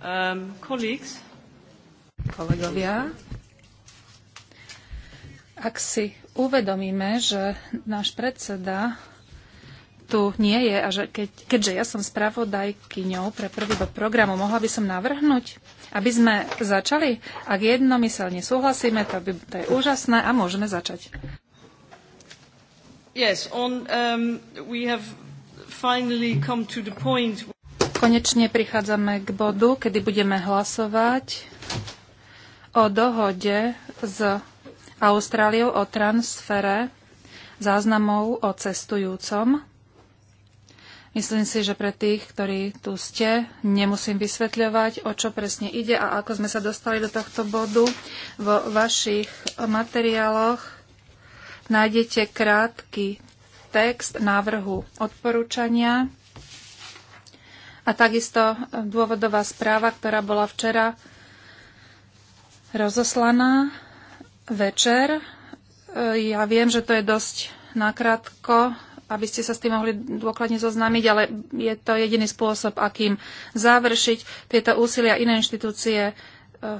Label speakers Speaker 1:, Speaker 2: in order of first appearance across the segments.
Speaker 1: Um, colleagues. Kolegovia,
Speaker 2: ak si uvedomíme, že náš predseda tu nie je a že keď, keďže ja som spravodajkyňou pre prvý bod programu, mohla by som navrhnúť, aby sme začali. Ak jednomyselne súhlasíme, to, by, to je úžasné a môžeme začať.
Speaker 1: Yes, on, um, we have finally come to the point
Speaker 2: Konečne prichádzame k bodu, kedy budeme hlasovať o dohode s Austráliou o transfere záznamov o cestujúcom. Myslím si, že pre tých, ktorí tu ste, nemusím vysvetľovať, o čo presne ide a ako sme sa dostali do tohto bodu. Vo vašich materiáloch nájdete krátky text návrhu odporúčania a takisto dôvodová správa, ktorá bola včera rozoslaná večer. E, ja viem, že to je dosť nakrátko, aby ste sa s tým mohli dôkladne zoznámiť, ale je to jediný spôsob, akým završiť tieto úsilia. Iné inštitúcie e,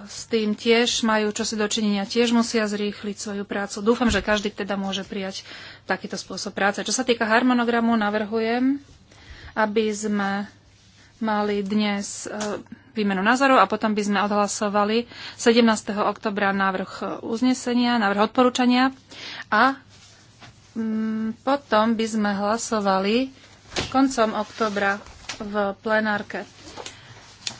Speaker 2: s tým tiež majú čo si dočinenia, tiež musia zrýchliť svoju prácu. Dúfam, že každý teda môže prijať takýto spôsob práce. Čo sa týka harmonogramu, navrhujem, aby sme mali dnes e, výmenu názoru a potom by sme odhlasovali 17. oktobra návrh e, uznesenia, návrh odporúčania a mm, potom by sme hlasovali koncom oktobra v plenárke.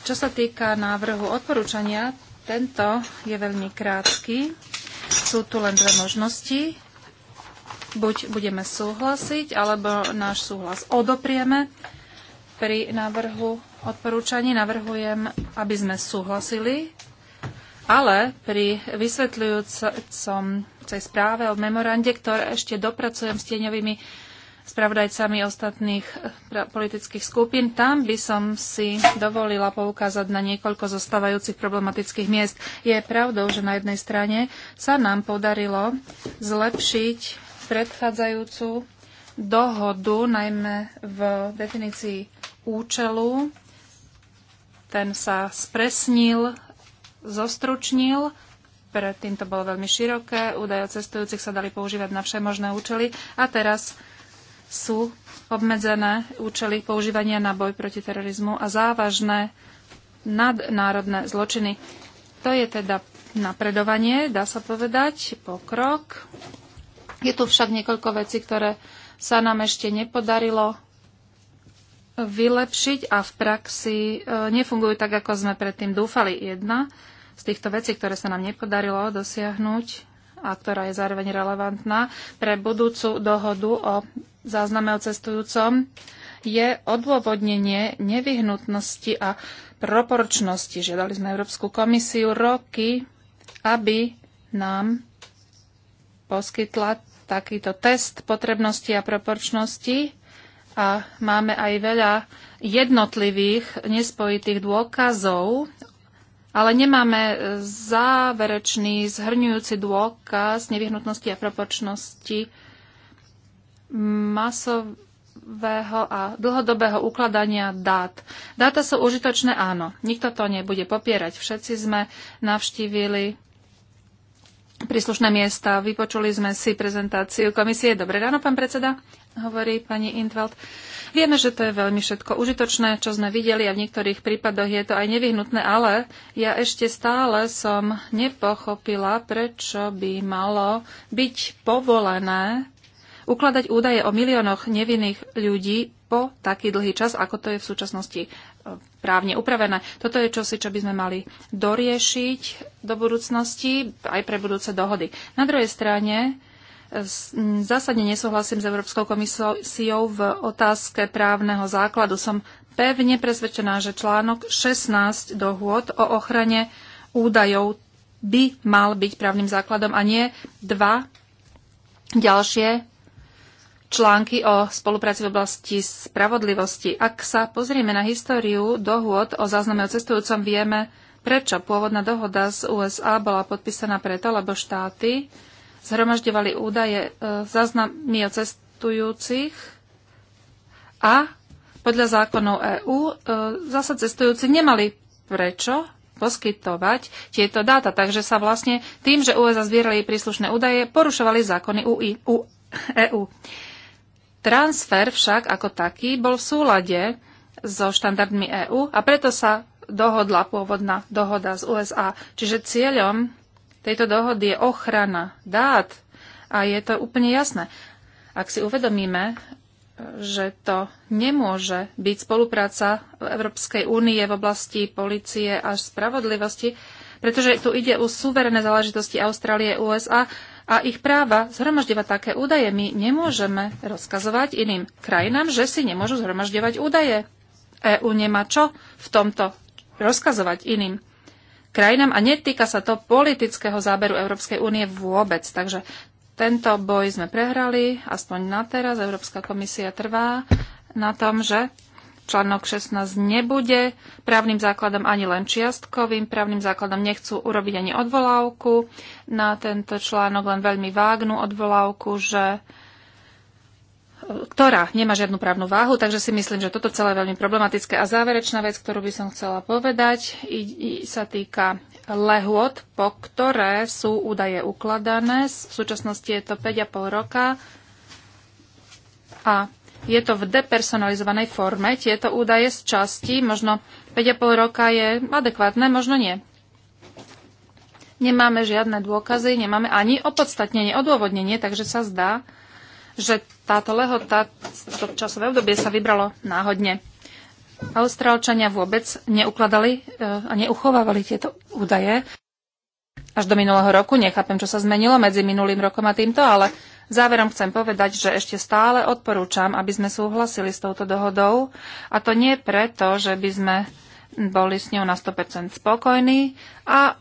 Speaker 2: Čo sa týka návrhu odporúčania, tento je veľmi krátky. Sú tu len dve možnosti. Buď budeme súhlasiť, alebo náš súhlas odoprieme pri návrhu odporúčaní navrhujem, aby sme súhlasili, ale pri vysvetľujúcom tej správe o memorande, ktoré ešte dopracujem s tieňovými spravodajcami ostatných politických skupín. Tam by som si dovolila poukázať na niekoľko zostávajúcich problematických miest. Je pravdou, že na jednej strane sa nám podarilo zlepšiť predchádzajúcu dohodu, najmä v definícii účelu. Ten sa spresnil, zostručnil. Predtým to bolo veľmi široké. Údaje o cestujúcich sa dali používať na všemožné účely. A teraz sú obmedzené účely používania na boj proti terorizmu a závažné nadnárodné zločiny. To je teda napredovanie, dá sa povedať, pokrok. Je tu však niekoľko vecí, ktoré sa nám ešte nepodarilo vylepšiť a v praxi e, nefungujú tak, ako sme predtým dúfali. Jedna z týchto vecí, ktoré sa nám nepodarilo dosiahnuť a ktorá je zároveň relevantná pre budúcu dohodu o zázname o cestujúcom, je odôvodnenie nevyhnutnosti a proporčnosti. Žiadali sme Európsku komisiu roky, aby nám poskytla takýto test potrebnosti a proporčnosti a máme aj veľa jednotlivých nespojitých dôkazov, ale nemáme e, záverečný, zhrňujúci dôkaz nevyhnutnosti a proporčnosti masového a dlhodobého ukladania dát. Dáta sú užitočné, áno. Nikto to nebude popierať. Všetci sme navštívili príslušné miesta, vypočuli sme si prezentáciu komisie. Dobré ráno, pán predseda hovorí pani Intveld. Vieme, že to je veľmi všetko užitočné, čo sme videli a v niektorých prípadoch je to aj nevyhnutné, ale ja ešte stále som nepochopila, prečo by malo byť povolené ukladať údaje o miliónoch nevinných ľudí po taký dlhý čas, ako to je v súčasnosti e, právne upravené. Toto je čosi, čo by sme mali doriešiť do budúcnosti, aj pre budúce dohody. Na druhej strane, zásadne nesúhlasím s Európskou komisiou v otázke právneho základu. Som pevne presvedčená, že článok 16 dohôd o ochrane údajov by mal byť právnym základom a nie dva ďalšie články o spolupráci v oblasti spravodlivosti. Ak sa pozrieme na históriu dohôd o zázname o cestujúcom, vieme, prečo pôvodná dohoda z USA bola podpísaná preto, lebo štáty zhromažďovali údaje, e, záznamy o cestujúcich a podľa zákonov EÚ e, zasa cestujúci nemali prečo poskytovať tieto dáta. Takže sa vlastne tým, že USA zbierali príslušné údaje, porušovali zákony UI, U, EU. E Transfer však ako taký bol v súlade so štandardmi EÚ a preto sa dohodla pôvodná dohoda z USA. Čiže cieľom tejto dohody je ochrana dát a je to úplne jasné. Ak si uvedomíme, že to nemôže byť spolupráca Európskej únie v oblasti policie a spravodlivosti, pretože tu ide o suverené záležitosti Austrálie, USA a ich práva zhromažďovať také údaje. My nemôžeme rozkazovať iným krajinám, že si nemôžu zhromažďovať údaje. EÚ nemá čo v tomto rozkazovať iným krajinám a netýka sa to politického záberu Európskej únie vôbec. Takže tento boj sme prehrali, aspoň na teraz. Európska komisia trvá na tom, že článok 16 nebude právnym základom ani len čiastkovým. Právnym základom nechcú urobiť ani odvolávku na tento článok, len veľmi vágnu odvolávku, že ktorá nemá žiadnu právnu váhu, takže si myslím, že toto celé je veľmi problematické. A záverečná vec, ktorú by som chcela povedať, i, i sa týka lehôd, po ktoré sú údaje ukladané. V súčasnosti je to 5,5 roka a je to v depersonalizovanej forme. Tieto údaje z časti, možno 5,5 roka je adekvátne, možno nie. Nemáme žiadne dôkazy, nemáme ani opodstatnenie, odôvodnenie, takže sa zdá, že táto lehota, to časové obdobie sa vybralo náhodne. Austrálčania vôbec neukladali e, a neuchovávali tieto údaje. Až do minulého roku, nechápem, čo sa zmenilo medzi minulým rokom a týmto, ale záverom chcem povedať, že ešte stále odporúčam, aby sme súhlasili s touto dohodou. A to nie preto, že by sme boli s ňou na 100% spokojní a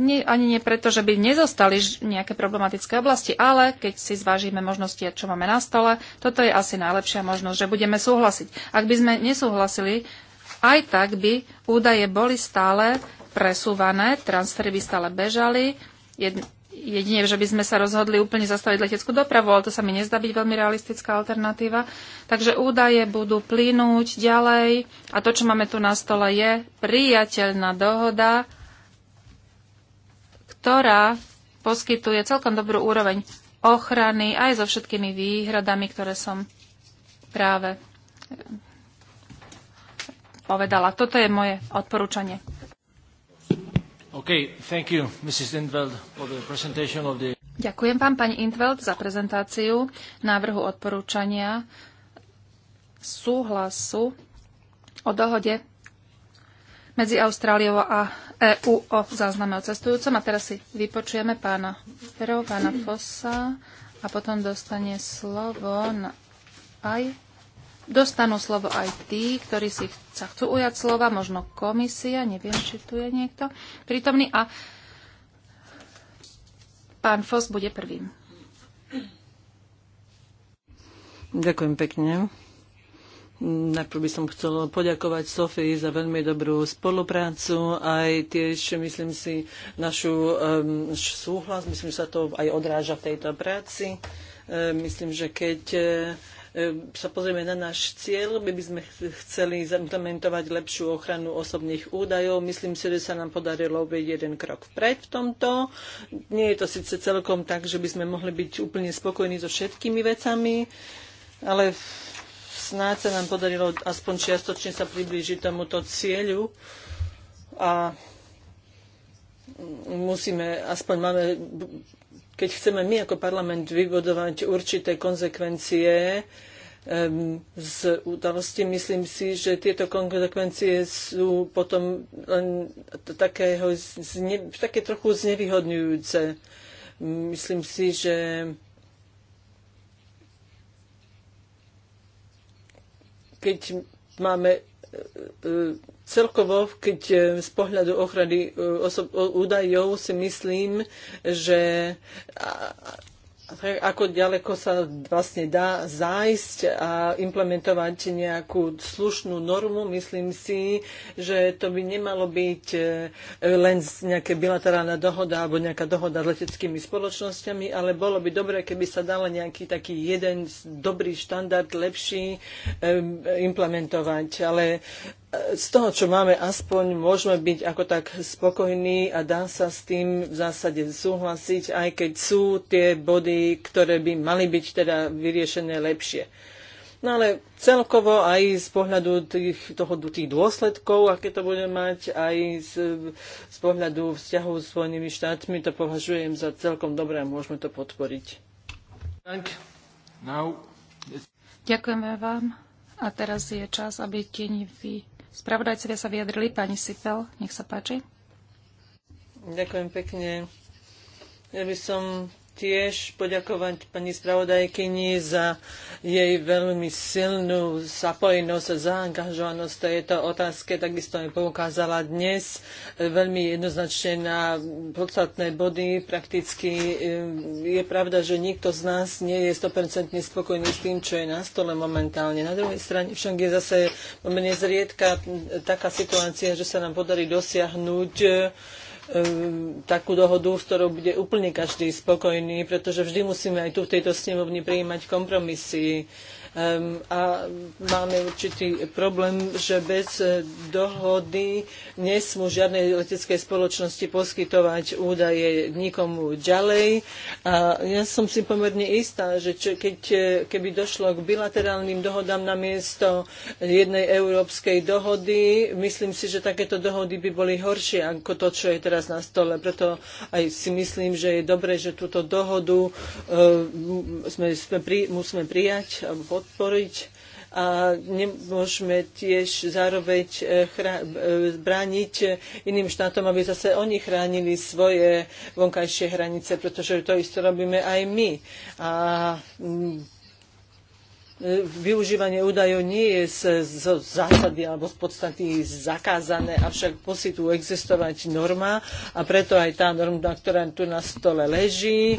Speaker 2: nie, ani nie preto, že by nezostali nejaké problematické oblasti, ale keď si zvážime možnosti, čo máme na stole, toto je asi najlepšia možnosť, že budeme súhlasiť. Ak by sme nesúhlasili, aj tak by údaje boli stále presúvané, transfery by stále bežali, jed, jedine, že by sme sa rozhodli úplne zastaviť leteckú dopravu, ale to sa mi nezdá byť veľmi realistická alternatíva. Takže údaje budú plynúť ďalej a to, čo máme tu na stole, je priateľná dohoda, ktorá poskytuje celkom dobrú úroveň ochrany aj so všetkými výhradami, ktoré som práve eh, povedala. Toto je moje odporúčanie.
Speaker 3: Okay, thank you, Mrs. for the presentation of the...
Speaker 2: Ďakujem vám, pani Intveld, za prezentáciu návrhu odporúčania súhlasu o dohode medzi Austráliou a EÚ o zázname o cestujúcom. A teraz si vypočujeme pána Ferov, pána Fossa a potom dostane slovo na aj Dostanú slovo aj tí, ktorí si sa chcú ujať slova, možno komisia, neviem, či tu je niekto prítomný. A pán Fos bude prvým.
Speaker 1: Ďakujem pekne. Najprv by som chcela poďakovať Sofii za veľmi dobrú spoluprácu, aj tiež, myslím si, našu um, súhlas, myslím, že sa to aj odráža v tejto práci. E, myslím, že keď e, sa pozrieme na náš cieľ, my by sme chceli zaimplementovať lepšiu ochranu osobných údajov. Myslím si, že sa nám podarilo byť jeden krok vpred v tomto. Nie je to síce celkom tak, že by sme mohli byť úplne spokojní so všetkými vecami, ale v snáď sa nám podarilo aspoň čiastočne sa priblížiť tomuto cieľu a musíme, aspoň máme, keď chceme my ako parlament vybudovať určité konzekvencie, z udalosti. Myslím si, že tieto konsekvencie sú potom len takého, zne, také trochu znevýhodňujúce. Myslím si, že keď máme e, e, celkovo, keď e, z pohľadu ochrany údajov si myslím, že tak ako ďaleko sa vlastne dá zájsť a implementovať nejakú slušnú normu. Myslím si, že to by nemalo byť e, len nejaká bilaterálna dohoda alebo nejaká dohoda s leteckými spoločnosťami, ale bolo by dobré, keby sa dala nejaký taký jeden dobrý štandard, lepší e, implementovať. Ale z toho, čo máme, aspoň môžeme byť ako tak spokojní a dá sa s tým v zásade súhlasiť, aj keď sú tie body, ktoré by mali byť teda vyriešené lepšie. No ale celkovo aj z pohľadu tých, toho, tých dôsledkov, aké to bude mať, aj z, z pohľadu vzťahu s Spojenými štátmi, to považujem za celkom dobré a môžeme to podporiť.
Speaker 2: Ďakujeme vám. A teraz je čas, aby vy Spravodajcovia sa vyjadrili. Pani Sipel, nech sa páči.
Speaker 1: Ďakujem pekne. Ja by som tiež poďakovať pani spravodajkyni za jej veľmi silnú zapojenosť a zaangažovanosť tejto otázke. Takisto mi poukázala dnes veľmi jednoznačne na podstatné body. Prakticky eh, je pravda, že nikto z nás nie je 100% spokojný s tým, čo je na stole momentálne. Na druhej strane však je zase pomerne zriedka taká situácia, že sa nám podarí dosiahnuť eh, Ehm, takú dohodu, s ktorou bude úplne každý spokojný, pretože vždy musíme aj tu v tejto snemovni prijímať kompromisy a máme určitý problém, že bez eh, dohody nesmú žiadnej leteckej spoločnosti poskytovať údaje nikomu ďalej. A ja som si pomerne istá, že keď, eh, keby došlo k bilaterálnym dohodám na miesto jednej európskej dohody, myslím si, že takéto dohody by boli horšie ako to, čo je teraz na stole. Preto aj si myslím, že je dobré, že túto dohodu uh, sme, sme pri, musíme prijať alebo podporiť a nemôžeme tiež zároveň e, e, brániť iným štátom, aby zase oni chránili svoje vonkajšie hranice, pretože to isto robíme aj my. A mm, E, využívanie údajov nie je z, z zásady alebo z podstaty zakázané, avšak musí tu existovať norma a preto aj tá norma, ktorá tu na stole leží, e,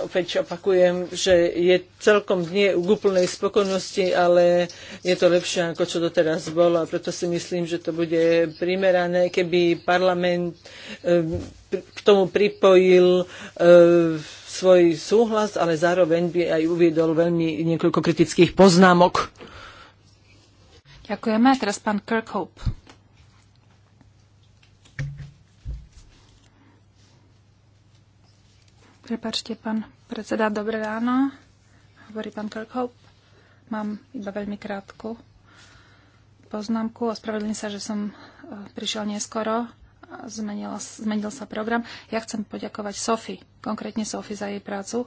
Speaker 1: opäť opakujem, že je celkom nie k úplnej spokojnosti, ale je to lepšie ako čo doteraz bolo a preto si myslím, že to bude primerané, keby parlament e, k tomu pripojil e, svoj súhlas, ale zároveň by aj uviedol veľmi niekoľko kritických poznámok.
Speaker 2: Ďakujeme. A teraz pán Kirkhope. Prepačte, pán predseda, dobré ráno. Hovorí pán Kirkhope. Mám iba veľmi krátku poznámku. Ospravedlím sa, že som e, prišiel neskoro zmenila, zmenil sa program. Ja chcem poďakovať Sofi, konkrétne Sofi za jej prácu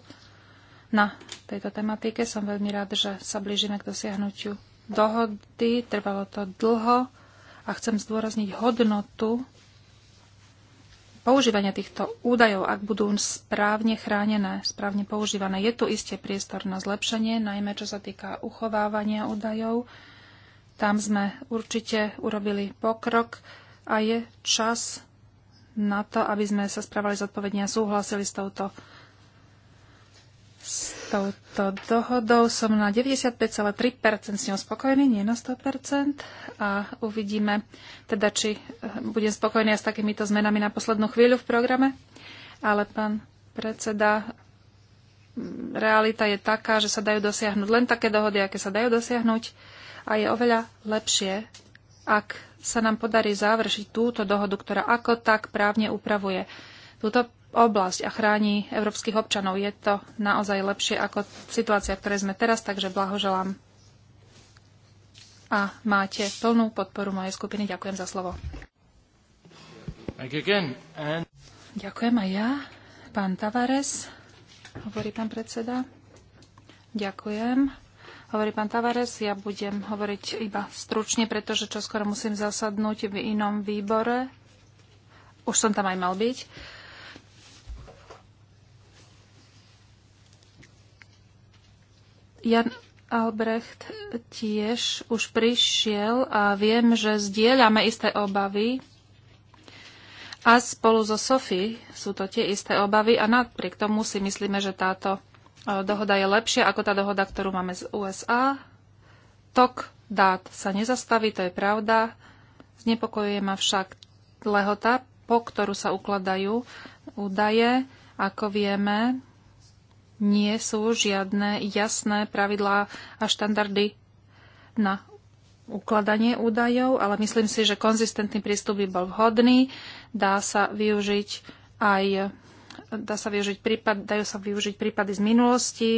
Speaker 2: na tejto tematike. Som veľmi rád, že sa blížime k dosiahnutiu dohody. Trvalo to dlho a chcem zdôrazniť hodnotu používania týchto údajov, ak budú správne chránené, správne používané. Je tu isté priestor na zlepšenie, najmä čo sa týka uchovávania údajov. Tam sme určite urobili pokrok a je čas na to, aby sme sa správali zodpovedne a súhlasili s touto, s touto dohodou. Som na 95,3% s ňou spokojný, nie na 100%. A uvidíme, teda, či eh, budem spokojný s takýmito zmenami na poslednú chvíľu v programe. Ale pán predseda, realita je taká, že sa dajú dosiahnuť len také dohody, aké sa dajú dosiahnuť. A je oveľa lepšie, ak sa nám podarí završiť túto dohodu, ktorá ako tak právne upravuje túto oblasť a chráni európskych občanov. Je to naozaj lepšie ako situácia, v ktorej sme teraz, takže blahoželám. A máte plnú podporu mojej skupiny. Ďakujem za slovo. Ďakujem aj ja. Pán Tavares, hovorí pán predseda. Ďakujem hovorí pán Tavares. Ja budem hovoriť iba stručne, pretože čoskoro musím zasadnúť v inom výbore. Už som tam aj mal byť. Jan Albrecht tiež už prišiel a viem, že zdieľame isté obavy a spolu so Sofy sú to tie isté obavy a napriek tomu si myslíme, že táto dohoda je lepšia ako tá dohoda, ktorú máme z USA. Tok dát sa nezastaví, to je pravda. Znepokojuje ma však lehota, po ktorú sa ukladajú údaje. Ako vieme, nie sú žiadne jasné pravidlá a štandardy na ukladanie údajov, ale myslím si, že konzistentný prístup by bol vhodný. Dá sa využiť aj dá sa využiť prípad, dajú sa využiť prípady z minulosti.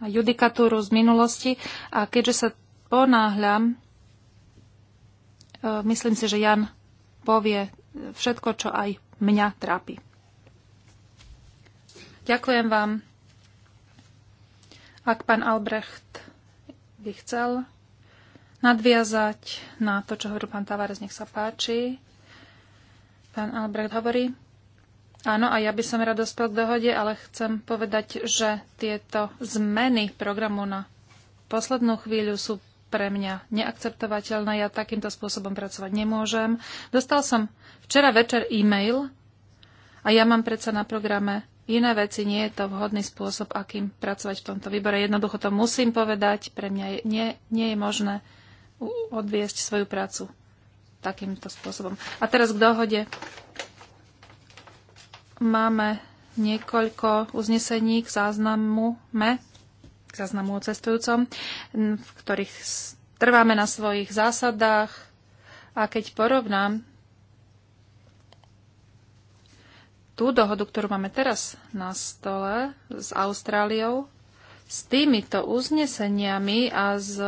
Speaker 2: A judikatúru z minulosti. A keďže sa ponáhľam, e, myslím si, že Jan povie všetko, čo aj mňa trápi. Ďakujem vám. Ak pán Albrecht by chcel, nadviazať na to, čo hovoril pán Tavares. Nech sa páči. Pán Albrecht hovorí. Áno, a ja by som rád dospel k dohode, ale chcem povedať, že tieto zmeny programu na poslednú chvíľu sú pre mňa neakceptovateľné. Ja takýmto spôsobom pracovať nemôžem. Dostal som včera večer e-mail a ja mám predsa na programe iné veci. Nie je to vhodný spôsob, akým pracovať v tomto výbore. Jednoducho to musím povedať. Pre mňa je, nie, nie je možné odviesť svoju prácu takýmto spôsobom. A teraz k dohode. Máme niekoľko uznesení k záznamu ME, k záznamu o cestujúcom, v ktorých trváme na svojich zásadách a keď porovnám tú dohodu, ktorú máme teraz na stole s Austráliou, s týmito uzneseniami a s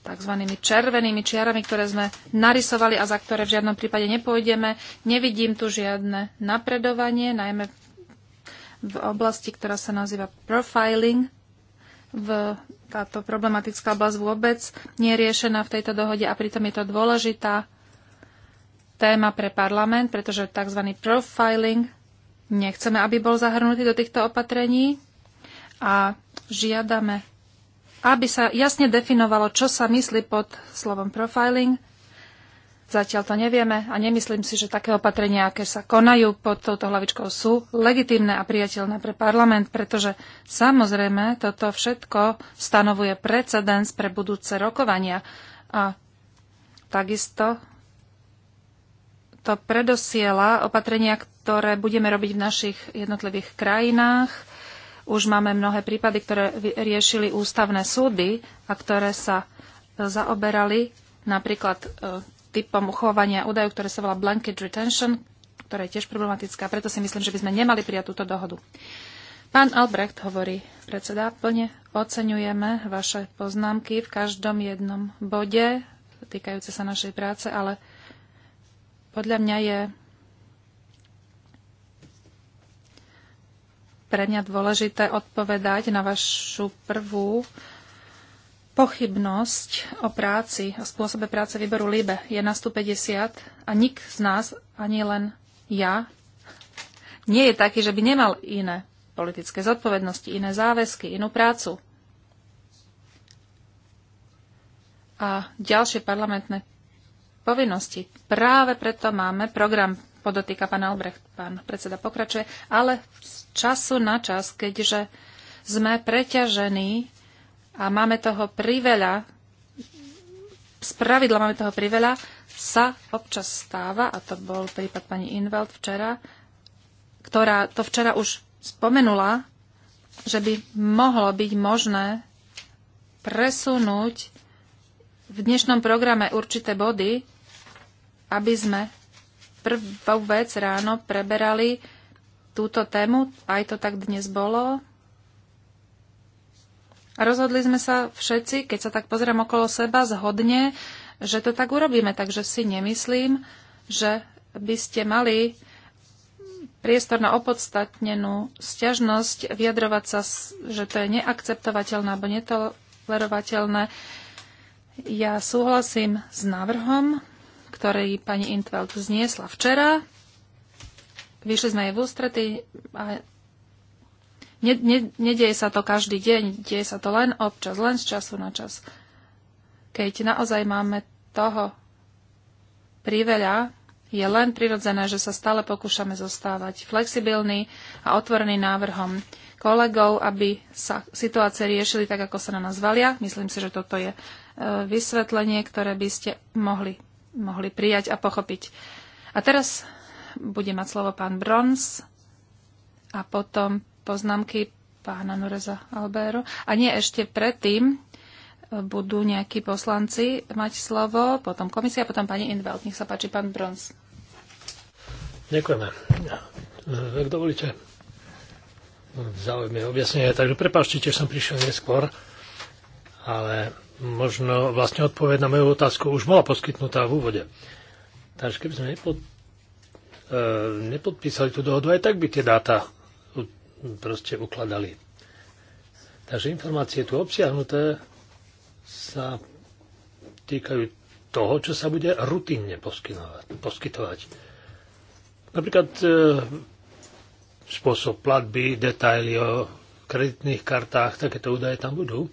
Speaker 2: tzv. červenými čiarami, ktoré sme narysovali a za ktoré v žiadnom prípade nepôjdeme. Nevidím tu žiadne napredovanie, najmä v oblasti, ktorá sa nazýva profiling. V táto problematická oblasť vôbec nie je riešená v tejto dohode a pritom je to dôležitá téma pre parlament, pretože tzv. profiling nechceme, aby bol zahrnutý do týchto opatrení a žiadame aby sa jasne definovalo, čo sa myslí pod slovom profiling. Zatiaľ to nevieme a nemyslím si, že také opatrenia, aké sa konajú pod touto hlavičkou, sú legitímne a priateľné pre parlament, pretože samozrejme toto všetko stanovuje precedens pre budúce rokovania a takisto to predosiela opatrenia, ktoré budeme robiť v našich jednotlivých krajinách už máme mnohé prípady, ktoré riešili ústavné súdy a ktoré sa e, zaoberali napríklad e, typom uchovania údajov, ktoré sa volá blanket retention, ktoré je tiež problematické a preto si myslím, že by sme nemali prijať túto dohodu. Pán Albrecht hovorí, predseda, plne oceňujeme vaše poznámky v každom jednom bode týkajúce sa našej práce, ale podľa mňa je pre mňa dôležité odpovedať na vašu prvú pochybnosť o práci, a spôsobe práce výboru LIBE. Je na 150 a nik z nás, ani len ja, nie je taký, že by nemal iné politické zodpovednosti, iné záväzky, inú prácu. A ďalšie parlamentné povinnosti. Práve preto máme program podotýka pán Albrecht, pán predseda pokračuje, ale z času na čas, keďže sme preťažení a máme toho priveľa, z pravidla máme toho priveľa, sa občas stáva, a to bol prípad pani Inveld včera, ktorá to včera už spomenula, že by mohlo byť možné presunúť v dnešnom programe určité body, aby sme prvú vec ráno preberali túto tému, aj to tak dnes bolo. A rozhodli sme sa všetci, keď sa tak pozriem okolo seba, zhodne, že to tak urobíme. Takže si nemyslím, že by ste mali priestor na opodstatnenú stiažnosť, vyjadrovať sa, že to je neakceptovateľné alebo netolerovateľné. Ja súhlasím s návrhom ktorý pani Intveld zniesla včera. Vyšli sme jej v ústrety a ne, ne, nedieje sa to každý deň, deje sa to len občas, len z času na čas. Keď naozaj máme toho priveľa, je len prirodzené, že sa stále pokúšame zostávať flexibilní a otvorený návrhom kolegov, aby sa situácie riešili tak, ako sa na nás valia. Myslím si, že toto je e, vysvetlenie, ktoré by ste mohli mohli prijať a pochopiť. A teraz bude mať slovo pán Brons a potom poznámky pána Noreza Albéru. A nie ešte predtým e, budú nejakí poslanci mať slovo, potom komisia, potom pani Inveld. Nech sa páči, pán Brons.
Speaker 3: Ďakujeme. Ak dovolíte, zaujímavé objasnenie, takže prepáčte, že som prišiel neskôr, ale možno vlastne odpoveď na moju otázku už bola poskytnutá v úvode. Takže keby sme nepod, e, nepodpísali tú dohodu, aj tak by tie dáta u, proste ukladali. Takže informácie tu obsiahnuté sa týkajú toho, čo sa bude rutinne poskytovať. Napríklad e, spôsob platby, detaily o kreditných kartách, takéto údaje tam budú.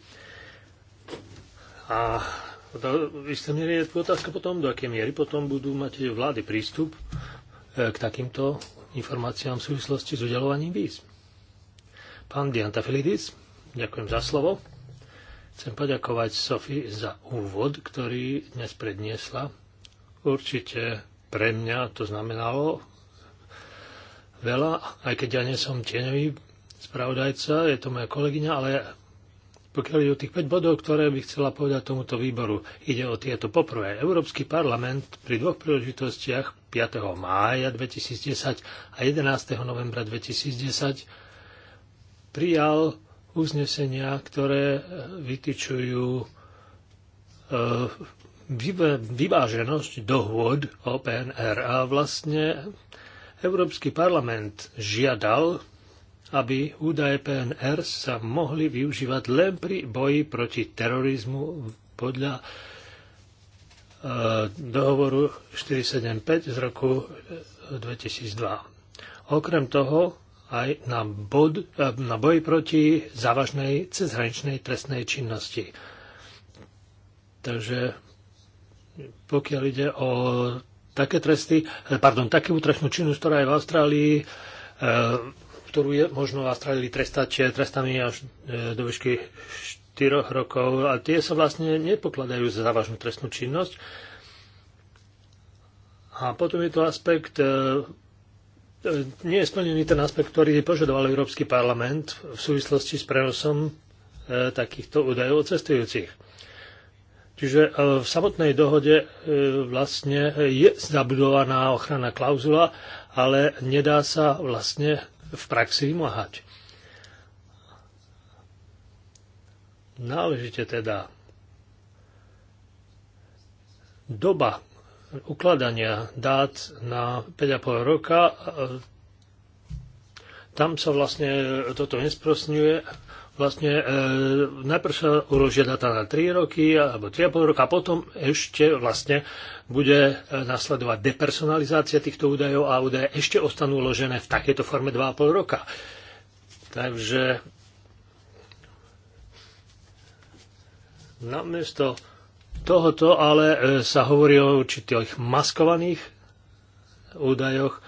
Speaker 3: A do isté miery je otázka potom, do akej miery potom budú mať vlády prístup e, k takýmto informáciám v súvislosti s udelovaním víz. Pán Filidis, ďakujem za slovo. Chcem poďakovať Sofi za úvod, ktorý dnes predniesla. Určite pre mňa to znamenalo veľa, aj keď ja nie som tieňový spravodajca, je to moja kolegyňa, ale pokiaľ ide o tých 5 bodov, ktoré by chcela povedať tomuto výboru. Ide o tieto. Poprvé, Európsky parlament pri dvoch príležitostiach 5. mája 2010 a 11. novembra 2010 prijal uznesenia, ktoré eh, vytyčujú eh, vyváženosť dohôd o PNR. A vlastne Európsky parlament žiadal aby údaje PNR sa mohli využívať len pri boji proti terorizmu podľa e, dohovoru 475 z roku 2002. E, Okrem toho aj na, bod, e, na boj proti závažnej cezhraničnej trestnej činnosti. Takže pokiaľ ide o také tresty, pardon, takú trestnú činnosť, ktorá je v Austrálii e, ktorú je možno v Austrálii trestať eh, trestami až eh, do výšky 4 rokov a tie sa vlastne nepokladajú za závažnú trestnú činnosť. A potom je to aspekt, eh, nie je splnený ten aspekt, ktorý požadoval Európsky parlament v súvislosti s prenosom takýchto údajov o cestujúcich. Čiže v samotnej dohode vlastne je zabudovaná ochrana klauzula, ale nedá sa vlastne v praxi vymáhať. Náležite teda doba ukladania dát na 5,5 roka, e, tam sa vlastne toto nesprosňuje vlastne e, najprv sa uložia data na 3 roky alebo 3,5 roka a potom ešte vlastne bude e, nasledovať depersonalizácia týchto údajov a údaje ešte ostanú uložené v takejto forme 2,5 roka. Takže namiesto tohoto ale e, sa hovorí o určitých maskovaných údajoch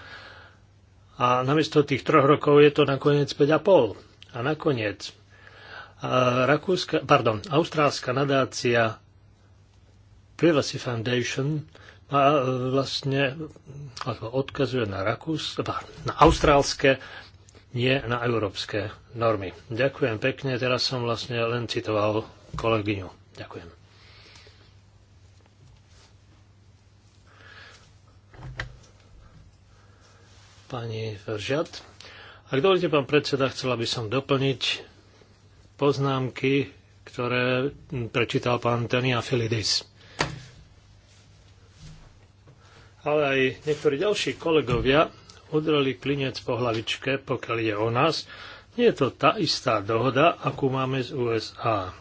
Speaker 3: a namiesto tých 3 rokov je to nakoniec 5,5. A nakoniec Rakúska, pardon, austrálska nadácia Privacy Foundation má e, vlastne, odkazuje na Rakús, na austrálske, nie na európske normy. Ďakujem pekne, teraz som vlastne len citoval kolegyňu. Ďakujem. Pani Veržiat. Ak dovolíte, pán predseda, chcela by som doplniť poznámky, ktoré prečítal pán Tania Filidis. Ale aj niektorí ďalší kolegovia udreli klinec po hlavičke, pokiaľ je o nás. Nie je to tá istá dohoda, akú máme z USA.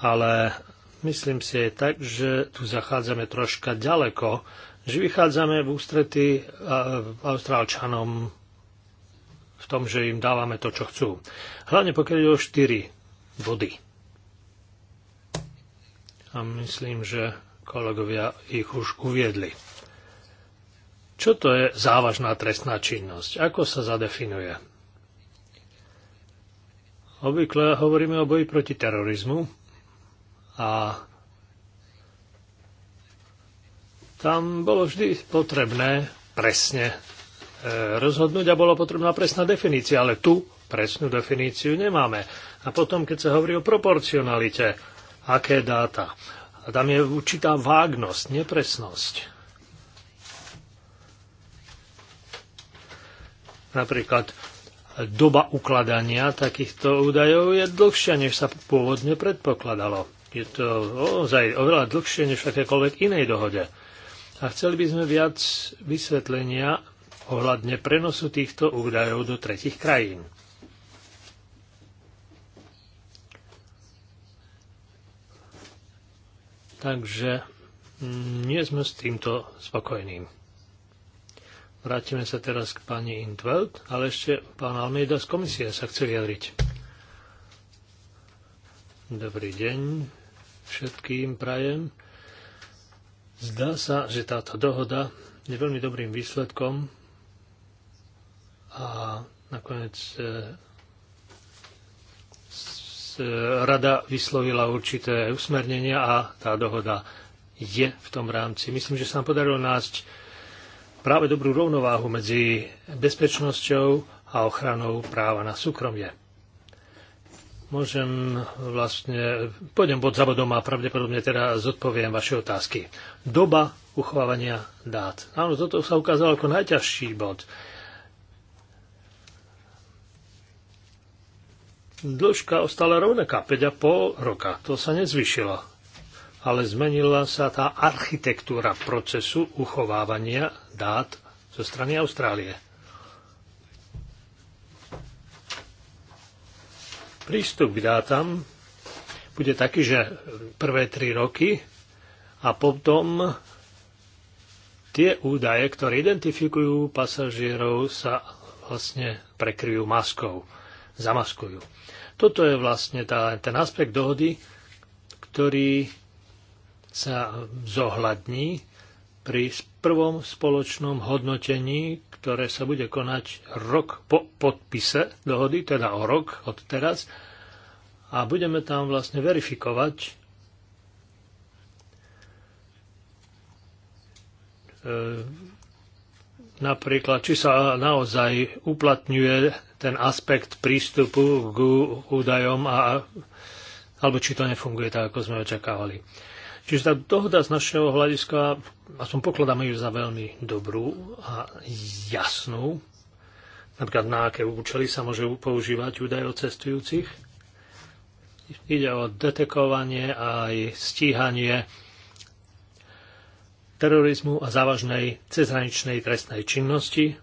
Speaker 3: Ale myslím si aj tak, že tu zachádzame troška ďaleko, že vychádzame v ústrety Austrálčanom v tom, že im dávame to, čo chcú. Hlavne pokiaľ je o 4 body. A myslím, že kolegovia ich už uviedli. Čo to je závažná trestná činnosť? Ako sa zadefinuje? Obvykle hovoríme o boji proti terorizmu a tam bolo vždy potrebné presne E, rozhodnúť a bola potrebná presná definícia, ale tu presnú definíciu nemáme. A potom, keď sa hovorí o proporcionalite, aké dáta. A tam je určitá vágnosť, nepresnosť. Napríklad doba ukladania takýchto údajov je dlhšia, než sa pôvodne predpokladalo. Je to ozaj oveľa dlhšie než v akékoľvek inej dohode. A chceli by sme viac vysvetlenia ohľadne prenosu týchto údajov do tretich krajín. Takže mm, nie sme s týmto spokojní. Vrátime sa teraz k pani Intveld, ale ešte pán Almeida z komisie sa chce vyjadriť. Dobrý deň všetkým prajem. Zdá sa, že táto dohoda je veľmi dobrým výsledkom a nakoniec e, e, rada vyslovila určité usmernenia a tá dohoda je v tom rámci. Myslím, že sa nám podarilo nájsť práve dobrú rovnováhu medzi bezpečnosťou a ochranou práva na súkromie. Môžem vlastne, pôjdem bod za bodom a pravdepodobne teda zodpoviem vaše otázky. Doba uchovávania dát. Áno, toto sa ukázalo ako najťažší bod. dĺžka ostala rovnaká, 5,5 roka. To sa nezvyšilo. Ale zmenila sa tá architektúra procesu uchovávania dát zo strany Austrálie. Prístup k dátam bude taký, že prvé tri roky a potom tie údaje, ktoré identifikujú pasažierov, sa vlastne prekryjú maskou zamaskujú. Toto je vlastne tá, ten aspekt dohody, ktorý sa zohľadní pri prvom spoločnom hodnotení, ktoré sa bude konať rok po podpise dohody, teda o rok od teraz. A budeme tam vlastne verifikovať e, napríklad, či sa naozaj uplatňuje ten aspekt prístupu k údajom a, alebo či to nefunguje tak, ako sme očakávali. Čiže tá dohoda z našeho hľadiska, aspoň pokladáme ju za veľmi dobrú a jasnú, napríklad na aké účely sa môže používať údaje o cestujúcich. Ide o detekovanie a aj stíhanie terorizmu a závažnej cezhraničnej trestnej činnosti.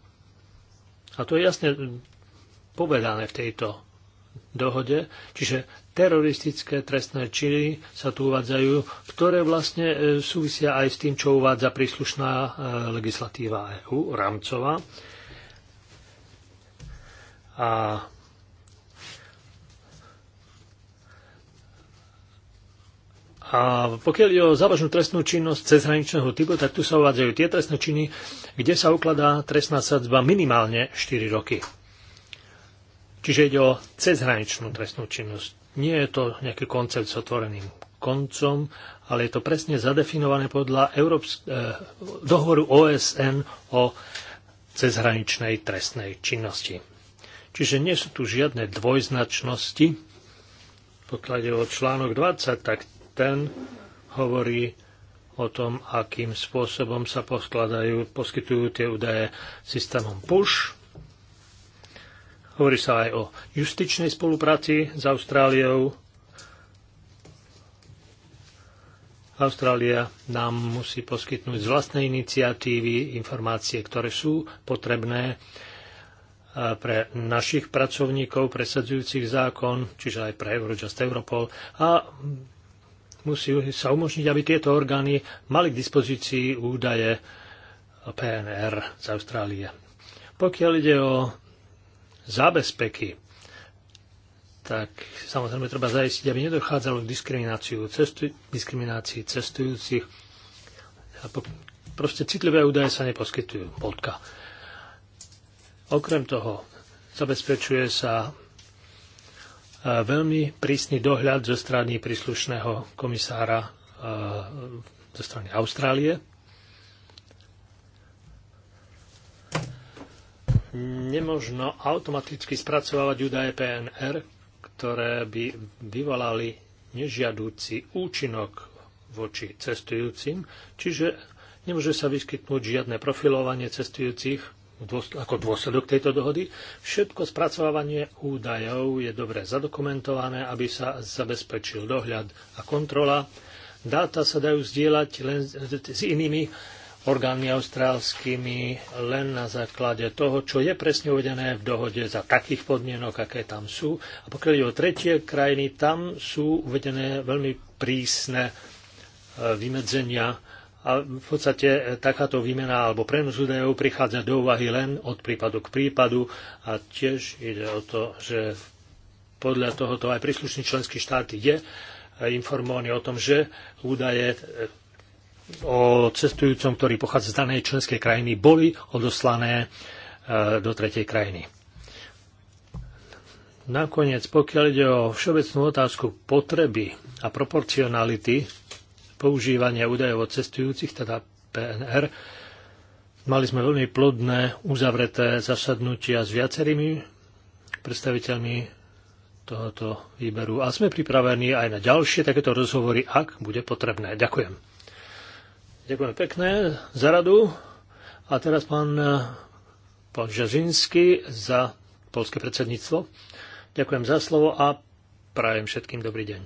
Speaker 3: A to je jasne povedané v tejto dohode, čiže teroristické trestné činy sa tu uvádzajú, ktoré vlastne e, súvisia aj s tým, čo uvádza príslušná e, legislatíva EU, rámcová. A A pokiaľ je o závažnú trestnú činnosť cezhraničného typu, tak tu sa uvádzajú tie trestné činy, kde sa ukladá trestná sadzba minimálne 4 roky. Čiže ide o cezhraničnú trestnú činnosť. Nie je to nejaký koncept s otvoreným koncom, ale je to presne zadefinované podľa Európs- eh, dohovoru OSN o cezhraničnej trestnej činnosti. Čiže nie sú tu žiadne dvojznačnosti. Pokiaľ ide o článok 20, tak ten hovorí o tom, akým spôsobom sa poskladajú, poskytujú tie údaje systémom PUSH, Hovorí sa aj o justičnej spolupráci s Austráliou. Austrália nám musí poskytnúť z vlastnej iniciatívy informácie, ktoré sú potrebné e, pre našich pracovníkov presadzujúcich zákon, čiže aj pre Eurojust Europol. A musí sa umožniť, aby tieto orgány mali k dispozícii údaje PNR z Austrálie. Pokiaľ ide o zábezpeky, tak samozrejme treba zajistiť, aby nedochádzalo k diskrimináciu cestu, diskriminácii cestujúcich. Proste citlivé údaje sa neposkytujú. Bodka. Okrem toho zabezpečuje sa e, veľmi prísny dohľad zo strany príslušného komisára e, zo strany Austrálie nemožno automaticky spracovávať údaje PNR, ktoré by vyvolali nežiadúci účinok voči cestujúcim, čiže nemôže sa vyskytnúť žiadne profilovanie cestujúcich ako dôsledok tejto dohody. Všetko spracovávanie údajov je dobre zadokumentované, aby sa zabezpečil dohľad a kontrola. Dáta sa dajú zdieľať len s inými orgánmi austrálskymi len na základe toho, čo je presne uvedené v dohode za takých podmienok, aké tam sú. A pokiaľ ide o tretie krajiny, tam sú uvedené veľmi prísne e, vymedzenia a v podstate e, takáto výmena alebo prenos údajov prichádza do úvahy len od prípadu k prípadu a tiež ide o to, že podľa tohoto aj príslušný členský štát je e, informovaný o tom, že údaje o cestujúcom, ktorý pochádza z danej členskej krajiny, boli odoslané e, do tretej krajiny. Nakoniec, pokiaľ ide o všeobecnú otázku potreby a proporcionality používania údajov od cestujúcich, teda PNR, mali sme veľmi plodné, uzavreté zasadnutia s viacerými predstaviteľmi tohoto výberu a sme pripravení aj na ďalšie takéto rozhovory, ak bude potrebné. Ďakujem. Ďakujem pekne za radu. A teraz pán, eh, pán Žažinsky za polské predsedníctvo. Ďakujem za slovo a prajem všetkým dobrý deň.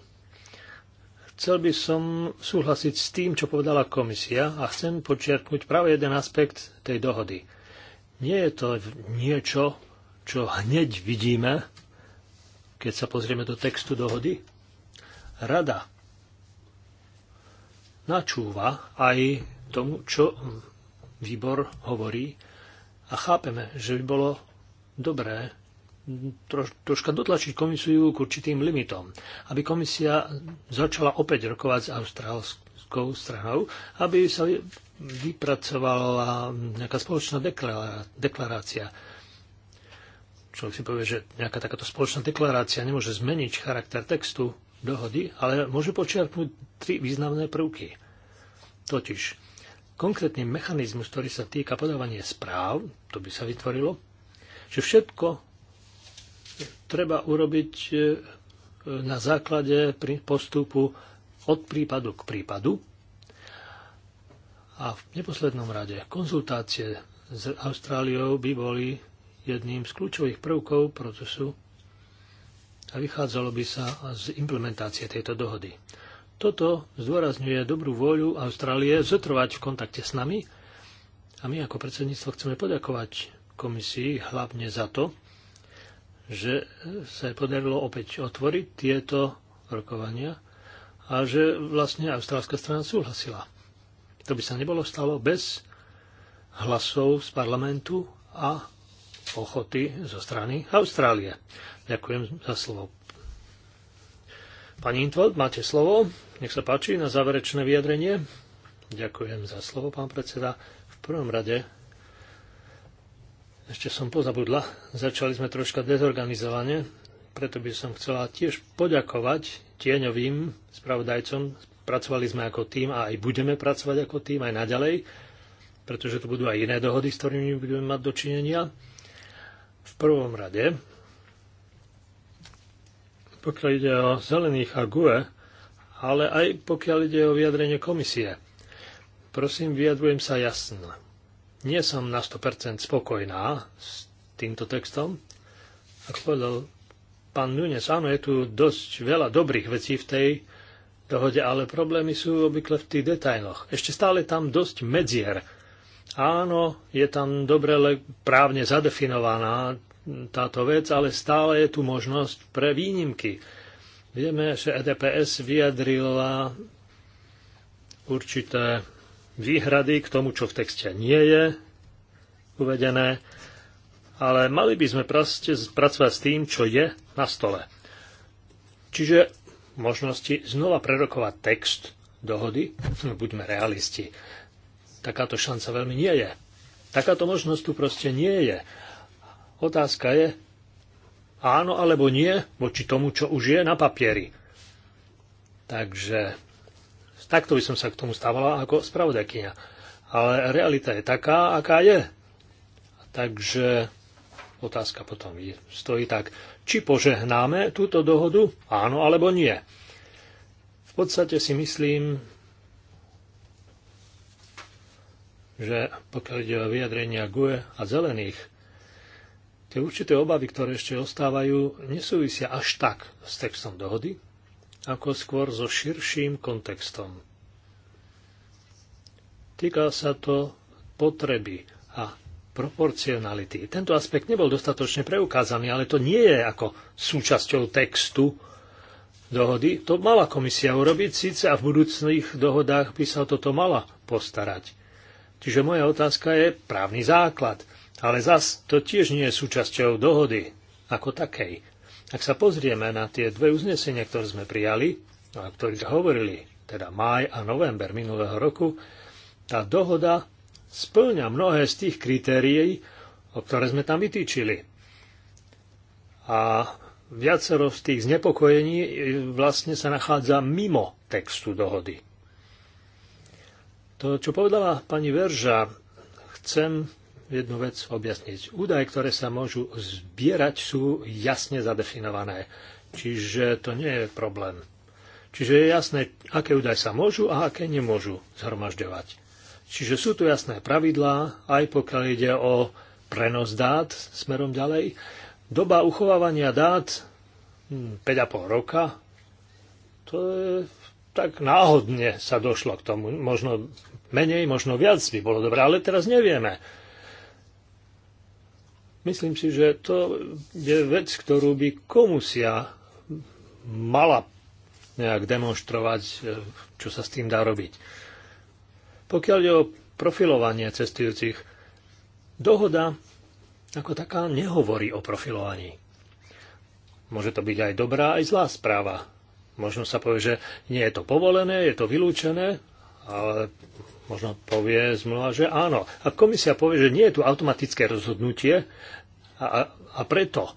Speaker 3: Chcel by som súhlasiť s tým, čo povedala komisia a chcem počiarknúť práve jeden aspekt tej dohody. Nie je to niečo, čo hneď vidíme, keď sa pozrieme do textu dohody. Rada načúva aj tomu, čo výbor hovorí a chápeme, že by bolo dobré troš, troška dotlačiť komisiu k určitým limitom, aby komisia začala opäť rokovať s austrálskou stranou, aby sa vypracovala nejaká spoločná deklarácia. Človek si povie, že nejaká takáto spoločná deklarácia nemôže zmeniť charakter textu, dohody, ale môžu počiarknúť tri významné prvky. Totiž konkrétny mechanizmus, ktorý sa týka podávania správ, to by sa vytvorilo, že všetko treba urobiť e, e, na základe postupu od prípadu k prípadu. A v neposlednom rade konzultácie s Austráliou by boli jedným z kľúčových prvkov procesu a vychádzalo by sa z implementácie tejto dohody. Toto zdôrazňuje dobrú vôľu Austrálie zotrvať v kontakte s nami a my ako predsedníctvo chceme poďakovať komisii hlavne za to, že sa podarilo opäť otvoriť tieto rokovania a že vlastne austrálska strana súhlasila. To by sa nebolo stalo bez hlasov z parlamentu a ochoty zo strany Austrálie. Ďakujem za slovo. Pani Intvold, máte slovo. Nech sa páči na záverečné vyjadrenie. Ďakujem za slovo, pán predseda. V prvom rade ešte som pozabudla, začali sme troška dezorganizovane, preto by som chcela tiež poďakovať tieňovým spravodajcom. Pracovali sme ako tým a aj budeme pracovať ako tým aj naďalej, pretože tu budú aj iné dohody, s ktorými budeme mať dočinenia. V prvom rade pokiaľ ide o zelených a GUE, ale aj pokiaľ ide o vyjadrenie komisie. Prosím, vyjadrujem sa jasno. Nie som na 100% spokojná s týmto textom. Ako povedal pán Nunes, áno, je tu dosť veľa dobrých vecí v tej dohode, ale problémy sú obvykle v tých detailoch. Ešte stále tam dosť medzier. Áno, je tam dobre právne zadefinovaná táto vec, ale stále je tu možnosť pre výnimky. Vieme, že EDPS vyjadrila určité výhrady k tomu, čo v texte nie je uvedené, ale mali by sme proste pracovať s tým, čo je na stole. Čiže možnosti znova prerokovať text dohody, buďme realisti, takáto šanca veľmi nie je. Takáto možnosť tu proste nie je. Otázka je, áno alebo nie, voči tomu, čo už je na papieri. Takže takto by som sa k tomu stávala ako spravodajkynia. Ale realita je taká, aká je. Takže otázka potom stojí tak, či požehnáme túto dohodu, áno alebo nie. V podstate si myslím, že pokiaľ ide o vyjadrenia GUE a zelených, tie určité obavy, ktoré ešte ostávajú, nesúvisia až tak s textom dohody, ako skôr so širším kontextom. Týka sa to potreby a proporcionality. Tento aspekt nebol dostatočne preukázaný, ale to nie je ako súčasťou textu dohody. To mala komisia urobiť síce a v budúcných dohodách by sa o toto mala postarať. Čiže moja otázka je právny základ – ale zas to tiež nie je súčasťou dohody ako takej. Ak sa pozrieme na tie dve uznesenia, ktoré sme prijali, a ktorých hovorili, teda máj a november minulého roku, tá dohoda splňa mnohé z tých kritérií, o ktoré sme tam vytýčili. A viacero z tých znepokojení e, vlastne sa nachádza mimo textu dohody. To, čo povedala pani Verža, chcem jednu vec objasniť. Údaje, ktoré sa môžu zbierať, sú jasne zadefinované. Čiže to nie je problém. Čiže je jasné, aké údaje sa môžu a aké nemôžu zhromažďovať. Čiže sú tu jasné pravidlá, aj pokiaľ ide o prenos dát smerom ďalej. Doba uchovávania dát 5,5 hm, roka, to je tak náhodne sa došlo k tomu. Možno menej, možno viac by bolo dobré, ale teraz nevieme. Myslím si, že to je vec, ktorú by komusia mala nejak demonstrovať, e, čo sa s tým dá robiť. Pokiaľ je o profilovanie cestujúcich, dohoda ako taká nehovorí o profilovaní. Môže to byť aj dobrá, aj zlá správa. Možno sa povie, že nie je to povolené, je to vylúčené, ale možno povie zmluva, že áno. A komisia povie, že nie je tu automatické rozhodnutie a, a preto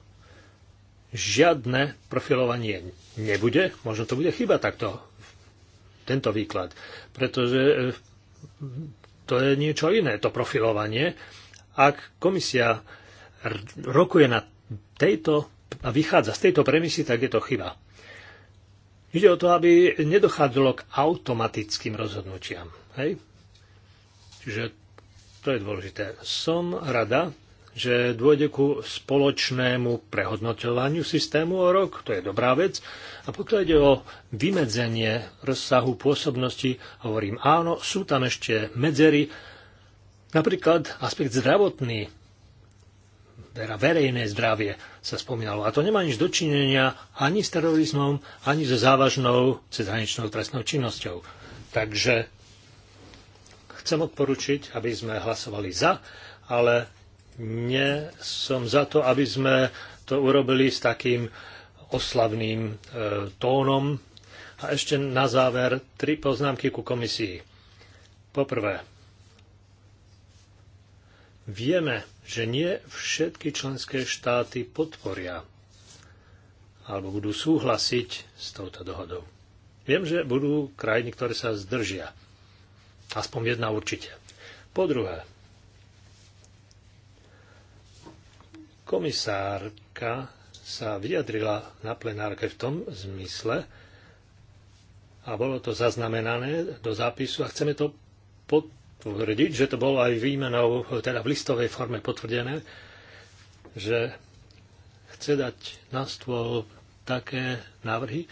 Speaker 3: žiadne profilovanie nebude. Možno to bude chyba takto, tento výklad. Pretože eh, to je niečo iné, to profilovanie. Ak komisia rokuje na tejto a vychádza z tejto premisy, tak je to chyba. Ide o to, aby nedochádzalo k automatickým rozhodnutiam. Hej? Čiže to je dôležité. Som rada, že dôjde ku spoločnému prehodnotovaniu systému o rok, to je dobrá vec. A pokiaľ ide o vymedzenie rozsahu pôsobnosti, hovorím áno, sú tam ešte medzery, napríklad aspekt zdravotný, teda verejné zdravie sa spomínalo. A to nemá nič dočinenia ani s terorizmom, ani so závažnou cezhraničnou trestnou činnosťou. Takže Chcem odporučiť, aby sme hlasovali za, ale nie som za to, aby sme to urobili s takým oslavným e, tónom. A ešte na záver tri poznámky ku komisii. Poprvé, vieme, že nie všetky členské štáty podporia alebo budú súhlasiť s touto dohodou. Viem, že budú krajiny, ktoré sa zdržia. Aspoň jedna určite. Po druhé, komisárka sa vyjadrila na plenárke v tom zmysle, a bolo to zaznamenané do zápisu a chceme to potvrdiť, že to bolo aj výmenou, teda v listovej forme potvrdené, že chce dať na stôl také návrhy,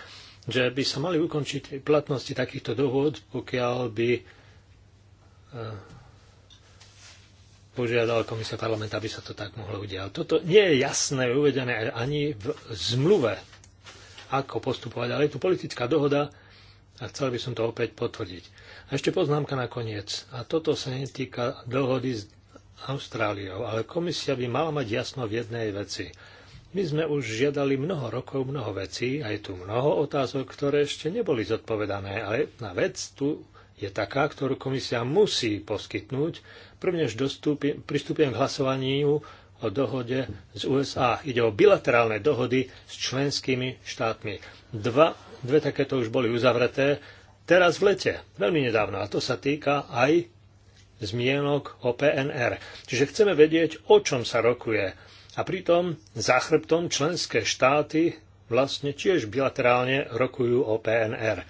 Speaker 3: že by sa mali ukončiť platnosti takýchto dohôd, pokiaľ by požiadal komisia parlamenta, aby sa to tak mohlo udiať. Toto nie je jasné uvedené ani v zmluve, ako postupovať, ale je tu politická dohoda a chcel by som to opäť potvrdiť. A ešte poznámka na koniec. A toto sa netýka dohody s Austráliou, ale komisia by mala mať jasno v jednej veci. My sme už žiadali mnoho rokov mnoho vecí a je tu mnoho otázok, ktoré ešte neboli zodpovedané, ale jedna vec tu je taká, ktorú komisia musí poskytnúť, prvnež pristúpim k hlasovaniu o dohode z USA. Ide o bilaterálne dohody s členskými štátmi. Dva, dve takéto už boli uzavreté teraz v lete, veľmi nedávno. A to sa týka aj zmienok o PNR. Čiže chceme vedieť, o čom sa rokuje. A pritom za chrbtom členské štáty vlastne tiež bilaterálne rokujú o PNR.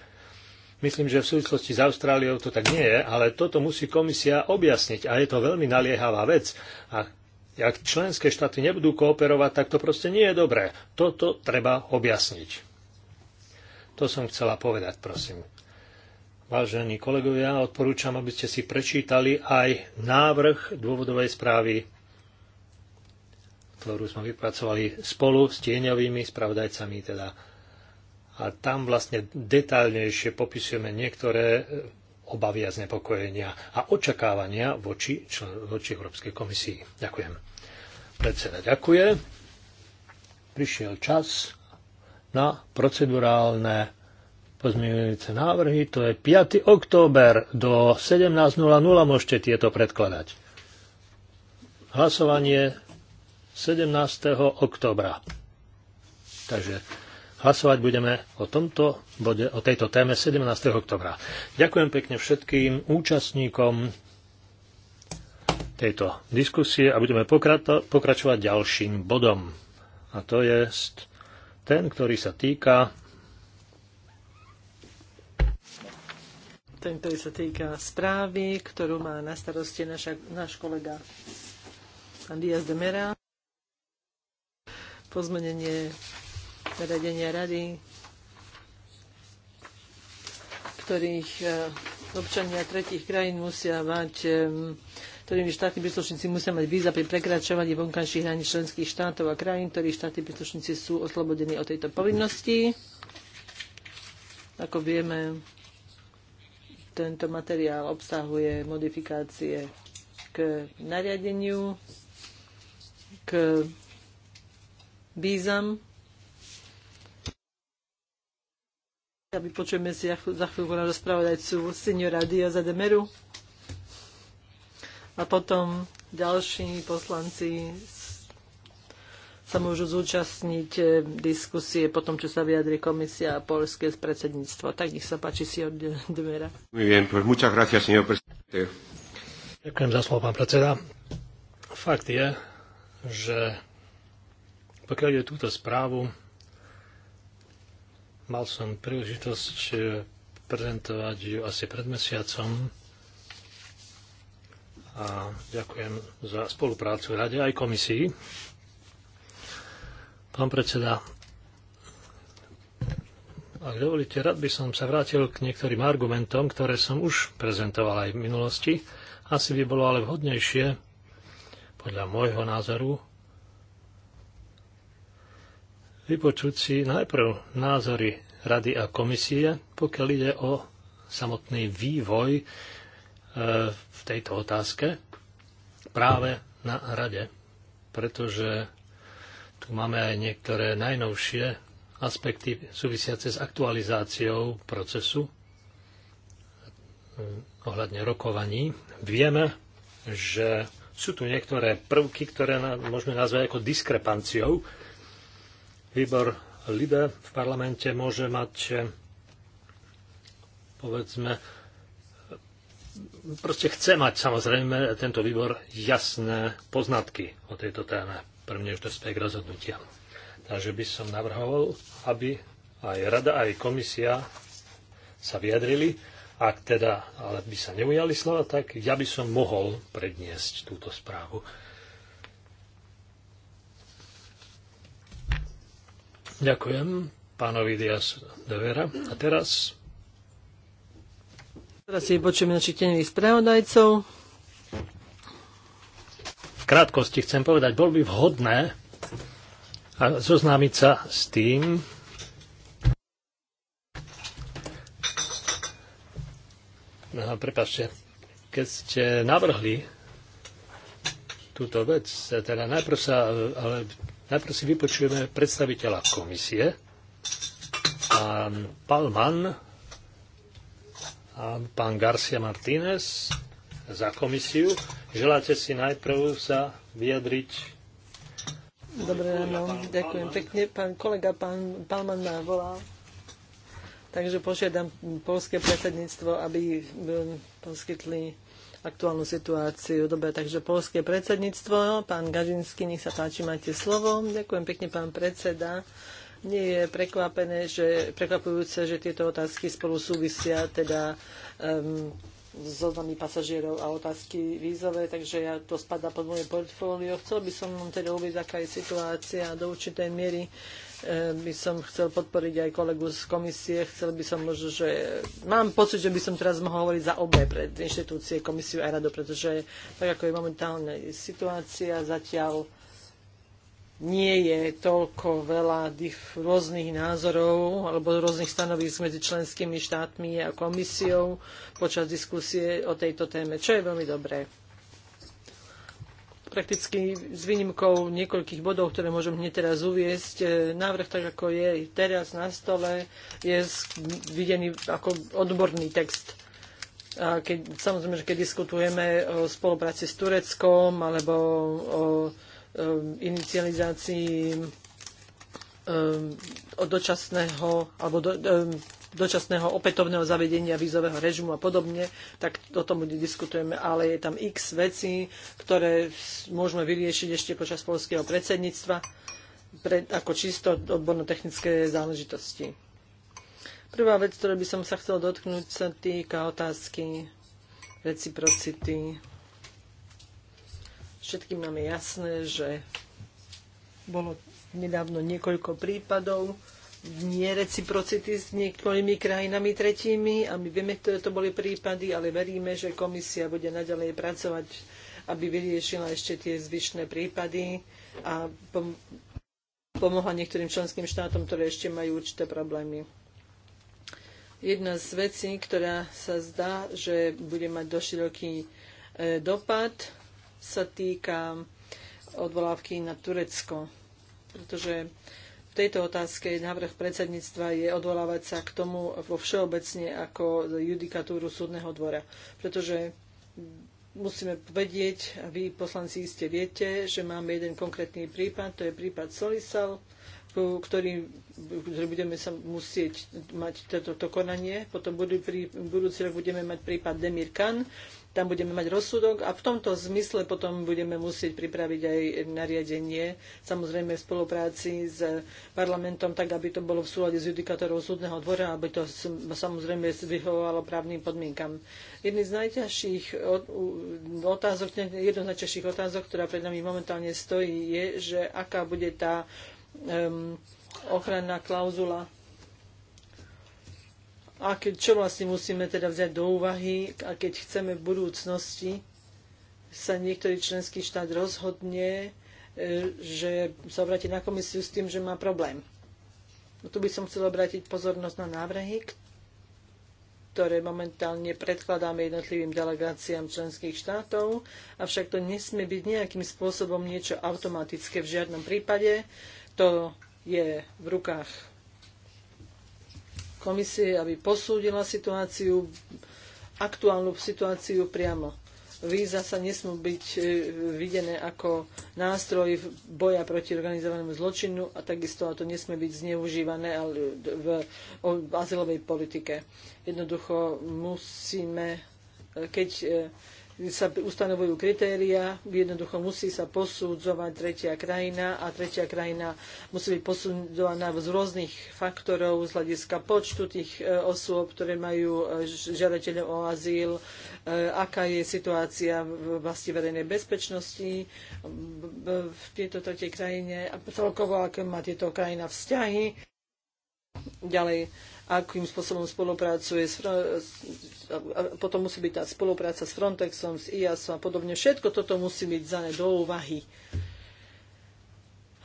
Speaker 3: Myslím, že v súvislosti s Austráliou to tak nie je, ale toto musí komisia objasniť a je to veľmi naliehavá vec. A ak členské štáty nebudú kooperovať, tak to proste nie je dobré. Toto treba objasniť. To som chcela povedať, prosím. Vážení kolegovia, odporúčam, aby ste si prečítali aj návrh dôvodovej správy, ktorú sme vypracovali spolu s tieňovými spravodajcami, teda a tam vlastne detaľnejšie popisujeme niektoré e, obavy a znepokojenia a očakávania voči, člen, voči Európskej komisii. Ďakujem. Predseda ďakuje. Prišiel čas na procedurálne pozmeňujúce návrhy. To je 5. október do 17.00 môžete tieto predkladať. Hlasovanie 17. oktobra. Takže Hlasovať budeme o tomto bode, o tejto téme 17. oktobra. Ďakujem pekne všetkým účastníkom tejto diskusie a budeme pokračovať ďalším bodom. A to je ten, ktorý sa týka
Speaker 1: ten, ktorý sa týka správy, ktorú má na starosti naša, náš kolega Andias de Mera. Pozmenenie vedenia rady, ktorých e, občania tretich krajín musia mať, e, ktorými štátni príslušníci musia mať víza pri prekračovaní vonkajších hraní členských štátov a krajín, ktorých štátni príslušníci sú oslobodení od tejto povinnosti. Ako vieme, tento materiál obsahuje modifikácie k nariadeniu, k vízam A vypočujeme si za chvíľku na rozpravodajcu seniora Diaza de Meru. A potom ďalší poslanci sa môžu zúčastniť eh, diskusie po tom, čo sa vyjadri komisia a polské predsedníctvo. Tak nech sa páči si od Dmera.
Speaker 3: Ďakujem za slovo, pán predseda. Fakt je, že pokiaľ je túto správu, Mal som príležitosť eh, prezentovať ju asi pred mesiacom a ďakujem za spoluprácu Rade aj komisii. Pán predseda, ak dovolíte, rád by som sa vrátil k niektorým argumentom, ktoré som už prezentoval aj v minulosti. Asi by bolo ale vhodnejšie, podľa môjho názoru, vypočuť si najprv názory Rady a komisie, pokiaľ ide o samotný vývoj e, v tejto otázke práve na Rade, pretože tu máme aj niektoré najnovšie aspekty súvisiace s aktualizáciou procesu e, ohľadne rokovaní. Vieme, že sú tu niektoré prvky, ktoré môžeme nazvať ako diskrepanciou výbor LIBE v parlamente môže mať povedzme proste chce mať samozrejme tento výbor jasné poznatky o tejto téme pre mňa už to k rozhodnutia. Takže by som navrhoval, aby aj rada, aj komisia sa vyjadrili. Ak teda ale by sa neujali slova, tak ja by som mohol predniesť túto správu. Ďakujem pánovi Dias Vera. A teraz?
Speaker 1: Teraz si počujeme našich tenových spravodajcov.
Speaker 3: V krátkosti chcem povedať, bol by vhodné a zoznámiť sa s tým, No, prepáčte, keď ste navrhli túto vec, teda najprv sa, ale Najprv si vypočujeme predstaviteľa komisie, pán Palman a pán Garcia Martínez za komisiu. Želáte si najprv sa vyjadriť
Speaker 1: Dobre ráno, ďakujem pekne. Pán kolega, pán Palman ma volal. Takže požiadam polské predsedníctvo, aby um, poskytli aktuálnu situáciu. Dobre, takže polské predsedníctvo. Pán Gažinský, nech sa páči, máte slovo. Ďakujem pekne, pán predseda. Nie je prekvapené, že, prekvapujúce, že tieto otázky spolu súvisia teda um, s so pasažierov a otázky vízové, takže ja to spadá pod moje portfólio. Chcel by som vám teda uvieť, aká je situácia do určitej miery E, by som chcel podporiť aj kolegu z komisie. Chcel by som možno, že mám pocit, že by som teraz mohol hovoriť za obe pred inštitúcie, komisiu aj rado, pretože tak ako je momentálna situácia, zatiaľ nie je toľko veľa rôznych názorov alebo rôznych stanovíc medzi členskými štátmi a komisiou počas diskusie o tejto téme, čo je veľmi dobré prakticky s výnimkou niekoľkých bodov, ktoré môžem hneď teraz uviesť, e, návrh tak, ako je teraz na stole, je videný ako odborný text. A keď, samozrejme, že keď diskutujeme o spolupráci s Tureckom alebo o, e, inicializácii e, o dočasného alebo do, dočasného opätovného zavedenia vízového režimu a podobne, tak o tom diskutujeme, ale je tam x vecí, ktoré môžeme vyriešiť ešte počas polského predsedníctva pre, ako čisto odborno-technické záležitosti. Prvá vec, ktorej by som sa chcel dotknúť, sa týka otázky reciprocity. Všetkým máme jasné, že bolo nedávno niekoľko prípadov, nereciprocity s niektorými krajinami tretími a my vieme, ktoré to boli prípady, ale veríme, že komisia bude naďalej pracovať, aby vyriešila ešte tie zvyšné prípady a pomohla niektorým členským štátom, ktoré ešte majú určité problémy. Jedna z vecí, ktorá sa zdá, že bude mať doširoký e, dopad, sa týka odvolávky na Turecko. Pretože tejto otázke návrh predsedníctva je odvolávať sa k tomu vo všeobecne ako judikatúru súdneho dvora. Pretože musíme vedieť, a vy poslanci iste viete, že máme jeden konkrétny prípad, to je prípad Solisal, ktorý, ktorý budeme sa musieť mať toto konanie. Potom budú budúci rok budeme mať prípad Demirkan, tam budeme mať rozsudok a v tomto zmysle potom budeme musieť pripraviť aj nariadenie, samozrejme v spolupráci s parlamentom, tak aby to bolo v súlade s judikátorou súdneho dvora, aby to samozrejme vyhovovalo právnym podmienkam. Jedný z najťažších otázok, jednoznačnejších otázok, ktorá pred nami momentálne stojí, je, že aká bude tá um, ochranná klauzula a keď, čo vlastne musíme teda vziať do úvahy a keď chceme v budúcnosti sa niektorý členský štát rozhodne, e, že sa obráti na komisiu s tým, že má problém. No tu by som chcel obrátiť pozornosť na návrhy, ktoré momentálne predkladáme jednotlivým delegáciám členských štátov, avšak to nesmie byť nejakým spôsobom niečo automatické v žiadnom prípade. To je v rukách komisie, aby posúdila situáciu, aktuálnu situáciu priamo. Víza sa nesmú byť e, videné ako nástroj boja proti organizovanému zločinu a takisto to nesmie byť zneužívané v azylovej politike. Jednoducho musíme, e, keď e, sa ustanovujú kritéria, jednoducho musí sa posudzovať tretia krajina a tretia krajina musí byť posudzovaná z rôznych faktorov, z hľadiska počtu tých e, osôb, ktoré majú e, žiadateľov o azyl, e, aká je situácia v vlasti verejnej bezpečnosti v tejto tretej krajine a celkovo, aké má tieto krajina vzťahy. Ďalej, akým spôsobom spolupracuje s, potom musí byť tá spolupráca s Frontexom, s IASom a podobne. Všetko toto musí byť zané do úvahy.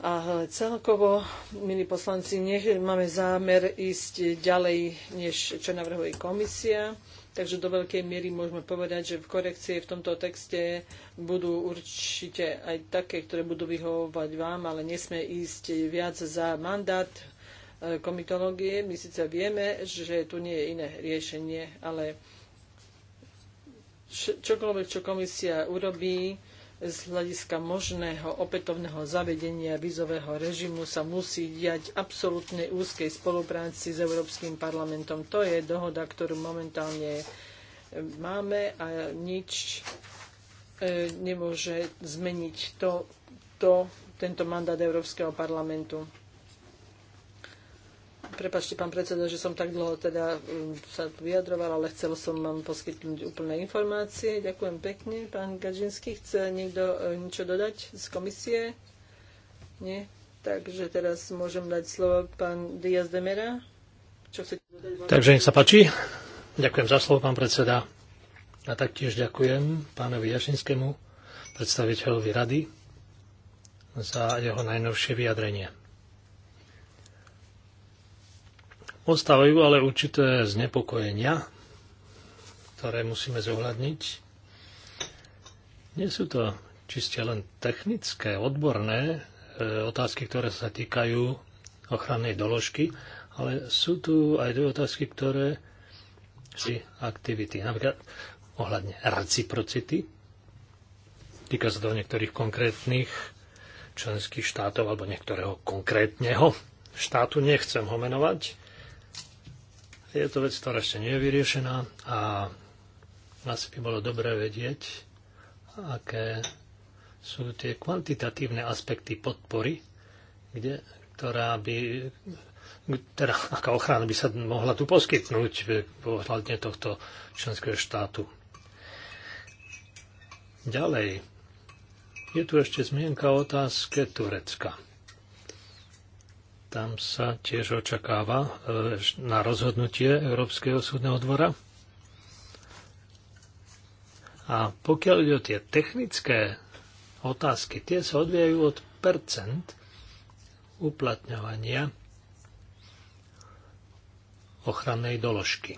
Speaker 1: A celkovo, milí poslanci, nech máme zámer ísť ďalej, než čo navrhuje komisia. Takže do veľkej miery môžeme povedať, že v korekcie v tomto texte budú určite aj také, ktoré budú vyhovovať vám, ale nesme ísť viac za mandát komitológie. My síce vieme, že tu nie je iné riešenie, ale čokoľvek, čo komisia urobí z hľadiska možného opätovného zavedenia vízového režimu sa musí diať absolútnej úzkej spolupráci s Európskym parlamentom. To je dohoda, ktorú momentálne eh, máme a nič eh, nemôže zmeniť to, to, tento mandát Európskeho parlamentu. Prepačte, pán predseda, že som tak dlho teda um, sa vyjadroval, ale chcel som vám poskytnúť úplné informácie. Ďakujem pekne. Pán Gažinský, chce niekto e, niečo dodať z komisie? Nie? Takže teraz môžem dať slovo pán Diaz Demera. Čo chcete dodať? Takže nech sa páči.
Speaker 3: Ďakujem za slovo, pán predseda. A taktiež ďakujem pánovi Jašinskému, predstaviteľovi rady, za jeho najnovšie vyjadrenie. Ostávajú ale určité znepokojenia, ktoré musíme zohľadniť. Nie sú to čiste len technické, odborné e, otázky, ktoré sa týkajú ochrannej doložky, ale sú tu aj dve otázky, ktoré si aktivity. Napríklad ohľadne reciprocity. Týka sa to niektorých konkrétnych členských štátov alebo niektorého konkrétneho štátu. Nechcem ho menovať je to vec, ktorá ešte nie je vyriešená a asi by bolo dobré vedieť, aké sú tie kvantitatívne aspekty podpory, kde, ktorá by, teda aká ochrana by sa mohla tu poskytnúť eh, ohľadne tohto členského štátu. Ďalej, je tu ešte zmienka o otázke Turecka. Tam sa tiež očakáva e, na rozhodnutie Európskeho súdneho dvora. A pokiaľ ide o tie technické otázky, tie sa odvíjajú od percent uplatňovania ochrannej doložky.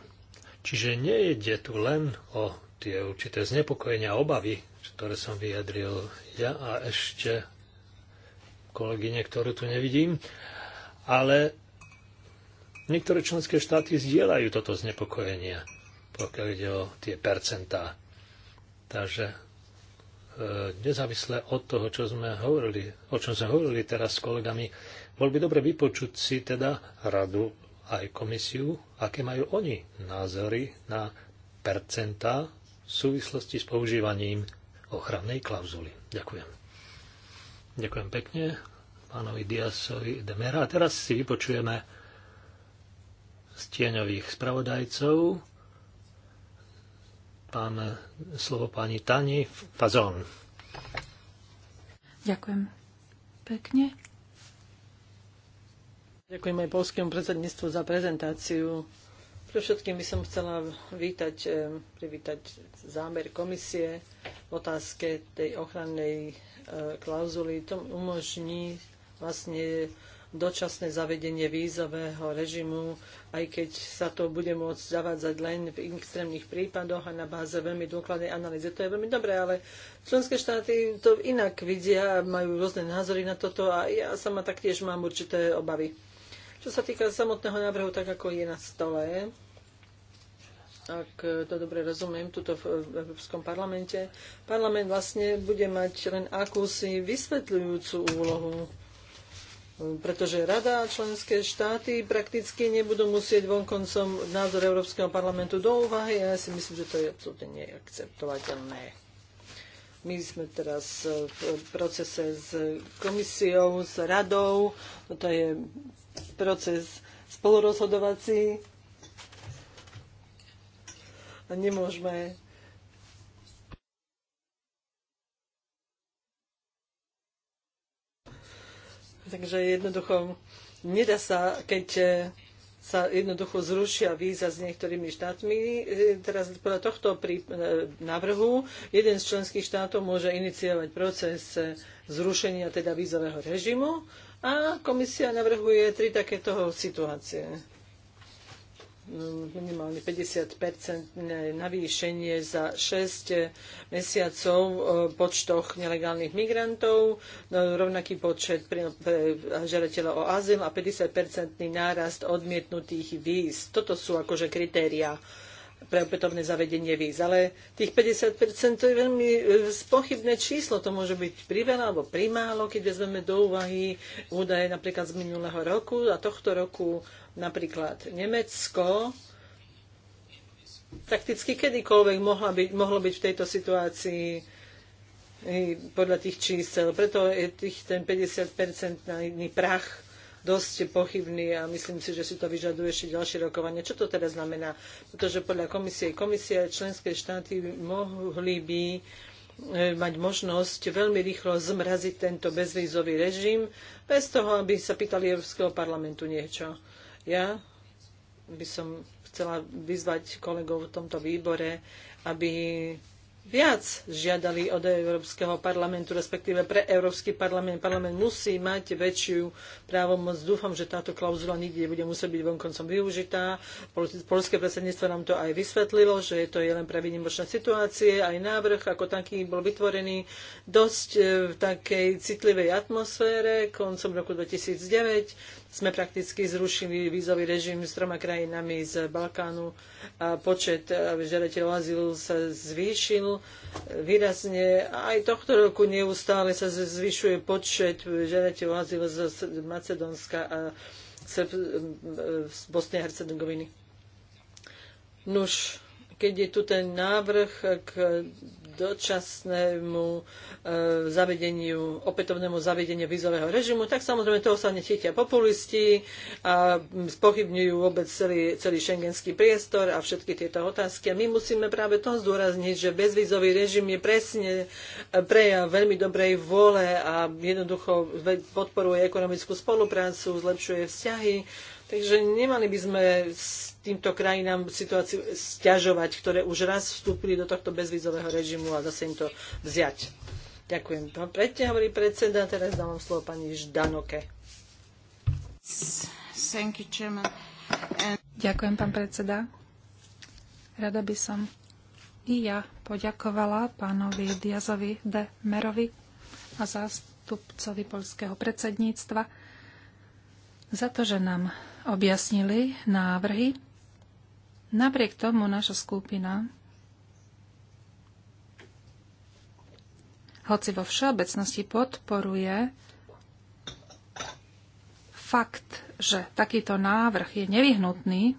Speaker 3: Čiže nejde tu len o tie určité znepokojenia a obavy, ktoré som vyjadril ja a ešte kolegyne, ktorú tu nevidím, ale niektoré členské štáty zdieľajú toto znepokojenie, pokiaľ ide o tie percentá. Takže e, nezávisle od toho, čo sme hovorili, o čom sme hovorili teraz s kolegami, bol by dobre vypočuť si teda radu aj komisiu, aké majú oni názory na percentá v súvislosti s používaním ochrannej klauzuly. Ďakujem. Ďakujem pekne pánovi Diasovi Demera. A teraz si vypočujeme stieňových spravodajcov. Pán, slovo pani Tani Fazon.
Speaker 2: Ďakujem pekne.
Speaker 1: Ďakujem aj polskému predsedníctvu za prezentáciu. Pre všetkým by som chcela vítať, eh, privítať zámer komisie v otázke tej ochrannej eh, klauzuly. To umožní vlastne dočasné zavedenie vízového režimu, aj keď sa to bude môcť zavádzať len v extrémnych prípadoch a na báze veľmi dôkladnej analýzy. To je veľmi dobré, ale členské štáty to inak vidia, majú rôzne názory na toto a ja sama taktiež mám určité obavy. Čo sa týka samotného návrhu, tak ako je na stole, ak to dobre rozumiem, tuto v Európskom parlamente, parlament vlastne bude mať len akúsi vysvetľujúcu úlohu pretože Rada a členské štáty prakticky nebudú musieť vonkoncom názor Európskeho parlamentu do úvahy a ja si myslím, že to je absolútne neakceptovateľné. My sme teraz e, v procese s komisiou, s radou, to je proces spolurozhodovací a nemôžeme Takže jednoducho nedá sa, keď e, sa jednoducho zrušia víza s niektorými štátmi. E, teraz podľa tohto prí, e, návrhu jeden z členských štátov môže iniciovať proces zrušenia teda vízového režimu a komisia navrhuje tri takéto situácie minimálne 50 navýšenie za 6 mesiacov v eh, počtoch nelegálnych migrantov, no, rovnaký počet žiadateľov o azyl a 50 nárast odmietnutých víz. Toto sú akože kritéria pre opätovné zavedenie víz. Ale tých 50% to je veľmi e, spochybné číslo. To môže byť priveľa alebo primálo, keď vezmeme do úvahy údaje napríklad z minulého roku a tohto roku napríklad Nemecko prakticky kedykoľvek mohla byť, mohlo byť v tejto situácii podľa tých čísel. Preto je tých ten 50 prach dosť pochybný a myslím si, že si to vyžaduje ešte ďalšie rokovanie. Čo to teda znamená? Pretože podľa komisie, komisia členské štáty mohli by e, mať možnosť veľmi rýchlo zmraziť tento bezvízový režim bez toho, aby sa pýtali Európskeho parlamentu niečo. Ja by som chcela vyzvať kolegov v tomto výbore, aby viac žiadali od Európskeho parlamentu, respektíve pre Európsky parlament. Parlament musí mať väčšiu právomoc. Dúfam, že táto klauzula nikdy nebude musieť byť vonkoncom využitá. Polské predsedníctvo nám to aj vysvetlilo, že to je len pre výnimočné situácie. Aj návrh ako taký bol vytvorený dosť e, v takej citlivej atmosfére koncom roku 2009 sme prakticky zrušili vízový režim s troma krajinami z Balkánu a počet e, žiadateľov azylu sa zvýšil výrazne. Aj tohto roku neustále sa zvyšuje počet žiadateľov azylu z Macedónska a e, z Bosnej a Hercegoviny. Nuž, keď je tu ten návrh k dočasnému e, zavedeniu, opätovnému zavedeniu vízového režimu, tak samozrejme toho sa nechytia populisti a spochybňujú vôbec celý, celý šengenský priestor a všetky tieto otázky. A my musíme práve to zdôrazniť, že bezvízový režim je presne prejav veľmi dobrej vôle a jednoducho podporuje ekonomickú spoluprácu, zlepšuje vzťahy Takže nemali by sme s týmto krajinám situáciu stiažovať, ktoré už raz vstúpili do tohto bezvízového režimu a zase im to vziať. Ďakujem. Pán hovorí predseda, teraz dávam slovo pani Ždanoke.
Speaker 2: Ďakujem, pán predseda. Rada by som i ja poďakovala pánovi Diazovi de Merovi a zástupcovi polského predsedníctva za to, že nám objasnili návrhy. Napriek tomu naša skupina, hoci vo všeobecnosti podporuje fakt, že takýto návrh je nevyhnutný,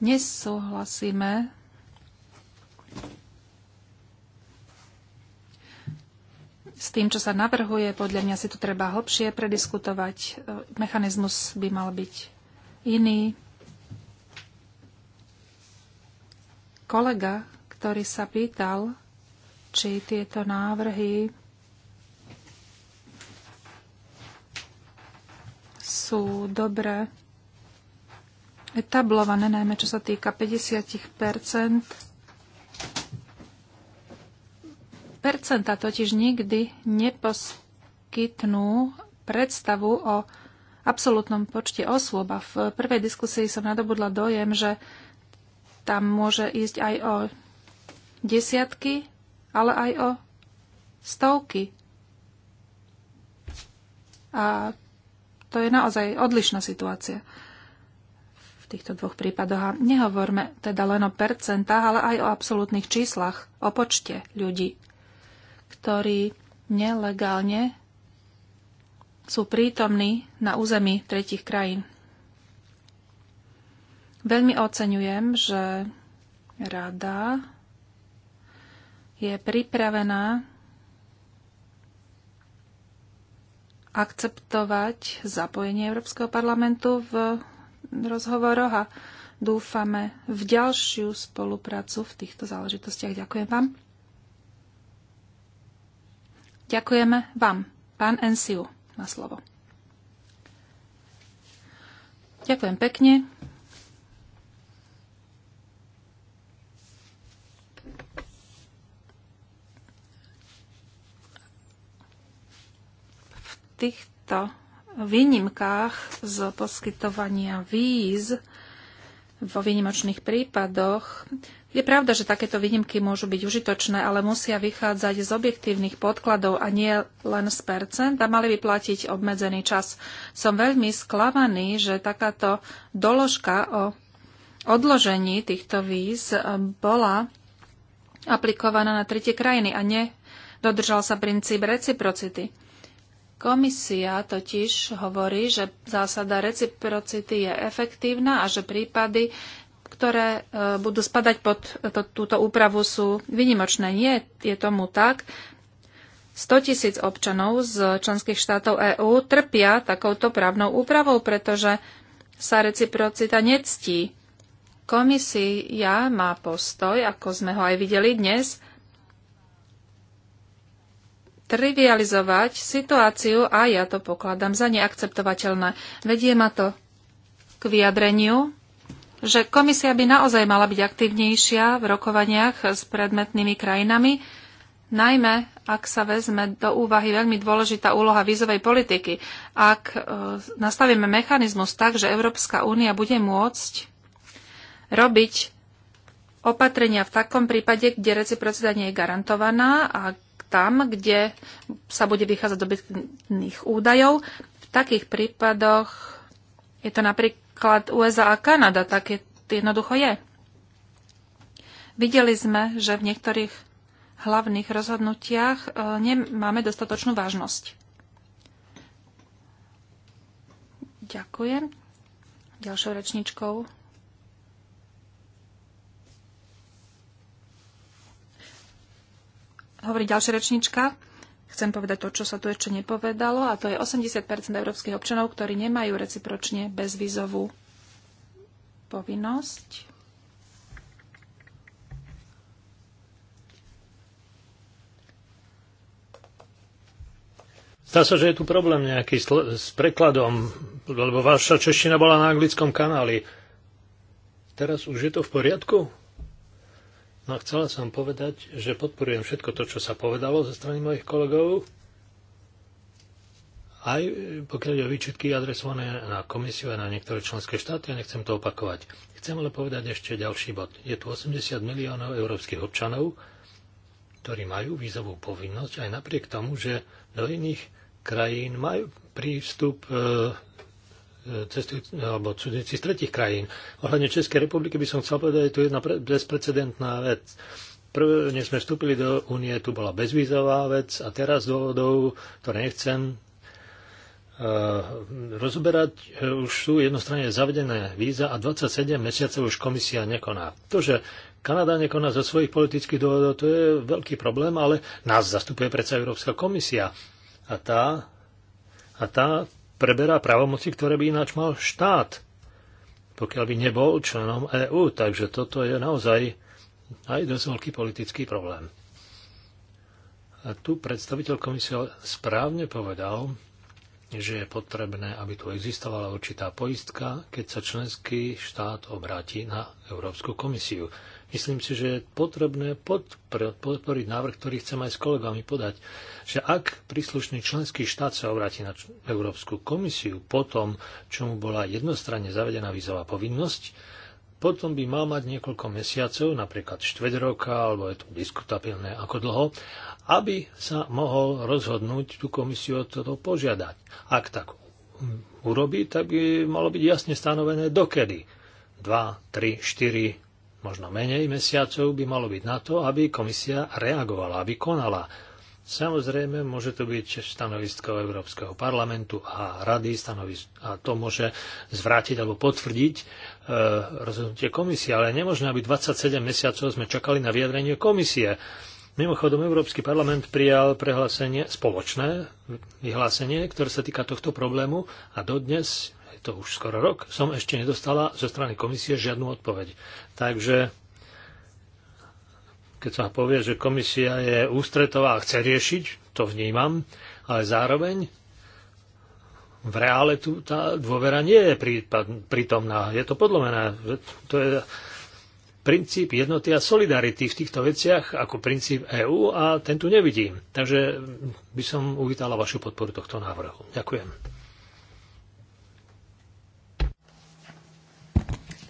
Speaker 2: nesúhlasíme s tým, čo sa navrhuje. Podľa mňa si tu treba hlbšie prediskutovať. E, mechanizmus by mal byť iný. Kolega, ktorý sa pýtal, či tieto návrhy sú dobre etablované, najmä čo sa týka 50 percenta totiž nikdy neposkytnú predstavu o absolútnom počte osôb. A v prvej diskusii som nadobudla dojem, že tam môže ísť aj o desiatky, ale aj o stovky. A to je naozaj odlišná situácia v týchto dvoch prípadoch. A nehovorme teda len o percentách, ale aj o absolútnych číslach, o počte ľudí ktorí nelegálne sú prítomní na území tretich krajín. Veľmi oceňujem, že rada je pripravená akceptovať zapojenie Európskeho parlamentu v rozhovoroch a dúfame v ďalšiu spoluprácu v týchto záležitostiach. Ďakujem vám. Ďakujeme vám. Pán Ensiu na slovo. Ďakujem pekne. V týchto výnimkách z poskytovania víz vo výnimočných prípadoch je pravda, že takéto výnimky môžu byť užitočné, ale musia vychádzať z objektívnych podkladov a nie len z percent a mali by platiť obmedzený čas. Som veľmi sklamaný, že takáto doložka o odložení týchto víz eh, bola aplikovaná na tretie krajiny a nedodržal sa princíp reciprocity. Komisia totiž hovorí, že zásada reciprocity je efektívna a že prípady ktoré e, budú spadať pod túto úpravu, sú vynimočné. Nie je tomu tak. 100 tisíc občanov z členských štátov EÚ trpia takouto právnou úpravou, pretože sa reciprocita nectí. Komisia má postoj, ako sme ho aj videli dnes, trivializovať situáciu a ja to pokladám za neakceptovateľné. Vedie ma to k vyjadreniu, že komisia by naozaj mala byť aktívnejšia v rokovaniach s predmetnými krajinami, najmä ak sa vezme do úvahy veľmi dôležitá úloha vízovej politiky. Ak e, nastavíme mechanizmus tak, že Európska únia bude môcť robiť opatrenia v takom prípade, kde reciprocita nie je garantovaná a tam, kde sa bude vychádzať do bytných údajov. V takých prípadoch je to napríklad napríklad USA a Kanada, tak je, jednoducho je. Videli sme, že v niektorých hlavných rozhodnutiach e, nemáme dostatočnú vážnosť. Ďakujem. Ďalšou rečničkou hovorí ďalšia rečnička chcem povedať to, čo sa tu ešte nepovedalo, a to je 80 európskych občanov, ktorí nemajú recipročne bezvízovú povinnosť.
Speaker 3: Zdá sa, že je tu problém nejaký s prekladom, lebo vaša čeština bola na anglickom kanáli. Teraz už je to v poriadku? No a chcela som povedať, že podporujem všetko to, čo sa povedalo zo strany mojich kolegov, aj pokiaľ je výčitky adresované na komisiu a na niektoré členské štáty, ja nechcem to opakovať. Chcem ale povedať ešte ďalší bod. Je tu 80 miliónov európskych občanov, ktorí majú vízovú povinnosť aj napriek tomu, že do iných krajín majú prístup e, cestujú, alebo cudzinci z tretich krajín. Ohľadne Českej republiky by som chcel povedať, je tu jedna bezprecedentná vec. Prvé, než sme vstúpili do únie, tu bola bezvízová vec a teraz z dôvodov, ktoré nechcem e, rozoberať, e, už sú jednostranne zavedené víza a 27 mesiacov už komisia nekoná. To, že Kanada nekoná zo svojich politických dôvodov, to je veľký problém, ale nás zastupuje predsa Európska komisia. A tá, a tá preberá právomoci, ktoré by ináč mal štát, pokiaľ by nebol členom EÚ. Takže toto je naozaj aj dosť veľký politický problém. A tu predstaviteľ komisie správne povedal, že je potrebné, aby tu existovala určitá poistka, keď sa členský štát obráti na Európsku komisiu. Myslím si, že je potrebné podporiť návrh, ktorý chcem aj s kolegami podať, že ak príslušný členský štát sa obráti na Európsku komisiu po tom, čo mu bola jednostranne zavedená vízová povinnosť, potom by mal mať niekoľko mesiacov, napríklad štveť roka, alebo je to diskutabilné ako dlho, aby sa mohol rozhodnúť tú komisiu o toto požiadať. Ak tak urobí, tak by malo byť jasne stanovené dokedy. 2, 3, 4 možno menej mesiacov by malo byť na to, aby komisia reagovala, aby konala. Samozrejme, môže to byť stanovisko Európskeho parlamentu a rady stanovisko, a to môže zvrátiť alebo potvrdiť e, rozhodnutie komisie, ale nemožné, aby 27 mesiacov sme čakali na vyjadrenie komisie. Mimochodom, Európsky parlament prijal prehlásenie, spoločné vyhlásenie, ktoré sa týka tohto problému a dodnes to už skoro rok, som ešte nedostala zo strany komisie žiadnu odpoveď. Takže keď sa povie, že komisia je ústretová a chce riešiť, to vnímam, ale zároveň v reále tu tá dôvera nie je prítomná. Je to podlomené. To je princíp jednoty a solidarity v týchto veciach ako princíp EÚ a ten tu nevidím. Takže by som uvítala vašu podporu tohto návrhu. Ďakujem.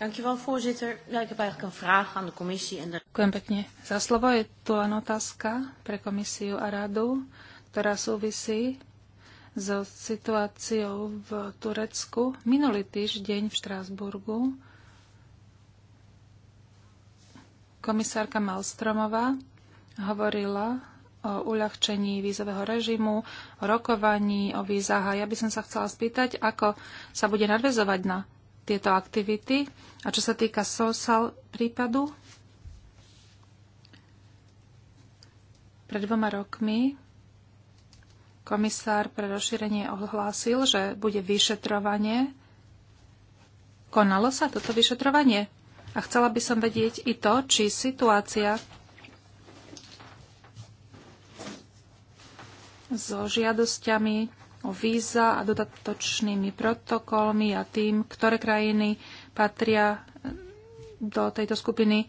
Speaker 1: Ďakujem
Speaker 2: pekne za slovo. Je tu len otázka pre komisiu a radu, ktorá súvisí so situáciou v Turecku. Minulý týždeň v Štrásburgu komisárka Malstromová hovorila o uľahčení vízového režimu, o rokovaní, o vízach. A ja by som sa chcela spýtať, ako sa bude nadvezovať na tieto aktivity. A čo sa týka SOSAL prípadu, pred dvoma rokmi komisár pre rozšírenie ohlásil, že bude vyšetrovanie. Konalo sa toto vyšetrovanie? A chcela by som vedieť i to, či situácia so žiadosťami o víza a dodatočnými protokolmi a tým, ktoré krajiny patria eh, do tejto skupiny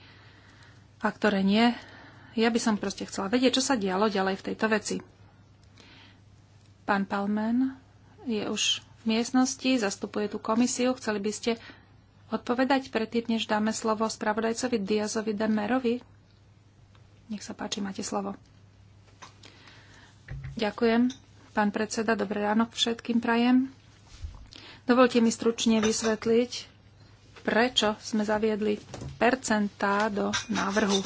Speaker 2: a ktoré nie. Ja by som proste chcela vedieť, čo sa dialo ďalej v tejto veci. Pán Palmen je už v miestnosti, zastupuje tú komisiu. Chceli by ste odpovedať predtým, než dáme slovo spravodajcovi Diazovi Demerovi? Nech sa páči, máte slovo. Ďakujem. Pán predseda, dobré ráno všetkým prajem. Dovolte mi stručne vysvetliť, prečo sme zaviedli percentá do návrhu.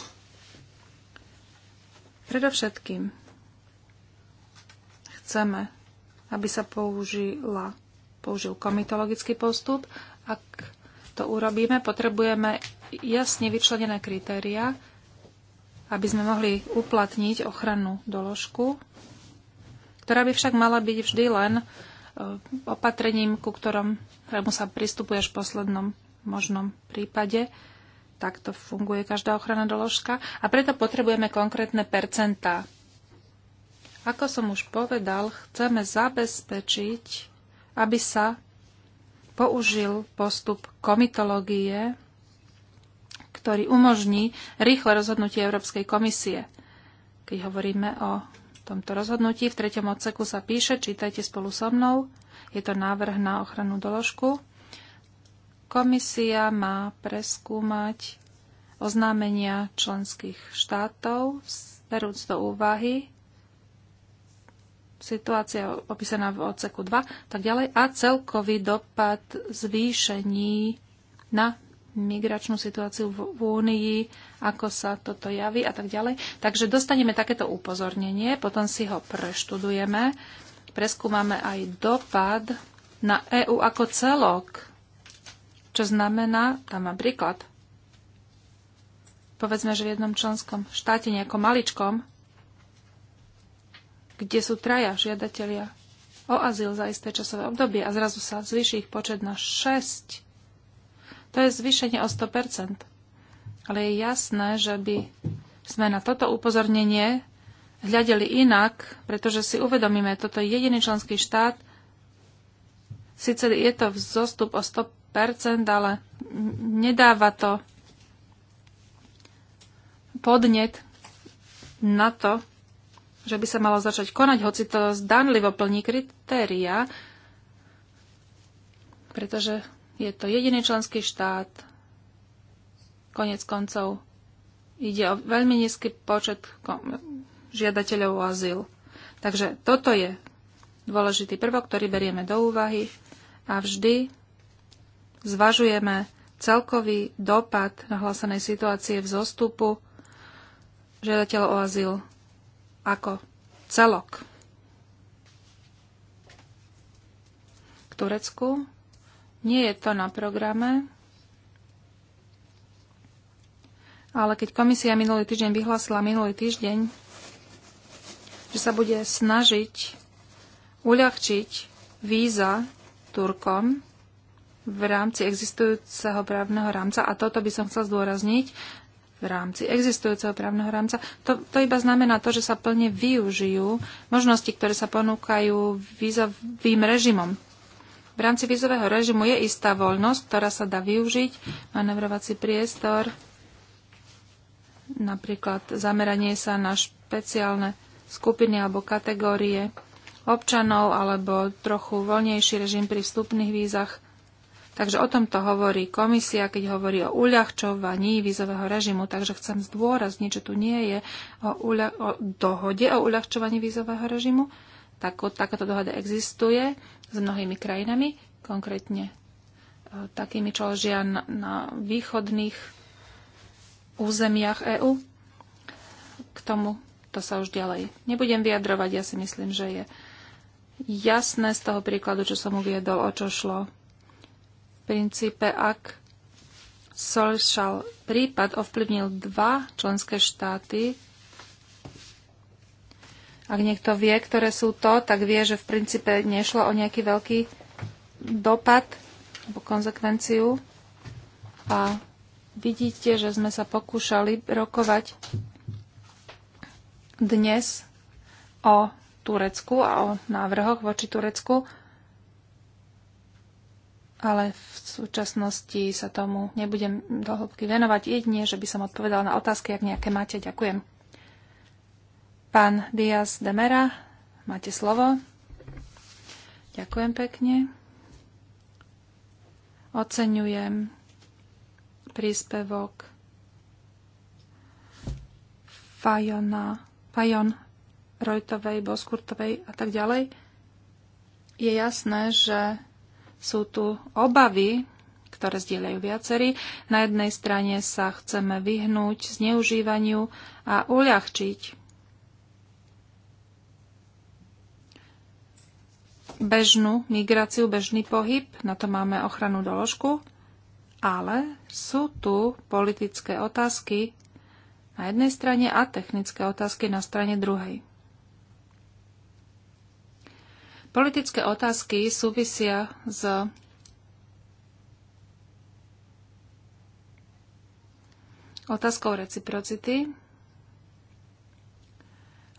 Speaker 2: Predovšetkým chceme, aby sa použila, použil komitologický postup. Ak to urobíme, potrebujeme jasne vyčlenené kritéria, aby sme mohli uplatniť ochrannú doložku ktorá by však mala byť vždy len e, opatrením, ku ktorom, ktorému sa pristupuje v poslednom možnom prípade. Takto funguje každá ochrana doložka a preto potrebujeme konkrétne percentá. Ako som už povedal, chceme zabezpečiť, aby sa použil postup komitológie, ktorý umožní rýchle rozhodnutie Európskej komisie, keď hovoríme o tomto rozhodnutí. V treťom odseku sa píše, čítajte spolu so mnou, je to návrh na ochranu doložku. Komisia má preskúmať oznámenia členských štátov, berúc do úvahy situácia opísaná v odseku 2, tak ďalej, a celkový dopad zvýšení na migračnú situáciu v, v Únii, ako sa toto javí a tak ďalej. Takže dostaneme takéto upozornenie, potom si ho preštudujeme, preskúmame aj dopad na EÚ ako celok, čo znamená, tam mám príklad, povedzme, že v jednom členskom štáte, nejakom maličkom, kde sú traja žiadatelia o azyl za isté časové obdobie a zrazu sa zvýši ich počet na 6 to je zvýšenie o 100%. Ale je jasné, že by sme na toto upozornenie hľadeli inak, pretože si uvedomíme, toto je jediný členský štát, síce je to zostup o 100%, ale nedáva to podnet na to, že by sa malo začať konať, hoci to zdanlivo plní kritéria, pretože je to jediný členský štát. Konec koncov ide o veľmi nízky počet žiadateľov o azyl. Takže toto je dôležitý prvok, ktorý berieme do úvahy a vždy zvažujeme celkový dopad nahlásenej situácie v zostupu žiadateľov o azyl ako celok. K Turecku nie je to na programe, ale keď komisia minulý týždeň vyhlásila minulý týždeň, že sa bude snažiť uľahčiť víza Turkom v rámci existujúceho právneho rámca, a toto by som chcel zdôrazniť, v rámci existujúceho právneho rámca. To, to iba znamená to, že sa plne využijú možnosti, ktoré sa ponúkajú vízovým režimom v rámci vízového režimu je istá voľnosť, ktorá sa dá využiť, manevrovací priestor, napríklad zameranie sa na špeciálne skupiny alebo kategórie občanov alebo trochu voľnejší režim pri vstupných vízach. Takže o tomto hovorí komisia, keď hovorí o uľahčovaní vízového režimu. Takže chcem zdôrazniť, že tu nie je o, uľa- o dohode o uľahčovaní vízového režimu. tak takáto dohoda existuje s mnohými krajinami, konkrétne e, takými, čo ležia na, na východných územiach EÚ. K tomu to sa už ďalej nebudem vyjadrovať. Ja si myslím, že je jasné z toho príkladu, čo som uviedol, o čo šlo. V princípe, ak Solšal prípad ovplyvnil dva členské štáty, ak niekto vie, ktoré sú to, tak vie, že v princípe nešlo o nejaký veľký dopad alebo konzekvenciu. A vidíte, že sme sa pokúšali rokovať dnes o Turecku a o návrhoch voči Turecku, ale v súčasnosti sa tomu nebudem dohlbky venovať. Jedine, že by som odpovedala na otázky, ak nejaké máte. Ďakujem. Pán Diaz Demera, máte slovo. Ďakujem pekne. Oceňujem príspevok Fajona, Fajon, Rojtovej, Boskurtovej a tak ďalej. Je jasné, že sú tu obavy, ktoré zdieľajú viacerí. Na jednej strane sa chceme vyhnúť zneužívaniu a uľahčiť bežnú migráciu, bežný pohyb, na to máme ochranu doložku, ale sú tu politické otázky na jednej strane a technické otázky na strane druhej. Politické otázky súvisia s otázkou reciprocity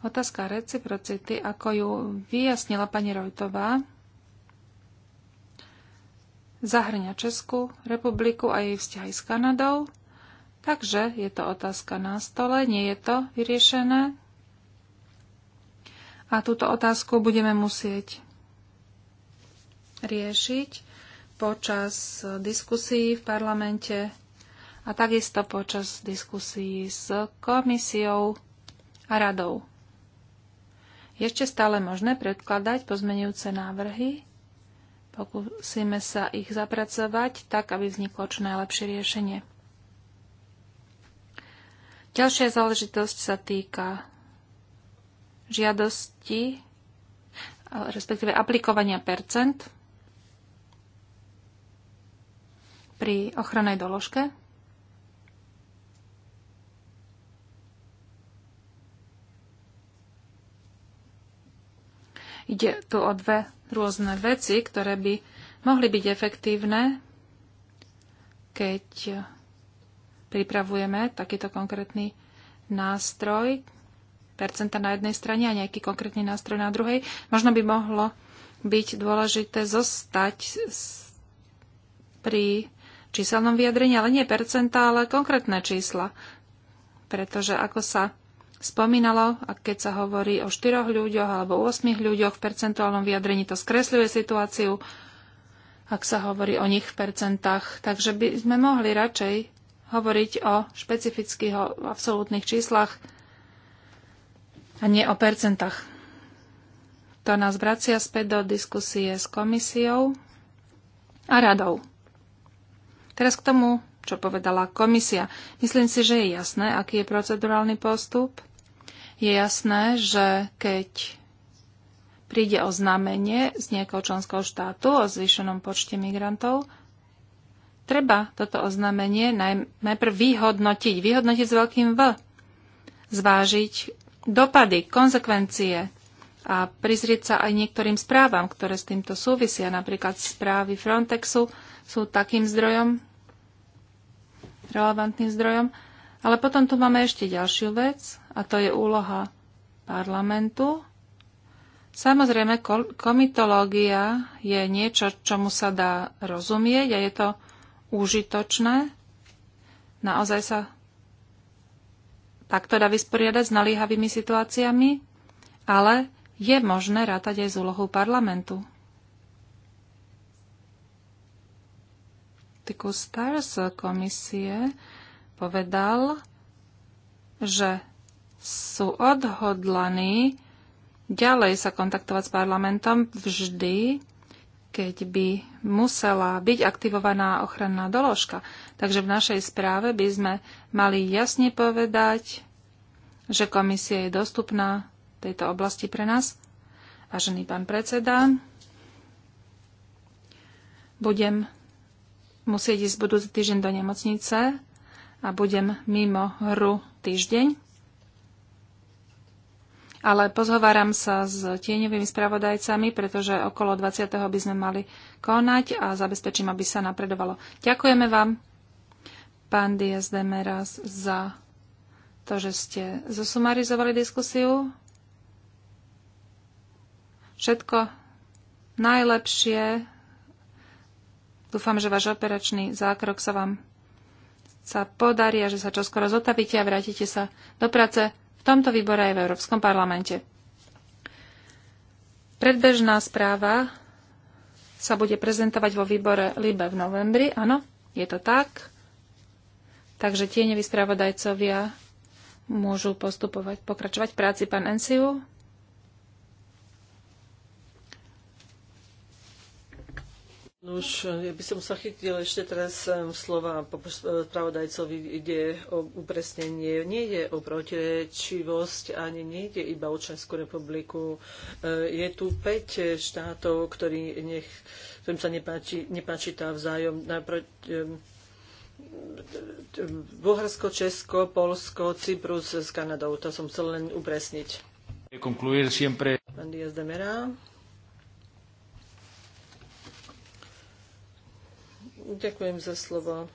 Speaker 2: Otázka reciprocity, ako ju vyjasnila pani Rojtová, zahrňa Českú republiku a jej vzťahy s Kanadou, takže je to otázka na stole, nie je to vyriešené. A túto otázku budeme musieť riešiť počas diskusí v parlamente a takisto počas diskusí s komisiou a radou. Je ešte stále možné predkladať pozmenujúce návrhy. Pokúsime sa ich zapracovať tak, aby vzniklo čo najlepšie riešenie. Ďalšia záležitosť sa týka žiadosti, respektíve aplikovania percent pri ochrannej doložke Ide tu o dve rôzne veci, ktoré by mohli byť efektívne, keď pripravujeme takýto konkrétny nástroj, percenta na jednej strane a nejaký konkrétny nástroj na druhej. Možno by mohlo byť dôležité zostať pri číselnom vyjadrení, ale nie percenta, ale konkrétne čísla. Pretože ako sa spomínalo, a keď sa hovorí o štyroch ľuďoch alebo 8 ľuďoch v percentuálnom vyjadrení, to skresľuje situáciu, ak sa hovorí o nich v percentách. Takže by sme mohli radšej hovoriť o špecifických, o absolútnych číslach a nie o percentách. To nás vracia späť do diskusie s komisiou a radou. Teraz k tomu čo povedala komisia. Myslím si, že je jasné, aký je procedurálny postup. Je jasné, že keď príde oznámenie z nejakého členského štátu o zvýšenom počte migrantov, treba toto oznámenie najprv vyhodnotiť. Vyhodnotiť s veľkým V. Zvážiť dopady, konsekvencie a prizrieť sa aj niektorým správam, ktoré s týmto súvisia. Napríklad správy Frontexu sú takým zdrojom, relevantným zdrojom. Ale potom tu máme ešte ďalšiu vec, a to je úloha parlamentu. Samozrejme, komitológia je niečo, čomu sa dá rozumieť a je to užitočné. Naozaj sa takto dá vysporiadať s nalíhavými situáciami, ale je možné rátať aj s úlohou parlamentu. Tiku Stars komisie povedal, že sú odhodlaní ďalej sa kontaktovať s parlamentom vždy, keď by musela byť aktivovaná ochranná doložka. Takže v našej správe by sme mali jasne povedať, že komisia je dostupná v tejto oblasti pre nás. Vážený pán predseda, budem musieť ísť budúci týždeň do nemocnice a budem mimo hru týždeň ale pozhováram sa s tieňovými spravodajcami, pretože okolo 20. by sme mali konať a zabezpečím, aby sa napredovalo. Ďakujeme vám, pán Dias Demeras, za to, že ste zosumarizovali diskusiu. Všetko najlepšie. Dúfam, že váš operačný zákrok sa vám sa podarí a že sa čoskoro zotavíte a vrátite sa do práce v tomto výbore aj v Európskom parlamente. Predbežná správa sa bude prezentovať vo výbore LIBE v novembri, áno, je to tak. Takže tieňoví nevyspravodajcovia môžu postupovať, pokračovať v práci pán Enciu.
Speaker 1: Už ja by som sa chytil ešte teraz slova e, spravodajcovi, ide o upresnenie. Nie je o protirečivosť, ani nie ide iba o Českú republiku. E, je tu 5 štátov, ktorý nech, ktorým sa nepáči, nepáči tá vzájom. Naproti, Bulharsko, Česko, Polsko, Cyprus s Kanadou. To som chcel len upresniť. Pán Díaz de Mera. Ďakujem za slovo.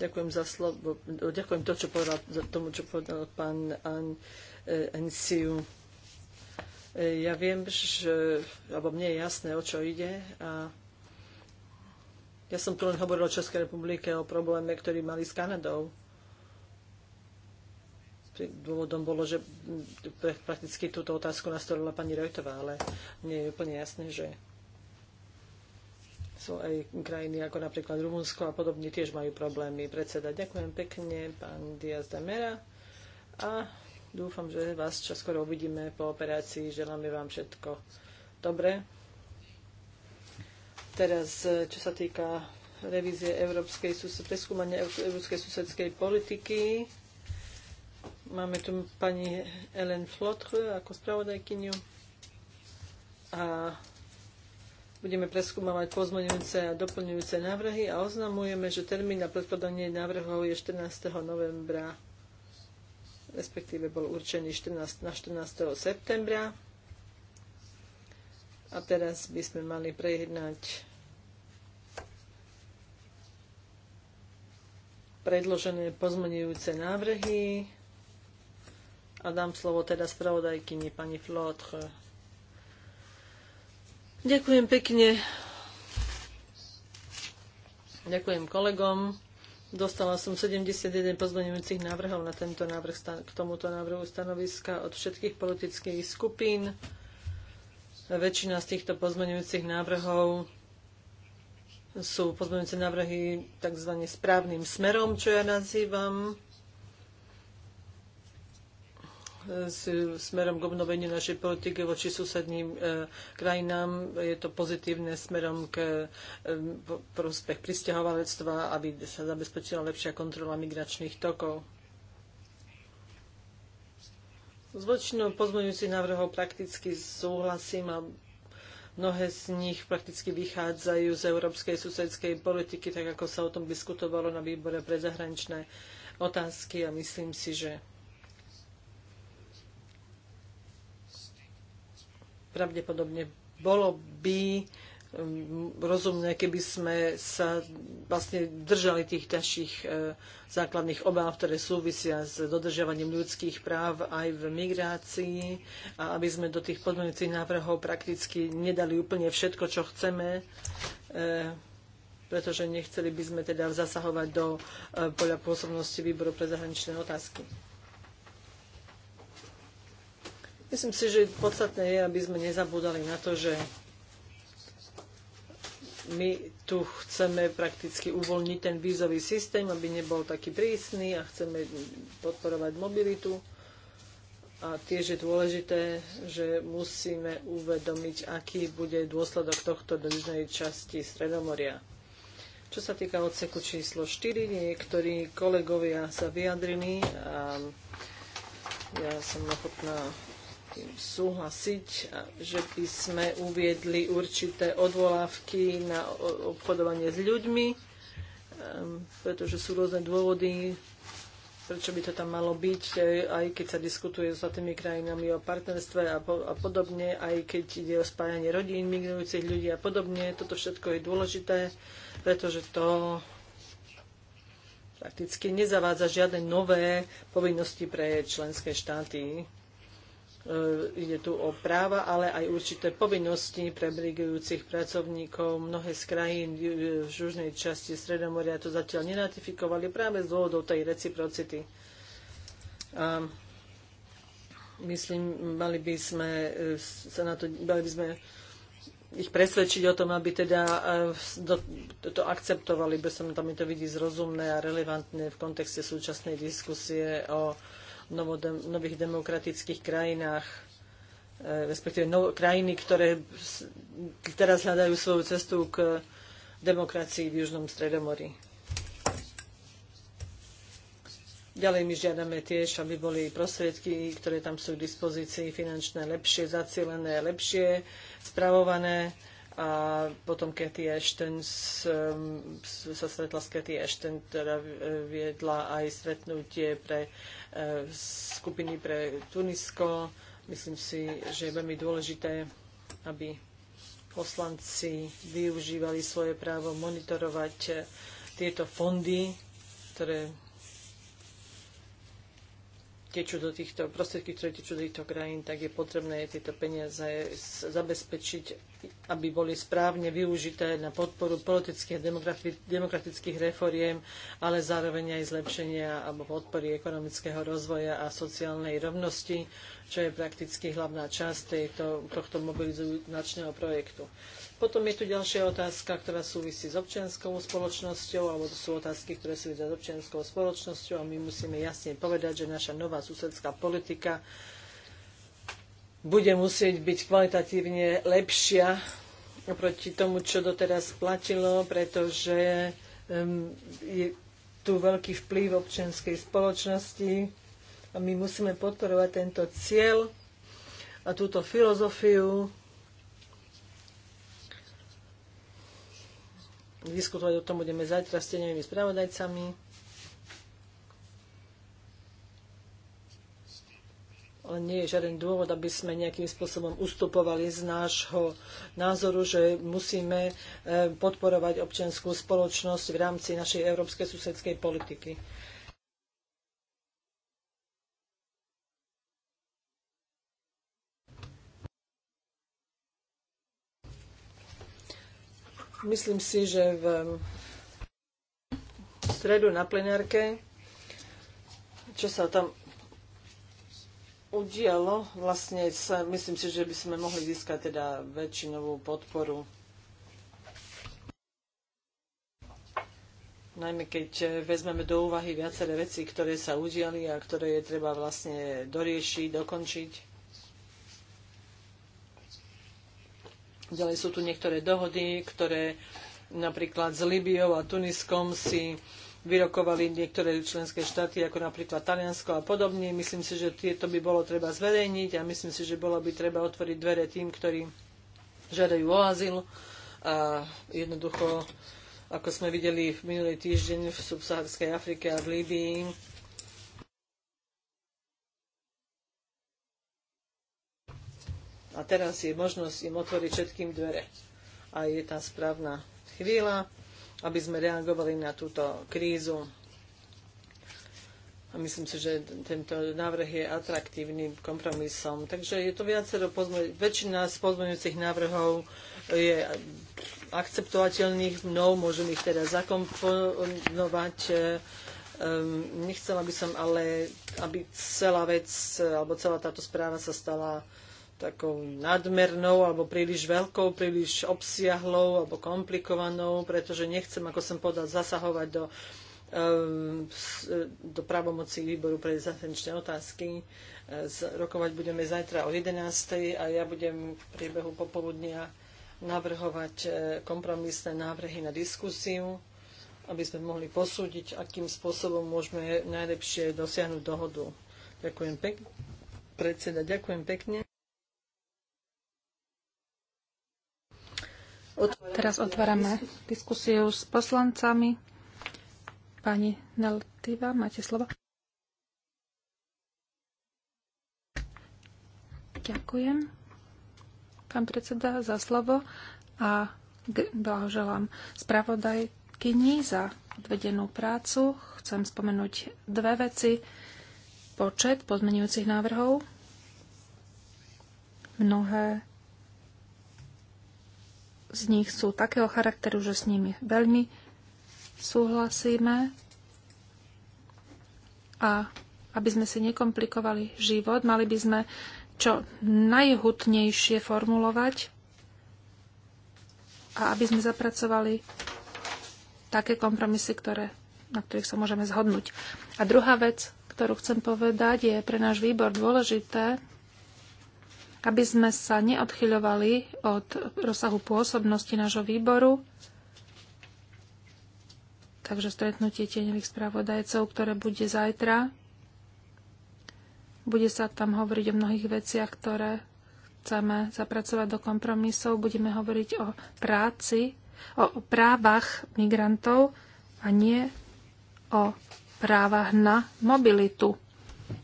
Speaker 1: Ďakujem za slovo. Ďakujem to, čo povedal, za tomu, čo povedal pán An, eh, Enciu. Eh, ja viem, že, alebo mne je jasné, o čo ide a ja som tu len hovoril o Českej republike, o probléme, ktorý mali s Kanadou. Dôvodom bolo, že prakticky túto otázku nastavila pani Rojtová, ale mne je úplne jasné, že aj krajiny, ako napríklad Rumunsko a podobne, tiež majú problémy. Predseda, ďakujem pekne, pán Diaz Damera. A dúfam, že vás čoskoro uvidíme po operácii. Želáme vám všetko dobre. Teraz, čo sa týka revízie európskej, preskúmania európskej susedskej politiky, máme tu pani Ellen Flotre ako spravodajkyniu. A Budeme preskúmavať pozmeňujúce a doplňujúce návrhy a oznamujeme, že termín na predkladanie návrhov je 14. novembra, respektíve bol určený 14, na 14. septembra. A teraz by sme mali prejednať predložené pozmenujúce návrhy a dám slovo teda spravodajkyni pani Flotre. Ďakujem pekne. Ďakujem kolegom. Dostala som 71 pozmeňujúcich návrhov na tento návrh, k tomuto návrhu stanoviska od všetkých politických skupín. Väčšina z týchto pozmeňujúcich návrhov sú pozmeňujúce návrhy tzv. správnym smerom, čo ja nazývam s, smerom k obnoveniu našej politiky voči susedným e, krajinám. Je to pozitívne smerom k e, prospech pristahovalectva, aby sa zabezpečila lepšia kontrola migračných tokov. S väčšinou pozmeňujúcich návrhov prakticky súhlasím a mnohé z nich prakticky vychádzajú z európskej susedskej politiky, tak ako sa o tom diskutovalo na výbore pre zahraničné otázky a myslím si, že pravdepodobne bolo by um, rozumné, keby sme sa vlastne držali tých našich e, základných obáv, ktoré súvisia s dodržiavaním ľudských práv aj v migrácii a aby sme do tých podmienujúcich návrhov prakticky nedali úplne všetko, čo chceme, e, pretože nechceli by sme teda zasahovať do e, poľa pôsobnosti výboru pre zahraničné otázky. Myslím si, že podstatné je, aby sme nezabúdali na to, že my tu chceme prakticky uvoľniť ten vízový systém, aby nebol taký prísny a chceme podporovať mobilitu. A tiež je dôležité, že musíme uvedomiť, aký bude dôsledok tohto dlžnej časti Stredomoria. Čo sa týka odseku číslo 4, niektorí kolegovia sa vyjadrili a ja som ochotná súhlasiť, že by sme uviedli určité odvolávky na obchodovanie s ľuďmi, um, pretože sú rôzne dôvody, prečo by to tam malo byť, aj keď sa diskutuje s tými krajinami o partnerstve a, po, a podobne, aj keď ide o spájanie rodín, migrujúcich ľudí a podobne. Toto všetko je dôležité, pretože to prakticky nezavádza žiadne nové povinnosti pre členské štáty. E, ide tu o práva, ale aj určité povinnosti pre brigujúcich pracovníkov. Mnohé z krajín e, v južnej časti Stredomoria to zatiaľ neratifikovali práve z dôvodov tej reciprocity. A myslím, mali by sme e, sa na to, mali by sme ich presvedčiť o tom, aby teda to akceptovali, bez som tam to vidí zrozumné a relevantné v kontexte súčasnej diskusie o nových demokratických krajinách, e, respektíve no, krajiny, ktoré teraz hľadajú svoju cestu k demokracii v Južnom Stredomorí. Ďalej my žiadame tiež, aby boli prostriedky, ktoré tam sú k dispozícii, finančné lepšie, zacielené lepšie, spravované a potom Cathy Ashton um, sa stretla s Cathy Ashton, ktorá teda viedla aj stretnutie pre eh, skupiny pre Tunisko. Myslím si, že je veľmi dôležité, aby poslanci využívali svoje právo monitorovať eh, tieto fondy, ktoré tečú do týchto prostriedky, ktoré tečú do týchto krajín, tak je potrebné tieto peniaze zabezpečiť, aby boli správne využité na podporu politických a demokratických reforiem, ale zároveň aj zlepšenia alebo podpory ekonomického rozvoja a sociálnej rovnosti, čo je prakticky hlavná časť tejto, tohto mobilizačného projektu. Potom je tu ďalšia otázka, ktorá súvisí s občianskou spoločnosťou, alebo to sú otázky, ktoré súvisia s občianskou spoločnosťou a my musíme jasne povedať, že naša nová susedská politika bude musieť byť kvalitatívne lepšia oproti tomu, čo doteraz platilo, pretože je tu veľký vplyv občianskej spoločnosti a my musíme podporovať tento cieľ a túto filozofiu Diskutovať o tom budeme zajtra s tenevými spravodajcami. Ale nie je žiaden dôvod, aby sme nejakým spôsobom ustupovali z nášho názoru, že musíme eh, podporovať občianskú spoločnosť v rámci našej európskej susedskej politiky. Myslím si, že v stredu na plenárke, čo sa tam udialo, vlastne sa, myslím si, že by sme mohli získať teda väčšinovú podporu. Najmä keď vezmeme do úvahy viaceré veci, ktoré sa udiali a ktoré je treba vlastne doriešiť, dokončiť. Ďalej sú tu niektoré dohody, ktoré napríklad s Libiou a Tuniskom si vyrokovali niektoré členské štáty, ako napríklad Taliansko a podobne. Myslím si, že tieto by bolo treba zverejniť a myslím si, že bolo by treba otvoriť dvere tým, ktorí žiadajú o azyl. A jednoducho, ako sme videli v minulý týždeň v subsaharskej Afrike a v Líbii, A teraz je možnosť im otvoriť všetkým dvere. A je tá správna chvíľa, aby sme reagovali na túto krízu. A myslím si, že tento návrh je atraktívnym kompromisom. Takže je to viacero pozme- väčšina z pozmeňujúcich návrhov je akceptovateľných mnou, môžem ich teda zakomponovať. Um, nechcela by som ale, aby celá vec, alebo celá táto správa sa stala takou nadmernou alebo príliš veľkou, príliš obsiahlou alebo komplikovanou, pretože nechcem, ako som povedal, zasahovať do, ehm, do právomocí výboru pre zahraničné otázky. E, rokovať budeme zajtra o 11.00 a ja budem v priebehu popoludnia navrhovať e, kompromisné návrhy na diskusiu, aby sme mohli posúdiť, akým spôsobom môžeme najlepšie dosiahnuť dohodu. Ďakujem pekne. Predseda, ďakujem pekne.
Speaker 2: Teraz otvárame diskusiu s poslancami. Pani Neltiva, máte slovo. Ďakujem, pán predseda, za slovo a blahoželám spravodajkyni za odvedenú prácu. Chcem spomenúť dve veci. Počet pozmenujúcich návrhov. Mnohé z nich sú takého charakteru, že s nimi veľmi súhlasíme a aby sme si nekomplikovali život, mali by sme čo najhutnejšie formulovať a aby sme zapracovali také kompromisy, ktoré, na ktorých sa môžeme zhodnúť. A druhá vec, ktorú chcem povedať, je pre náš výbor dôležité aby sme sa neodchyľovali od rozsahu pôsobnosti nášho výboru. Takže stretnutie tieňových spravodajcov, ktoré bude zajtra. Bude sa tam hovoriť o mnohých veciach, ktoré chceme zapracovať do kompromisov. Budeme hovoriť o práci, o právach migrantov a nie o právach na mobilitu,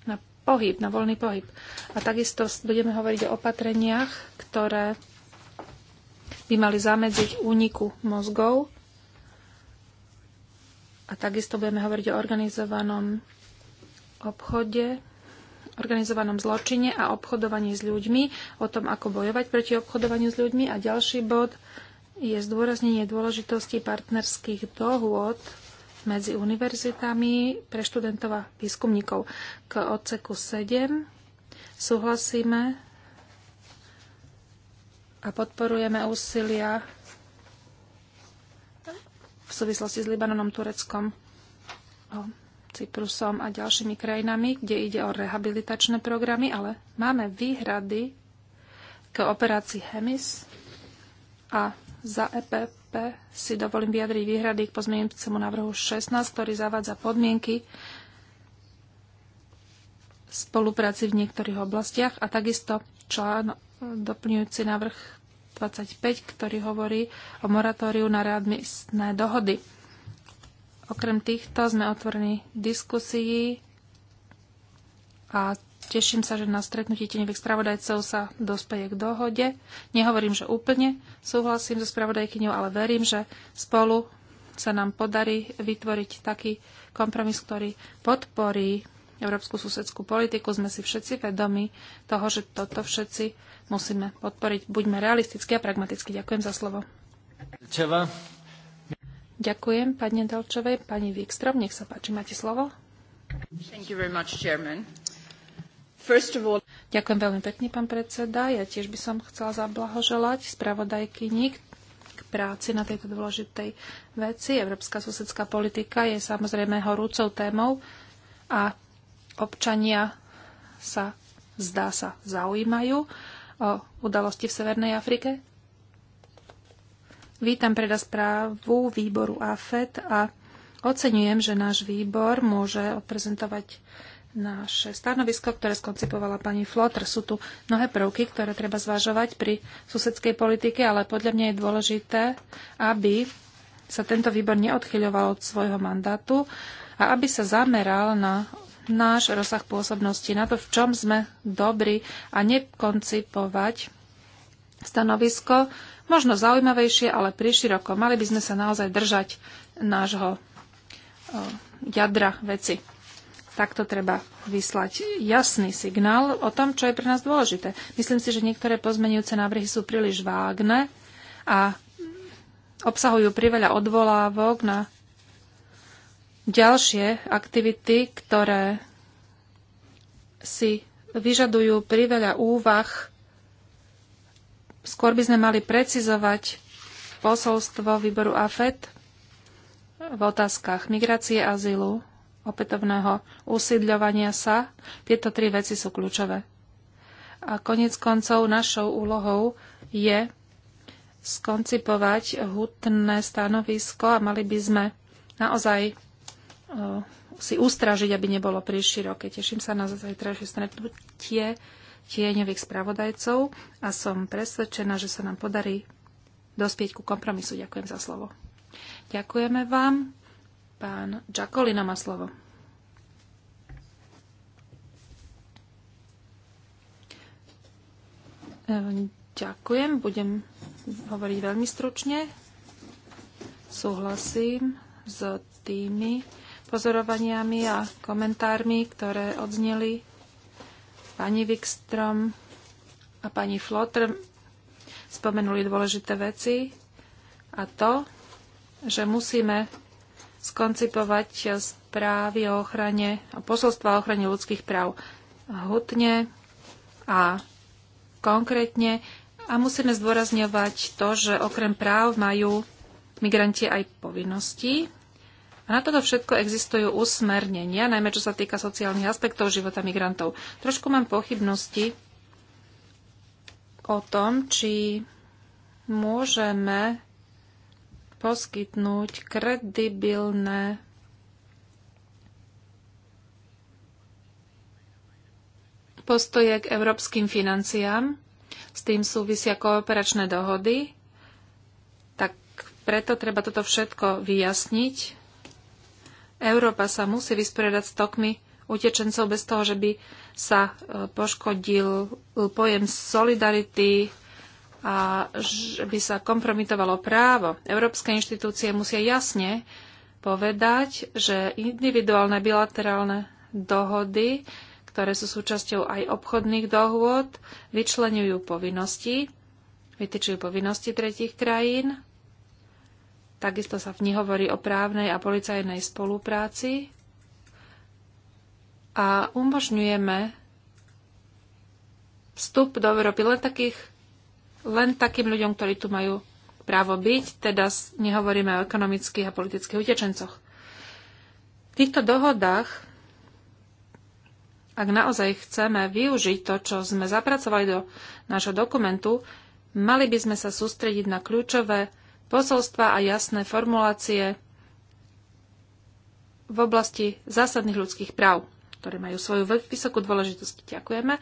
Speaker 2: na pohyb, na voľný pohyb. A takisto budeme hovoriť o opatreniach, ktoré by mali zamedziť úniku mozgov. A takisto budeme hovoriť o organizovanom obchode, organizovanom zločine a obchodovaní s ľuďmi, o tom, ako bojovať proti obchodovaniu s ľuďmi. A ďalší bod je zdôraznenie dôležitosti partnerských dohôd medzi univerzitami pre študentov a výskumníkov. K odseku 7 súhlasíme a podporujeme úsilia v súvislosti s Libanonom, Tureckom, Cyprusom a ďalšími krajinami, kde ide o rehabilitačné programy, ale máme výhrady k operácii Hemis a za EPP si dovolím vyjadriť výhrady k pozmeňujúcemu návrhu 16, ktorý zavádza podmienky spolupráci v niektorých oblastiach a takisto člán doplňujúci návrh 25, ktorý hovorí o moratóriu na readmisné dohody. Okrem týchto sme otvorení diskusii a Teším sa, že na stretnutí tenevých spravodajcov sa dospeje k dohode. Nehovorím, že úplne súhlasím so spravodajkyňou, ale verím, že spolu sa nám podarí vytvoriť taký kompromis, ktorý podporí európsku susedskú politiku. Sme si všetci vedomi toho, že toto všetci musíme podporiť. Buďme realistickí a pragmatickí. Ďakujem za slovo. Čeva. Ďakujem pani Delčovej. Pani Wikstrom, nech sa páči, máte slovo. Much, Ďakujem veľmi pekne, pán predseda. Ja tiež by som chcela zablahoželať spravodajkyni k práci na tejto dôležitej veci. Európska susedská politika je samozrejme horúcou témou a občania sa, zdá sa, zaujímajú o udalosti v Severnej Afrike. Vítam preda správu výboru AFET a oceňujem, že náš výbor môže odprezentovať naše stanovisko, ktoré skoncipovala pani Flotr. Sú tu mnohé prvky, ktoré treba zvažovať pri susedskej politike, ale podľa mňa je dôležité, aby sa tento výbor neodchyľoval od svojho mandátu a aby sa zameral na náš rozsah pôsobnosti, na to, v čom sme dobrí a nekoncipovať stanovisko, možno zaujímavejšie, ale priširoko. Mali by sme sa naozaj držať nášho eh, jadra veci. Takto treba vyslať jasný signál o tom, čo je pre nás dôležité. Myslím si, že niektoré pozmenujúce návrhy sú príliš vágne a obsahujú priveľa odvolávok na ďalšie aktivity, ktoré si vyžadujú priveľa úvah. Skôr by sme mali precizovať posolstvo výboru AFET v otázkach migrácie, azylu opätovného usídľovania sa. Tieto tri veci sú kľúčové. A konec koncov našou úlohou je skoncipovať hutné stanovisko a mali by sme naozaj uh, si ustražiť, aby nebolo príliš široké. Teším sa na zajtrajšie stretnutie tieňových spravodajcov a som presvedčená, že sa nám podarí dospieť ku kompromisu. Ďakujem za slovo. Ďakujeme vám. Pán Čakolina má slovo. E, ďakujem, budem hovoriť veľmi stručne. Súhlasím s tými pozorovaniami a komentármi, ktoré odzneli pani Wikstrom a pani Flotr. Spomenuli dôležité veci a to, že musíme skoncipovať správy o ochrane, posolstva o ochrane ľudských práv hutne a konkrétne a musíme zdôrazňovať to, že okrem práv majú migranti aj povinnosti. A na toto všetko existujú usmernenia, najmä čo sa týka sociálnych aspektov života migrantov. Trošku mám pochybnosti o tom, či môžeme poskytnúť kredibilné postoje k európskym financiám. S tým súvisia kooperačné dohody. Tak preto treba toto všetko vyjasniť. Európa sa musí vysporiadať s tokmi utečencov bez toho, že by sa e, poškodil pojem solidarity, a že by sa kompromitovalo právo. Európske inštitúcie musia jasne povedať, že individuálne bilaterálne dohody, ktoré sú súčasťou aj obchodných dohôd, vyčlenujú povinnosti, vytýčujú povinnosti tretich krajín. Takisto sa v nich hovorí o právnej a policajnej spolupráci a umožňujeme vstup do Európy len takých len takým ľuďom, ktorí tu majú právo byť, teda nehovoríme o ekonomických a politických utečencoch. V týchto dohodách, ak naozaj chceme využiť to, čo sme zapracovali do nášho dokumentu, mali by sme sa sústrediť na kľúčové posolstva a jasné formulácie v oblasti zásadných ľudských práv, ktoré majú svoju vysokú dôležitosť. Ďakujeme.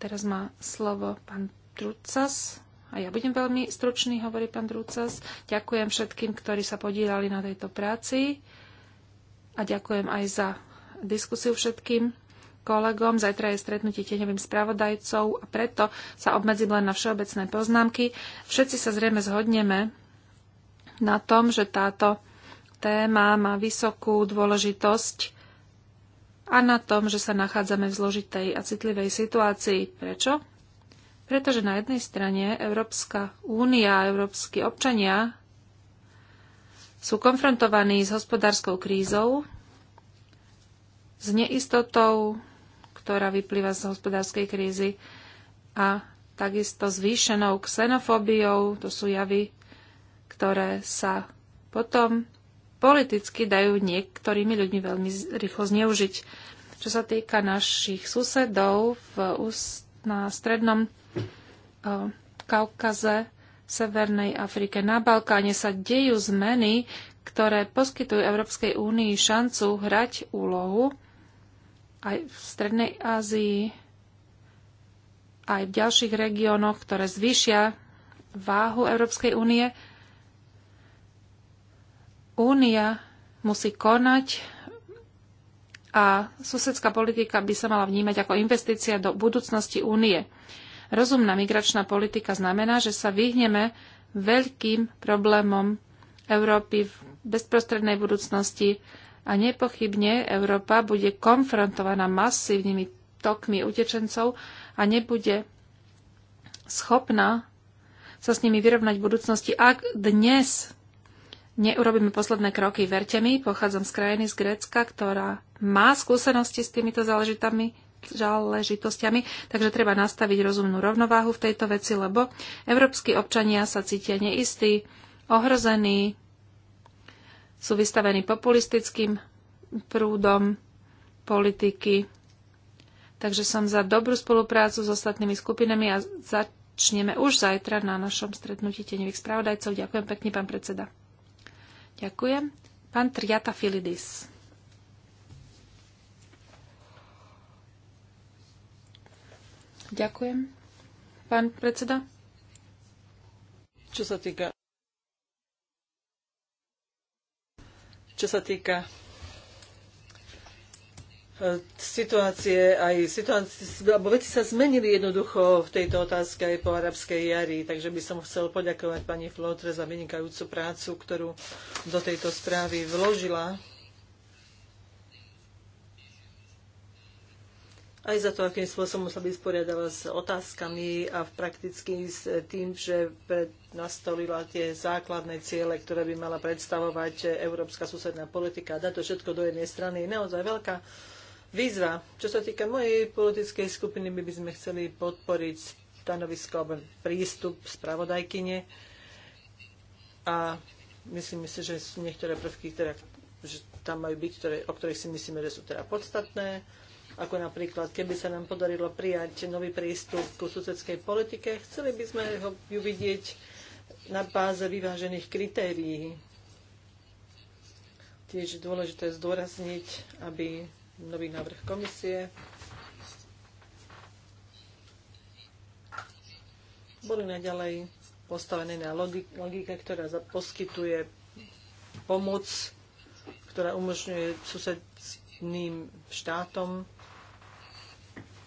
Speaker 2: Teraz má slovo pán Drucas. A ja budem veľmi stručný, hovorí pán Drucas. Ďakujem všetkým, ktorí sa podielali na tejto práci. A ďakujem aj za diskusiu všetkým kolegom. Zajtra je stretnutie tieňovým spravodajcov a preto sa obmedzím len na všeobecné poznámky. Všetci sa zrejme zhodneme na tom, že táto téma má vysokú dôležitosť a na tom, že sa nachádzame v zložitej a citlivej situácii. Prečo? Pretože na jednej strane Európska únia, európsky občania sú konfrontovaní s hospodárskou krízou, s neistotou, ktorá vyplýva z hospodárskej krízy a takisto zvýšenou xenofóbiou. To sú javy, ktoré sa potom politicky dajú niektorými ľuďmi veľmi rýchlo zneužiť. Čo sa týka našich susedov v, na strednom E, Kaukaze, Severnej Afrike, na Balkáne sa dejú zmeny, ktoré poskytujú Európskej únii šancu hrať úlohu aj v Strednej Ázii, aj v ďalších regiónoch, ktoré zvýšia váhu Európskej únie. Únia musí konať a susedská politika by sa mala vnímať ako investícia do budúcnosti únie. Rozumná migračná politika znamená, že sa vyhneme veľkým problémom Európy v bezprostrednej budúcnosti a nepochybne Európa bude konfrontovaná masívnymi tokmi utečencov a nebude schopná sa s nimi vyrovnať v budúcnosti, ak dnes neurobíme posledné kroky. Verte mi, pochádzam z krajiny, z Grécka, ktorá má skúsenosti s týmito záležitami, záležitostiami, takže treba nastaviť rozumnú rovnováhu v tejto veci, lebo európsky občania sa cítia neistí, ohrození, sú vystavení populistickým prúdom politiky. Takže som za dobrú spoluprácu s ostatnými skupinami a začneme už zajtra na našom stretnutí tenových spravodajcov. Ďakujem pekne, pán predseda. Ďakujem. Pán Triata Filidis. Ďakujem. Pán predseda?
Speaker 1: Čo sa týka čo sa týka e, situácie, aj situácie, lebo veci sa zmenili jednoducho v tejto otázke aj po arabskej jari, takže by som chcel poďakovať pani Flotre za vynikajúcu prácu, ktorú do tejto správy vložila. aj za to, akým spôsobom sa vysporiadala s otázkami a prakticky s tým, že nastolila tie základné ciele, ktoré by mala predstavovať európska susedná politika. Dá to všetko do jednej strany je naozaj veľká výzva. Čo sa týka mojej politickej skupiny, my by sme chceli podporiť stanovisko alebo prístup spravodajkyne a myslím si, že sú niektoré prvky, ktoré, že tam majú byť, ktoré, o ktorých si myslíme, že sú teda podstatné ako napríklad, keby sa nám podarilo prijať nový prístup ku susedskej politike, chceli by sme ho ju vidieť na báze vyvážených kritérií. Tiež je dôležité zdôrazniť, aby nový návrh komisie boli naďalej postavené na logika, ktorá poskytuje pomoc, ktorá umožňuje susedným štátom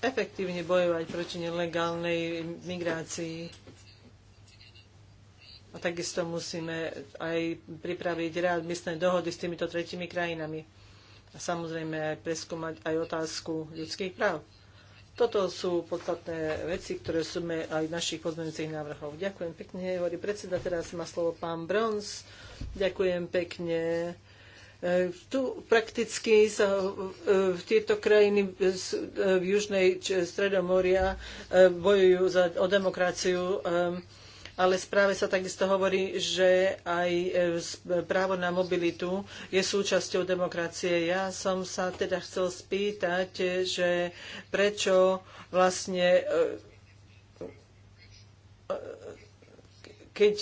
Speaker 1: efektívne bojovať proti nelegálnej migrácii. A takisto musíme aj pripraviť readmisné dohody s týmito tretimi krajinami. A samozrejme aj preskúmať aj otázku ľudských práv. Toto sú podstatné veci, ktoré sme aj v našich pozmeňujúcich návrhov. Ďakujem pekne, hovorí predseda. Teraz má slovo pán Brons. Ďakujem pekne E, tu prakticky sa e, v tieto krajiny e, v južnej Stredomoria bojujú za, o demokraciu ale správe sa takisto hovorí, že aj právo na mobilitu je súčasťou demokracie. Ja som sa teda chcel spýtať, že prečo vlastne keď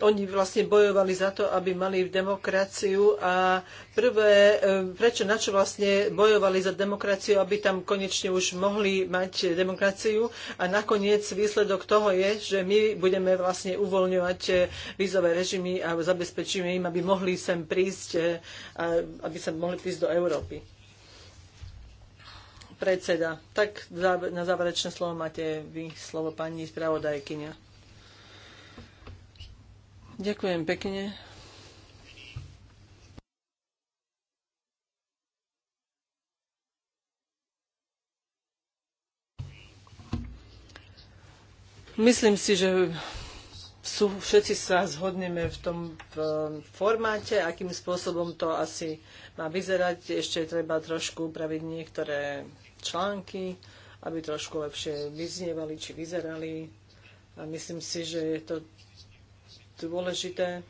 Speaker 1: oni vlastne bojovali za to, aby mali demokraciu a prvé, e, prečo na čo vlastne bojovali za demokraciu, aby tam konečne už mohli mať demokraciu a nakoniec výsledok toho je, že my budeme vlastne uvoľňovať e, vízové režimy a zabezpečíme im, aby mohli sem prísť, e, aby sa mohli prísť do Európy. Predseda, tak na záverečné slovo máte vy, slovo pani spravodajkyňa. Ďakujem pekne. Myslím si, že sú, všetci sa zhodneme v tom v, um, formáte, akým spôsobom to asi má vyzerať. Ešte treba trošku upraviť niektoré články, aby trošku lepšie vyznievali či vyzerali. A myslím si, že je to dôležité,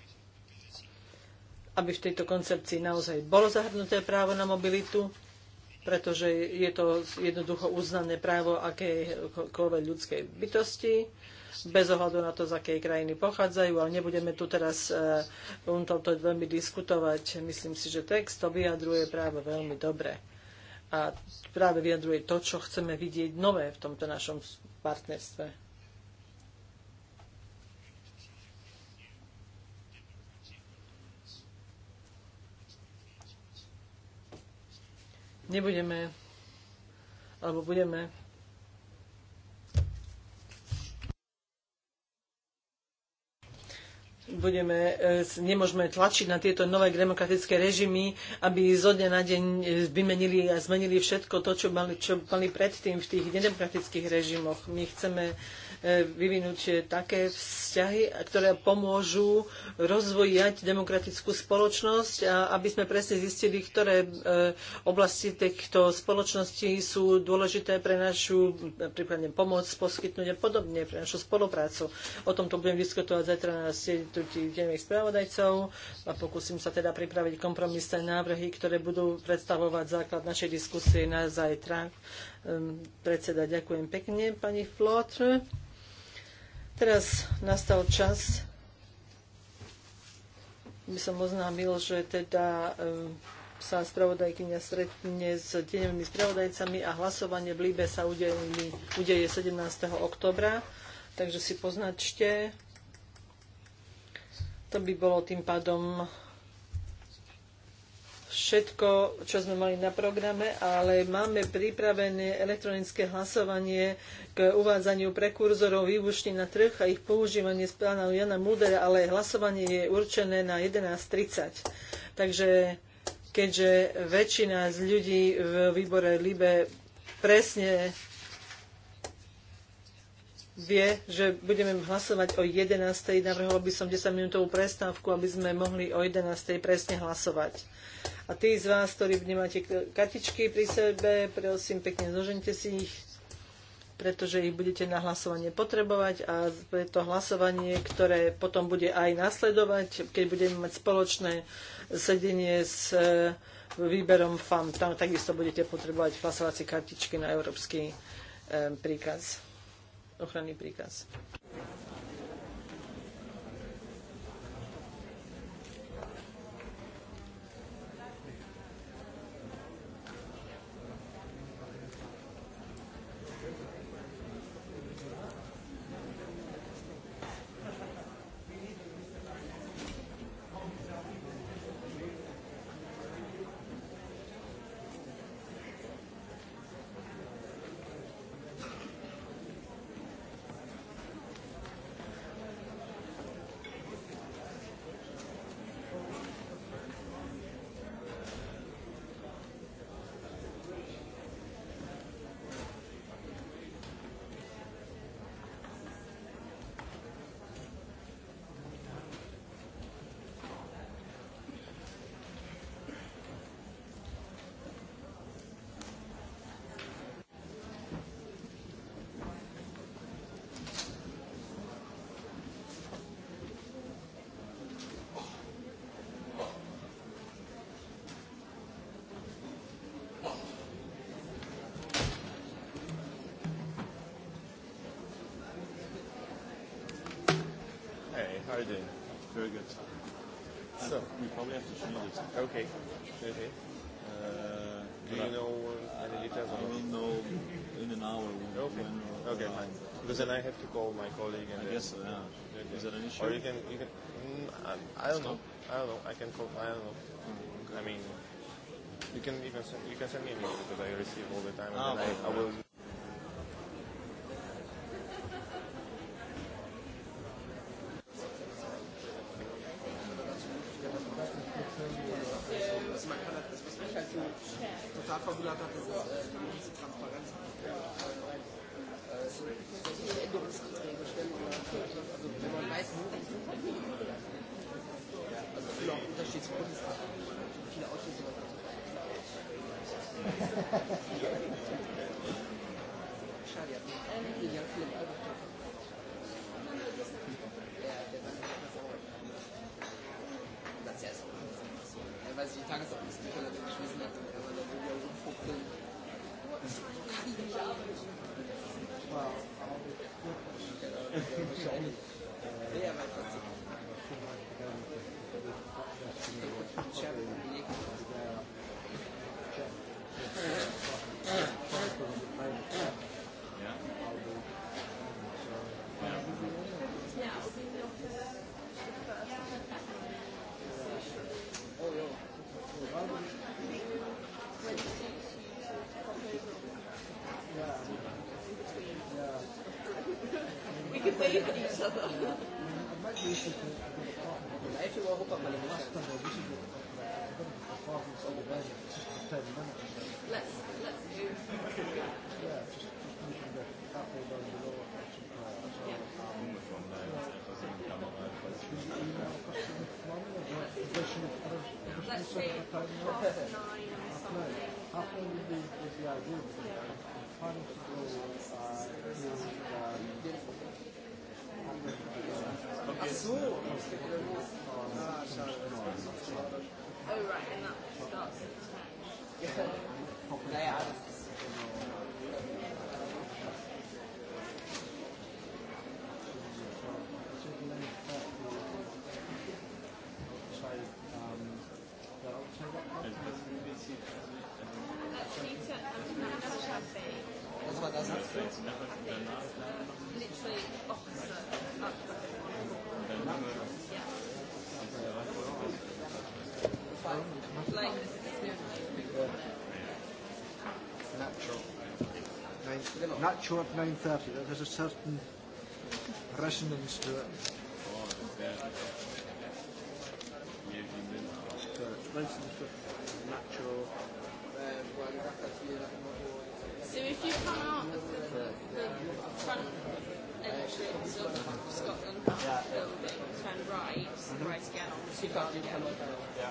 Speaker 1: aby v tejto koncepcii naozaj bolo zahrnuté právo na mobilitu, pretože je to jednoducho uznané právo akejkoľvek ľudskej bytosti, bez ohľadu na to, z akej krajiny pochádzajú, ale nebudeme tu teraz o e, um, tomto veľmi diskutovať. Myslím si, že text to vyjadruje práve veľmi dobre. A práve vyjadruje to, čo chceme vidieť nové v tomto našom partnerstve. nebudeme alebo budeme budeme, e, nemôžeme tlačiť na tieto nové demokratické režimy, aby zo dňa na deň e, vymenili a zmenili všetko to, čo mali, čo mali predtým v tých nedemokratických režimoch. My chceme e, vyvinúť také vzťahy, ktoré pomôžu rozvojať demokratickú spoločnosť a aby sme presne zistili, ktoré oblasti týchto spoločností sú dôležité pre našu prípadne pomoc poskytnúť a podobne, pre našu spoluprácu. O tomto budem diskutovať zajtra na stretnutí denných spravodajcov a pokúsim sa teda pripraviť kompromisné návrhy, ktoré budú predstavovať základ našej diskusie na zajtra. Ehm, predseda, ďakujem pekne, pani Flotr. Teraz nastal čas, by som oznámil, že teda ehm, sa spravodajkynia stretne s deňovými spravodajcami a hlasovanie v Líbe sa udeje, udeje 17. oktobra. Takže si poznačte to by bolo tým pádom všetko, čo sme mali na programe, ale máme pripravené elektronické hlasovanie k uvádzaniu prekurzorov výbušní na trh a ich používanie z plána Jana Múdera, ale hlasovanie je určené na 11.30. Takže keďže väčšina z ľudí v výbore LIBE presne vie, že budeme hlasovať o 11. Navrhol by som 10-minútovú prestávku, aby sme mohli o 11. presne hlasovať. A tí z vás, ktorí nemáte kartičky pri sebe, prosím pekne zložite si ich, pretože ich budete na hlasovanie potrebovať a je to hlasovanie, ktoré potom bude aj nasledovať, keď budeme mať spoločné sedenie s e, výberom FAM. Tam takisto budete potrebovať hlasovacie kartičky na európsky e, príkaz ochranný príkaz. How are you doing? Very good. So we probably have to change it. Okay. Okay. Uh, uh do you know uh, any details? I will
Speaker 3: know in an hour. When, okay. When, okay. Fine. Because then I have to call my colleague. And I guess Uh, Yeah. Okay. Is that an issue? Or you can you can. Mm, I, I don't know. I don't know. I can call. I don't know.
Speaker 1: Mm, okay. I mean, you can even send, you can send me an email because I receive all the time. And ah, then okay. I, I will. Frau wenn man viele auch unterschiedliche
Speaker 2: viele
Speaker 1: Schade, ja. ja, quite at 9.30 there's a certain resonance to it. So if you come out of the, the front entrance of Scotland yeah. building, turn right, mm-hmm. right again onto Bardigan, yeah.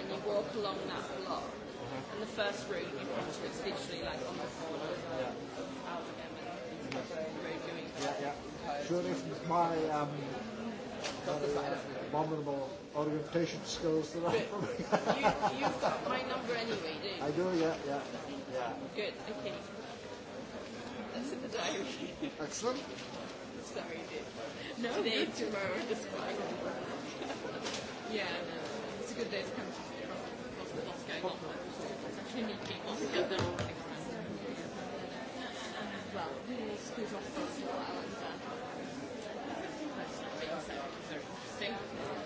Speaker 1: and you walk along that block, uh-huh. and the first route you come to, it's literally like on the corner of, yeah. of Yeah, Sure,
Speaker 3: if my um, very, uh, abominable orientation skills that I you,
Speaker 1: You've got my number anyway, do you? I do, yeah, yeah. yeah. Good, okay.
Speaker 2: That's in the diary.
Speaker 1: Excellent. Sorry, dude. No, Today, tomorrow, just fine.
Speaker 2: yeah, no. It's a good day to come to
Speaker 1: Moscow. Moscow, not Moscow. It's
Speaker 2: actually meeting Moscow, though
Speaker 1: well, who screws off this or whatever.
Speaker 2: That's
Speaker 1: interesting.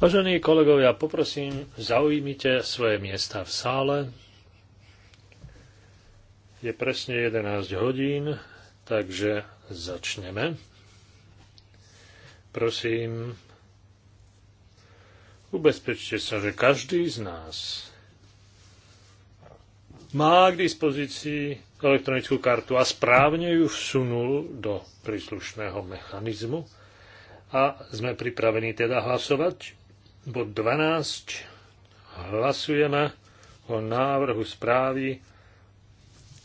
Speaker 3: Vážení kolegovia, poprosím, zaujímite svoje miesta v sále. Je presne 11 hodín, takže začneme. Prosím, ubezpečte sa, že každý z nás má k dispozícii elektronickú kartu a správne ju vsunul do príslušného mechanizmu a sme pripravení teda hlasovať. Bod 12. Hlasujeme o návrhu správy,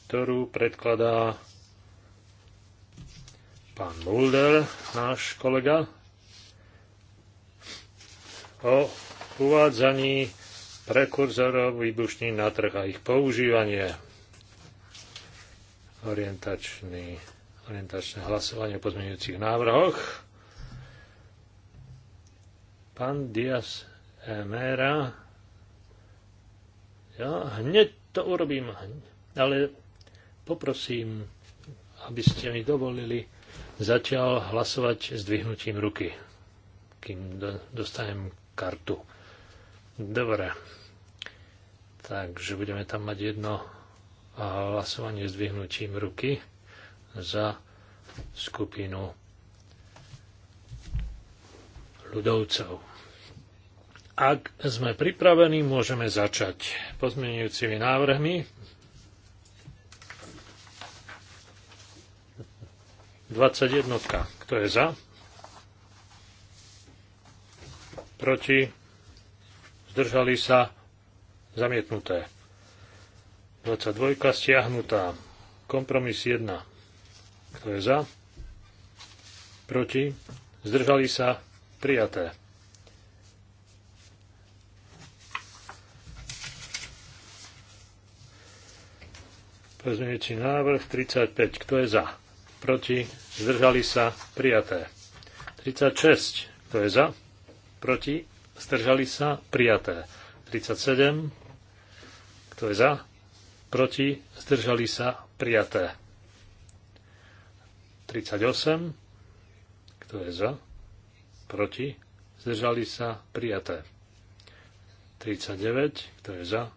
Speaker 3: ktorú predkladá pán Mulder, náš kolega, o uvádzaní prekurzorov výbušní na trh a ich používanie. Orientačný, orientačné hlasovanie o pozmeňujúcich návrhoch. Pán Dias Mera, ja hneď to urobím, ale poprosím, aby ste mi dovolili zatiaľ hlasovať s dvihnutím ruky, kým dostanem kartu. Dobre. Takže budeme tam mať jedno hlasovanie s dvihnutím ruky za skupinu ľudovcov. Ak sme pripravení, môžeme začať pozmeňujúcimi návrhmi. 21. Kto je za? Proti? Zdržali sa? Zamietnuté. 22. Stiahnutá. Kompromis 1. Kto je za? Proti? Zdržali sa? Prijaté. Pozmeňujúci návrh 35. Kto je za? Proti? Zdržali sa? Prijaté. 36. Kto je za? Proti? Zdržali sa? Prijaté. 37. Kto je za? Proti? Zdržali sa? Prijaté. 38. Kto je za? Proti? Zdržali sa? Prijaté. 39. Kto je za?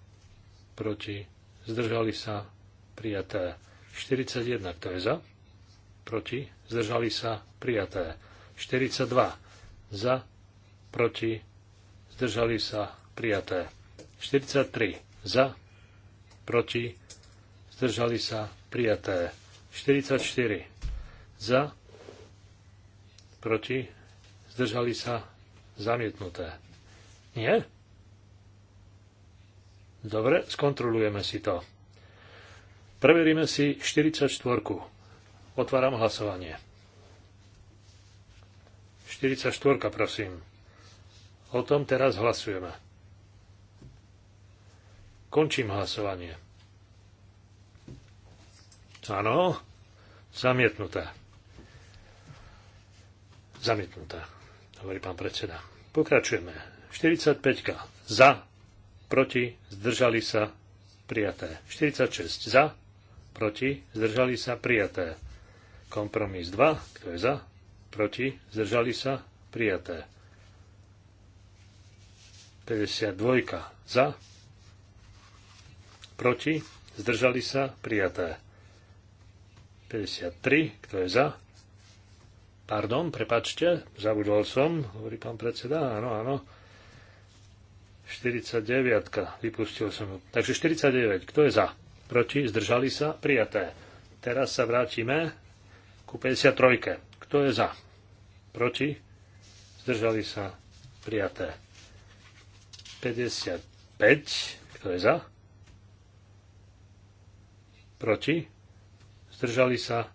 Speaker 3: Proti? Zdržali sa? prijaté. 41, kto je za? Proti, zdržali sa, prijaté. 42, za, proti, zdržali sa, prijaté. 43, za, proti, zdržali sa, prijaté. 44, za, proti, zdržali sa, zamietnuté. Nie? Dobre, skontrolujeme si to. Preveríme si 44. Otváram hlasovanie. 44, prosím. O tom teraz hlasujeme. Končím hlasovanie. Áno, zamietnuté. Zamietnuté, hovorí pán predseda. Pokračujeme. 45. Za, proti, zdržali sa, prijaté. 46. Za, proti, zdržali sa prijaté. Kompromis 2, kto je za, proti, zdržali sa prijaté. 52 za, proti, zdržali sa prijaté. 53, kto je za? Pardon, prepačte, zabudol som, hovorí pán predseda, áno, áno. 49, vypustil som ju. Takže 49, kto je za? proti, zdržali sa, prijaté. Teraz sa vrátime ku 53. Kto je za? Proti, zdržali sa, prijaté. 55. Kto je za? Proti, zdržali sa,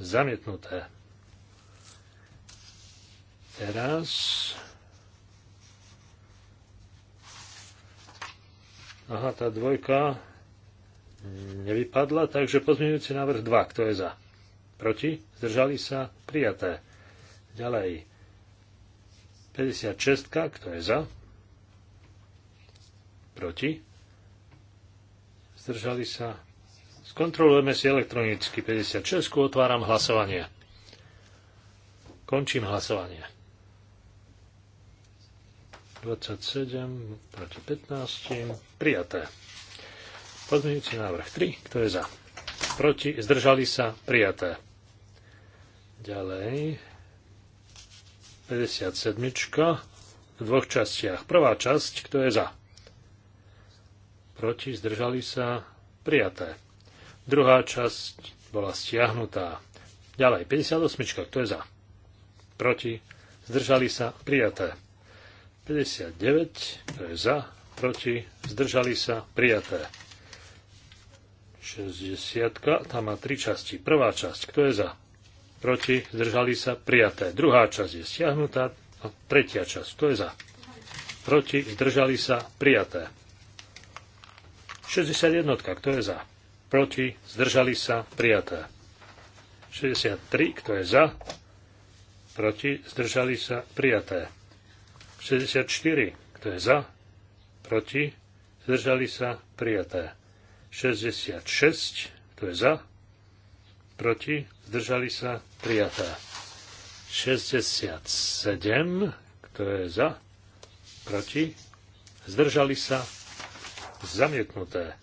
Speaker 3: zamietnuté. Teraz Aha, tá dvojka nevypadla, takže pozmeňujúci návrh 2, kto je za? Proti? Zdržali sa? Prijaté. Ďalej. 56, kto je za? Proti? Zdržali sa? Skontrolujeme si elektronicky 56, otváram hlasovanie. Končím hlasovanie. 27 proti 15, prijaté. Pozmeňujúci návrh 3. Kto je za? Proti? Zdržali sa? Prijaté. Ďalej. 57. V dvoch častiach. Prvá časť. Kto je za? Proti? Zdržali sa? Prijaté. Druhá časť bola stiahnutá. Ďalej. 58. Kto je za? Proti? Zdržali sa? Prijaté. 59. Kto je za? Proti? Zdržali sa? Prijaté. 60. tam má tri časti. Prvá časť. Kto je za? Proti. Zdržali sa. Prijaté. Druhá časť je stiahnutá. A tretia časť. Kto je za? Proti. Zdržali sa. Prijaté. 61. Kto je za? Proti. Zdržali sa. Prijaté. 63. Kto je za? Proti. Zdržali sa. Prijaté. 64. Kto je za? Proti. Zdržali sa. Prijaté. 66, to je za, proti, zdržali sa, prijatá. 67, kto je za, proti, zdržali sa, zamietnuté.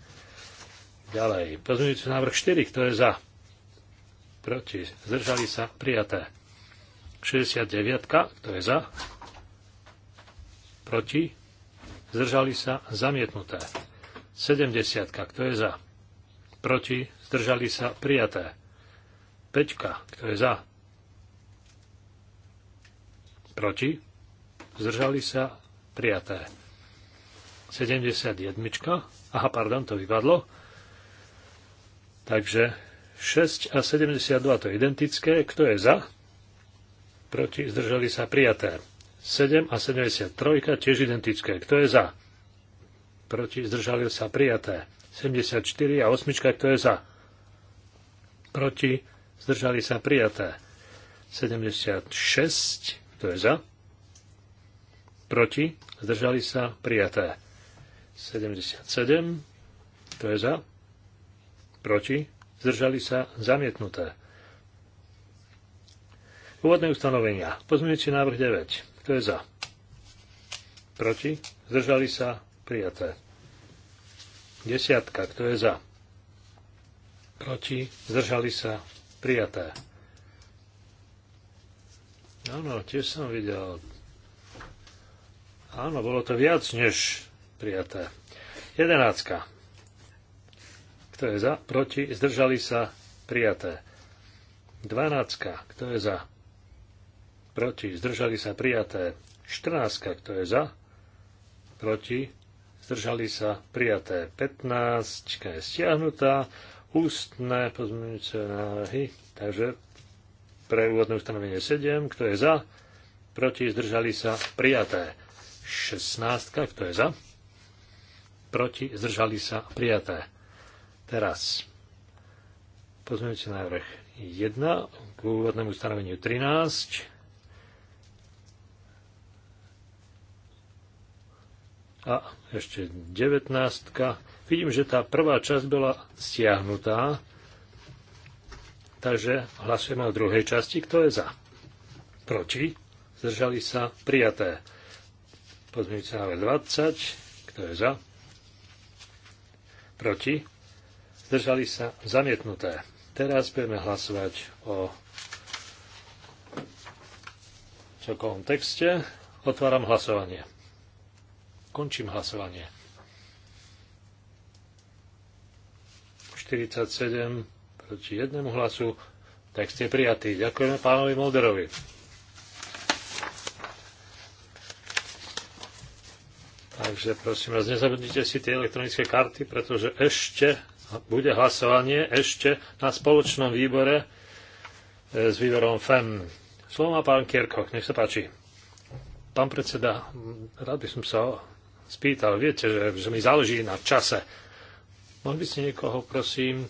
Speaker 3: Ďalej, pozmeňujúci návrh 4, kto je za, proti, zdržali sa, prijaté. 69, kto je za, proti, zdržali sa, zamietnuté. 70. Kto je za? Proti? Zdržali sa? Prijaté. 5. Kto je za? Proti? Zdržali sa? Prijaté. 71. Aha, pardon, to vypadlo. Takže 6 a 72 to je identické. Kto je za? Proti? Zdržali sa? Prijaté. 7 a 73 tiež identické. Kto je za? proti, zdržali sa prijaté. 74 a 8, kto je za, proti, zdržali sa prijaté. 76, kto je za, proti, zdržali sa prijaté. 77, kto je za, proti, zdržali sa zamietnuté. Úvodné ustanovenia. Pozmeňujúci návrh 9. Kto je za? Proti? Zdržali sa? prijaté. Desiatka, kto je za? Proti, zdržali sa, prijaté. Áno, tiež som videl. Áno, bolo to viac než prijaté. Jedenáctka. Kto je za? Proti, zdržali sa, prijaté. Dvanáctka. Kto je za? Proti, zdržali sa, prijaté. Štrnáctka. Kto je za? Proti, zdržali sa prijaté 15, je stiahnutá, ústne pozmeňujúce návrhy, takže pre úvodné ustanovenie 7, kto je za, proti zdržali sa prijaté 16, kto je za, proti zdržali sa prijaté. Teraz pozmeňujúce návrh 1 k úvodnému ustanoveniu 13, a ešte 19. Vidím, že tá prvá časť bola stiahnutá, takže hlasujeme o druhej časti. Kto je za? Proti? Zdržali sa prijaté. Pozmeňujúce návrh 20. Kto je za? Proti? Zdržali sa zamietnuté. Teraz budeme hlasovať o celkovom texte. Otváram hlasovanie. Končím hlasovanie. 47 proti jednému hlasu. Text je prijatý. Ďakujeme pánovi Molderovi. Takže prosím vás, nezabudnite si tie elektronické karty, pretože ešte bude hlasovanie, ešte na spoločnom výbore e, s výborom FEM. Slovo má pán Kierkoch, nech sa páči. Pán predseda, rád by som sa spýtal. Viete, že mi záleží na čase. Mohli by ste niekoho, prosím,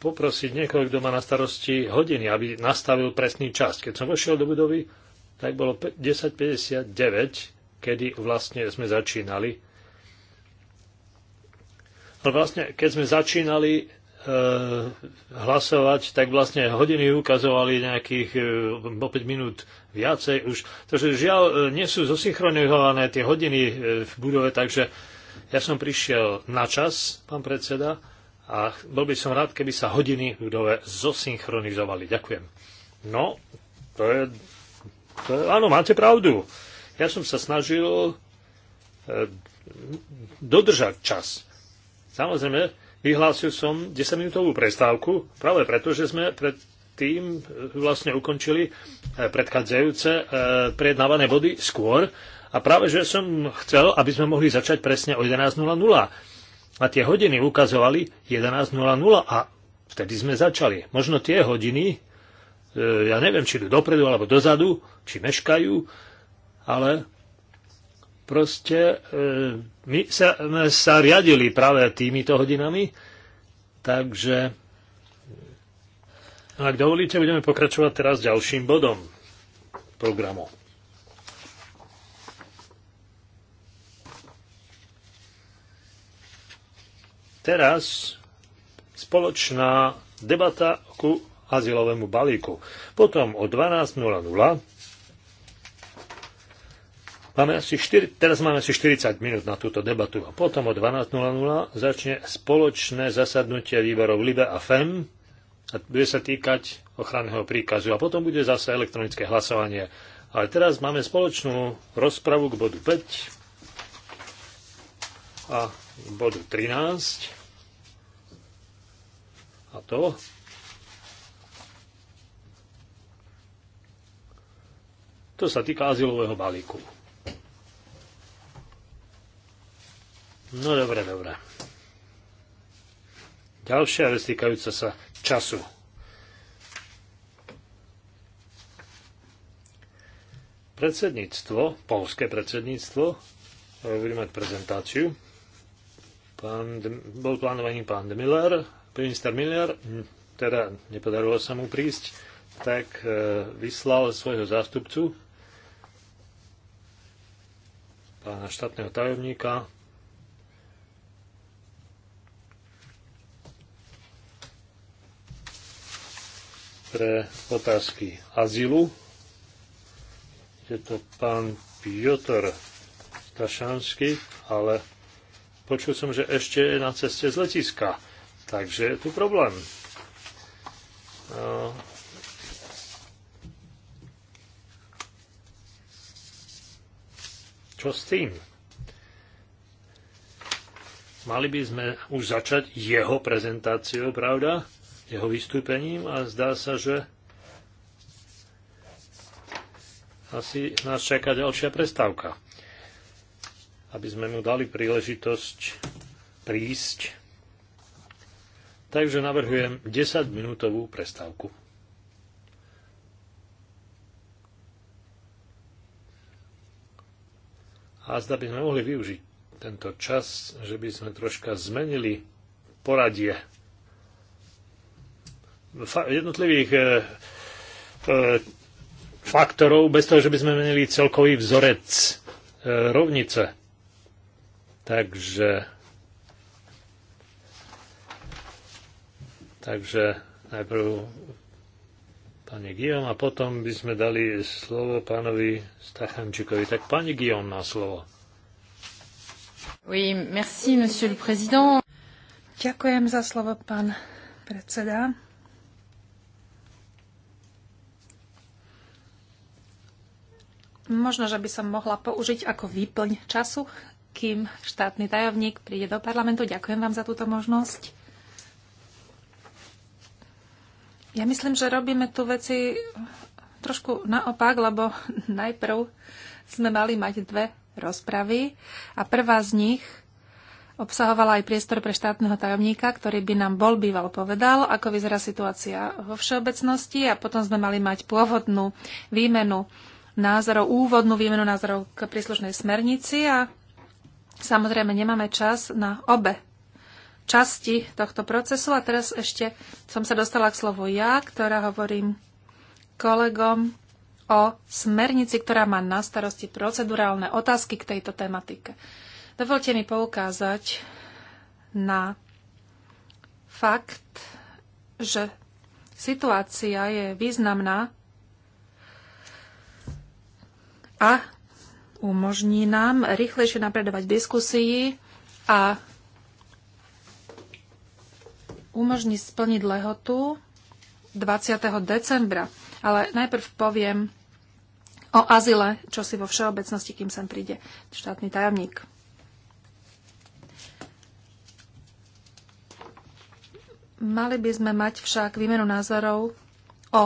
Speaker 3: poprosiť niekoho, kto má na starosti hodiny, aby nastavil presný čas. Keď som vošiel do budovy, tak bolo 10.59, kedy vlastne sme začínali. Ale no vlastne, keď sme začínali, E, hlasovať, tak vlastne hodiny ukazovali nejakých e, o 5 minút viacej už. Takže žiaľ, e, nie sú zosynchronizované tie hodiny v budove, takže ja som prišiel na čas, pán predseda, a bol by som rád, keby sa hodiny v budove zosynchronizovali. Ďakujem. No, to je... To je áno, máte pravdu. Ja som sa snažil e, dodržať čas. Samozrejme, Vyhlásil som 10-minútovú prestávku, práve preto, že sme pred tým e, vlastne ukončili e, predchádzajúce e, prednávané body skôr. A práve, že som chcel, aby sme mohli začať presne o 11.00. A tie hodiny ukazovali 11.00 a vtedy sme začali. Možno tie hodiny, ja neviem, či idú dopredu alebo dozadu, či meškajú, ale proste e, my sa, sme sa riadili práve týmito hodinami, takže no ak dovolíte, budeme pokračovať teraz ďalším bodom programu. Teraz spoločná debata ku azylovému balíku. Potom o 12.00 Máme asi 4, teraz máme asi 40 minút na túto debatu a potom o 12.00 začne spoločné zasadnutie výborov LIBE a FEM a bude sa týkať ochranného príkazu a potom bude zase elektronické hlasovanie. Ale teraz máme spoločnú rozpravu k bodu 5 a bodu 13. A to to sa týka azylového balíku. No dobre, dobre. Ďalšia vec týkajúca sa času. Predsedníctvo, polské predsedníctvo, eh, budeme mať prezentáciu. Pán, bol plánovaný pán de Miller, minister Miller, hm, teda nepodarilo sa mu prísť, tak eh, vyslal svojho zástupcu, pána štátneho tajomníka, pre otázky azylu. Je to pán Piotr Tašanský, ale počul som, že ešte je na ceste z letiska. Takže je tu problém. No. Čo s tým? Mali by sme už začať jeho prezentáciou, pravda? jeho vystúpením a zdá sa, že asi nás čaká ďalšia prestávka. Aby sme mu dali príležitosť prísť. Takže navrhujem 10-minútovú prestávku. A zda by sme mohli využiť tento čas, že by sme troška zmenili poradie jednotlivých e, e, faktorov, bez toho, že by sme menili celkový vzorec e, rovnice. Takže... Takže najprv pani Gion a potom by sme dali slovo pánovi Stachančikovi. Tak pani Gion má slovo.
Speaker 2: Oui, merci, monsieur le président. Ďakujem za slovo, pán predseda. Možno, že by som mohla použiť ako výplň času, kým štátny tajovník príde do parlamentu. Ďakujem vám za túto možnosť. Ja myslím, že robíme tu veci trošku naopak, lebo najprv sme mali mať dve rozpravy a prvá z nich obsahovala aj priestor pre štátneho tajomníka, ktorý by nám bol býval povedal, ako vyzerá situácia vo všeobecnosti a potom sme mali mať pôvodnú výmenu názorov, úvodnú výmenu názorov k príslušnej smernici a samozrejme nemáme čas na obe časti tohto procesu. A teraz ešte som sa dostala k slovu ja, ktorá hovorím kolegom o smernici, ktorá má na starosti procedurálne otázky k tejto tematike. Dovolte mi poukázať na fakt, že situácia je významná a umožní nám rýchlejšie napredovať v diskusii a umožní splniť lehotu 20. decembra. Ale najprv poviem o azile, čo si vo všeobecnosti, kým sem príde štátny tajomník. Mali by sme mať však výmenu názorov o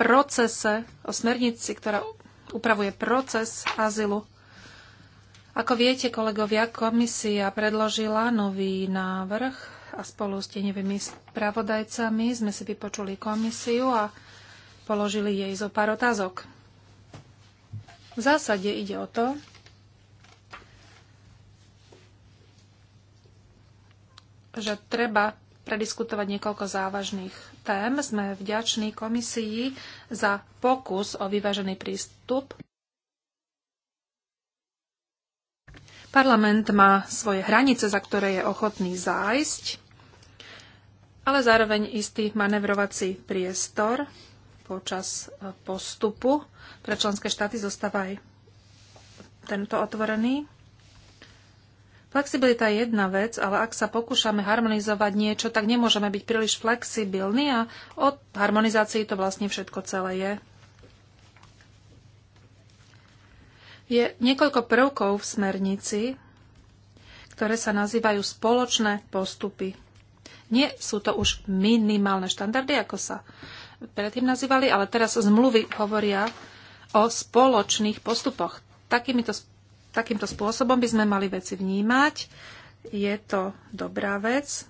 Speaker 2: procese, o smernici, ktorá upravuje proces azylu. Ako viete, kolegovia, komisia predložila nový návrh a spolu s tenevými spravodajcami sme si vypočuli komisiu a položili jej zo pár otázok. V zásade ide o to, že treba prediskutovať niekoľko závažných tém sme vďační komisii za pokus o vyvážený prístup. Parlament má svoje hranice, za ktoré je ochotný zájsť, ale zároveň istý manevrovací priestor počas eh, postupu pre členské štáty zostáva aj tento otvorený. Flexibilita je jedna vec, ale ak sa pokúšame harmonizovať niečo, tak nemôžeme byť príliš flexibilní a o harmonizácii to vlastne všetko celé je. Je niekoľko prvkov v smernici, ktoré sa nazývajú spoločné postupy. Nie sú to už minimálne štandardy, ako sa predtým nazývali, ale teraz zmluvy hovoria o spoločných postupoch. Takýmito Takýmto spôsobom by sme mali veci vnímať. Je to dobrá vec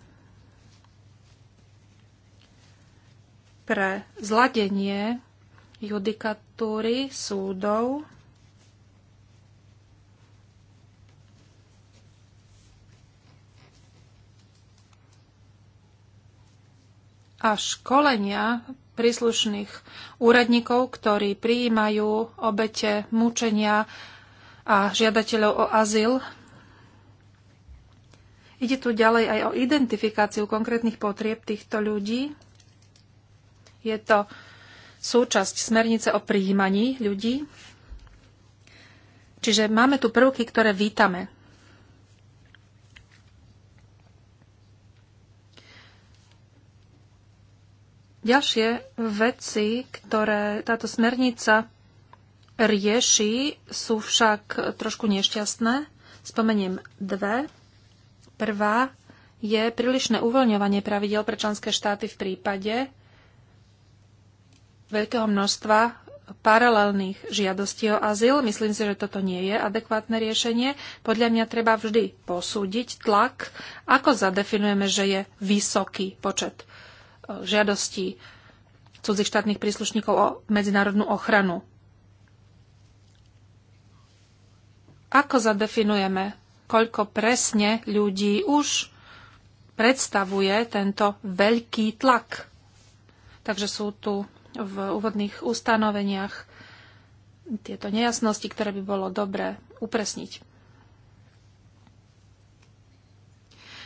Speaker 2: pre zladenie judikatúry súdov a školenia príslušných úradníkov, ktorí prijímajú obete mučenia a žiadateľov o azyl. Ide tu ďalej aj o identifikáciu konkrétnych potrieb týchto ľudí. Je to súčasť smernice o príjmaní ľudí. Čiže máme tu prvky, ktoré vítame. Ďalšie veci, ktoré táto smernica rieši, sú však trošku nešťastné. Spomeniem dve. Prvá je prílišné uvoľňovanie pravidel pre členské štáty v prípade veľkého množstva paralelných žiadostí o azyl. Myslím si, že toto nie je adekvátne riešenie. Podľa mňa treba vždy posúdiť tlak, ako zadefinujeme, že je vysoký počet e, žiadostí cudzích štátnych príslušníkov o medzinárodnú ochranu. Ako zadefinujeme, koľko presne ľudí už predstavuje tento veľký tlak? Takže sú tu v úvodných ustanoveniach tieto nejasnosti, ktoré by bolo dobré upresniť.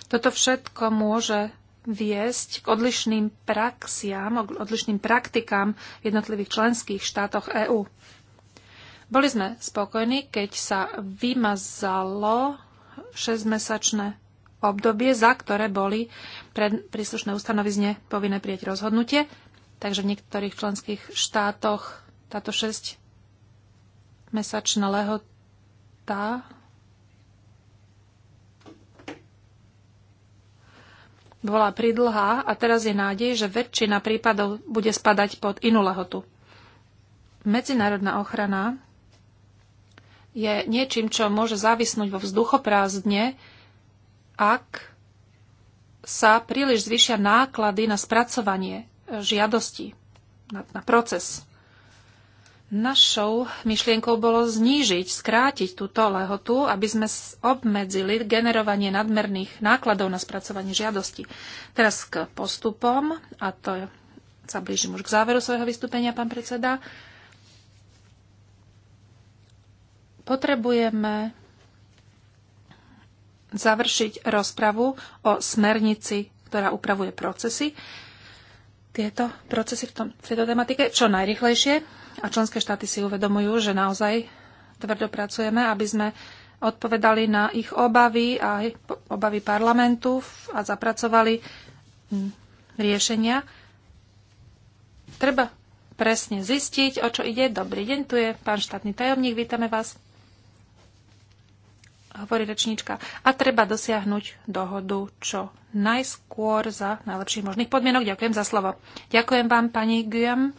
Speaker 2: Toto všetko môže viesť k odlišným praxiám, odlišným praktikám v jednotlivých členských štátoch EÚ. Boli sme spokojní, keď sa vymazalo 6-mesačné obdobie, za ktoré boli pred príslušné ustanovizne povinné prijať rozhodnutie. Takže v niektorých členských štátoch táto 6-mesačná lehota bola pridlhá a teraz je nádej, že väčšina prípadov bude spadať pod inú lehotu. Medzinárodná ochrana je niečím, čo môže závisnúť vo vzduchoprázdne, ak sa príliš zvyšia náklady na spracovanie e, žiadosti, na, na proces. Našou myšlienkou bolo znížiť, skrátiť túto lehotu, aby sme obmedzili generovanie nadmerných nákladov na spracovanie žiadosti. Teraz k postupom, a to sa blížim už k záveru svojho vystúpenia, pán predseda. Uh, Potrebujeme završiť rozpravu o smernici, ktorá upravuje procesy. Tieto procesy v, tom, v tejto tematike čo najrychlejšie a členské štáty si uvedomujú, že naozaj tvrdo pracujeme, aby sme odpovedali na ich obavy a aj obavy parlamentu a zapracovali hm, riešenia. Treba presne zistiť, o čo ide. Dobrý deň, tu je pán štátny tajomník, vítame vás hovorí rečníčka, a treba dosiahnuť dohodu čo najskôr za najlepších možných podmienok. Ďakujem za slovo. Ďakujem vám, pani Guillaume.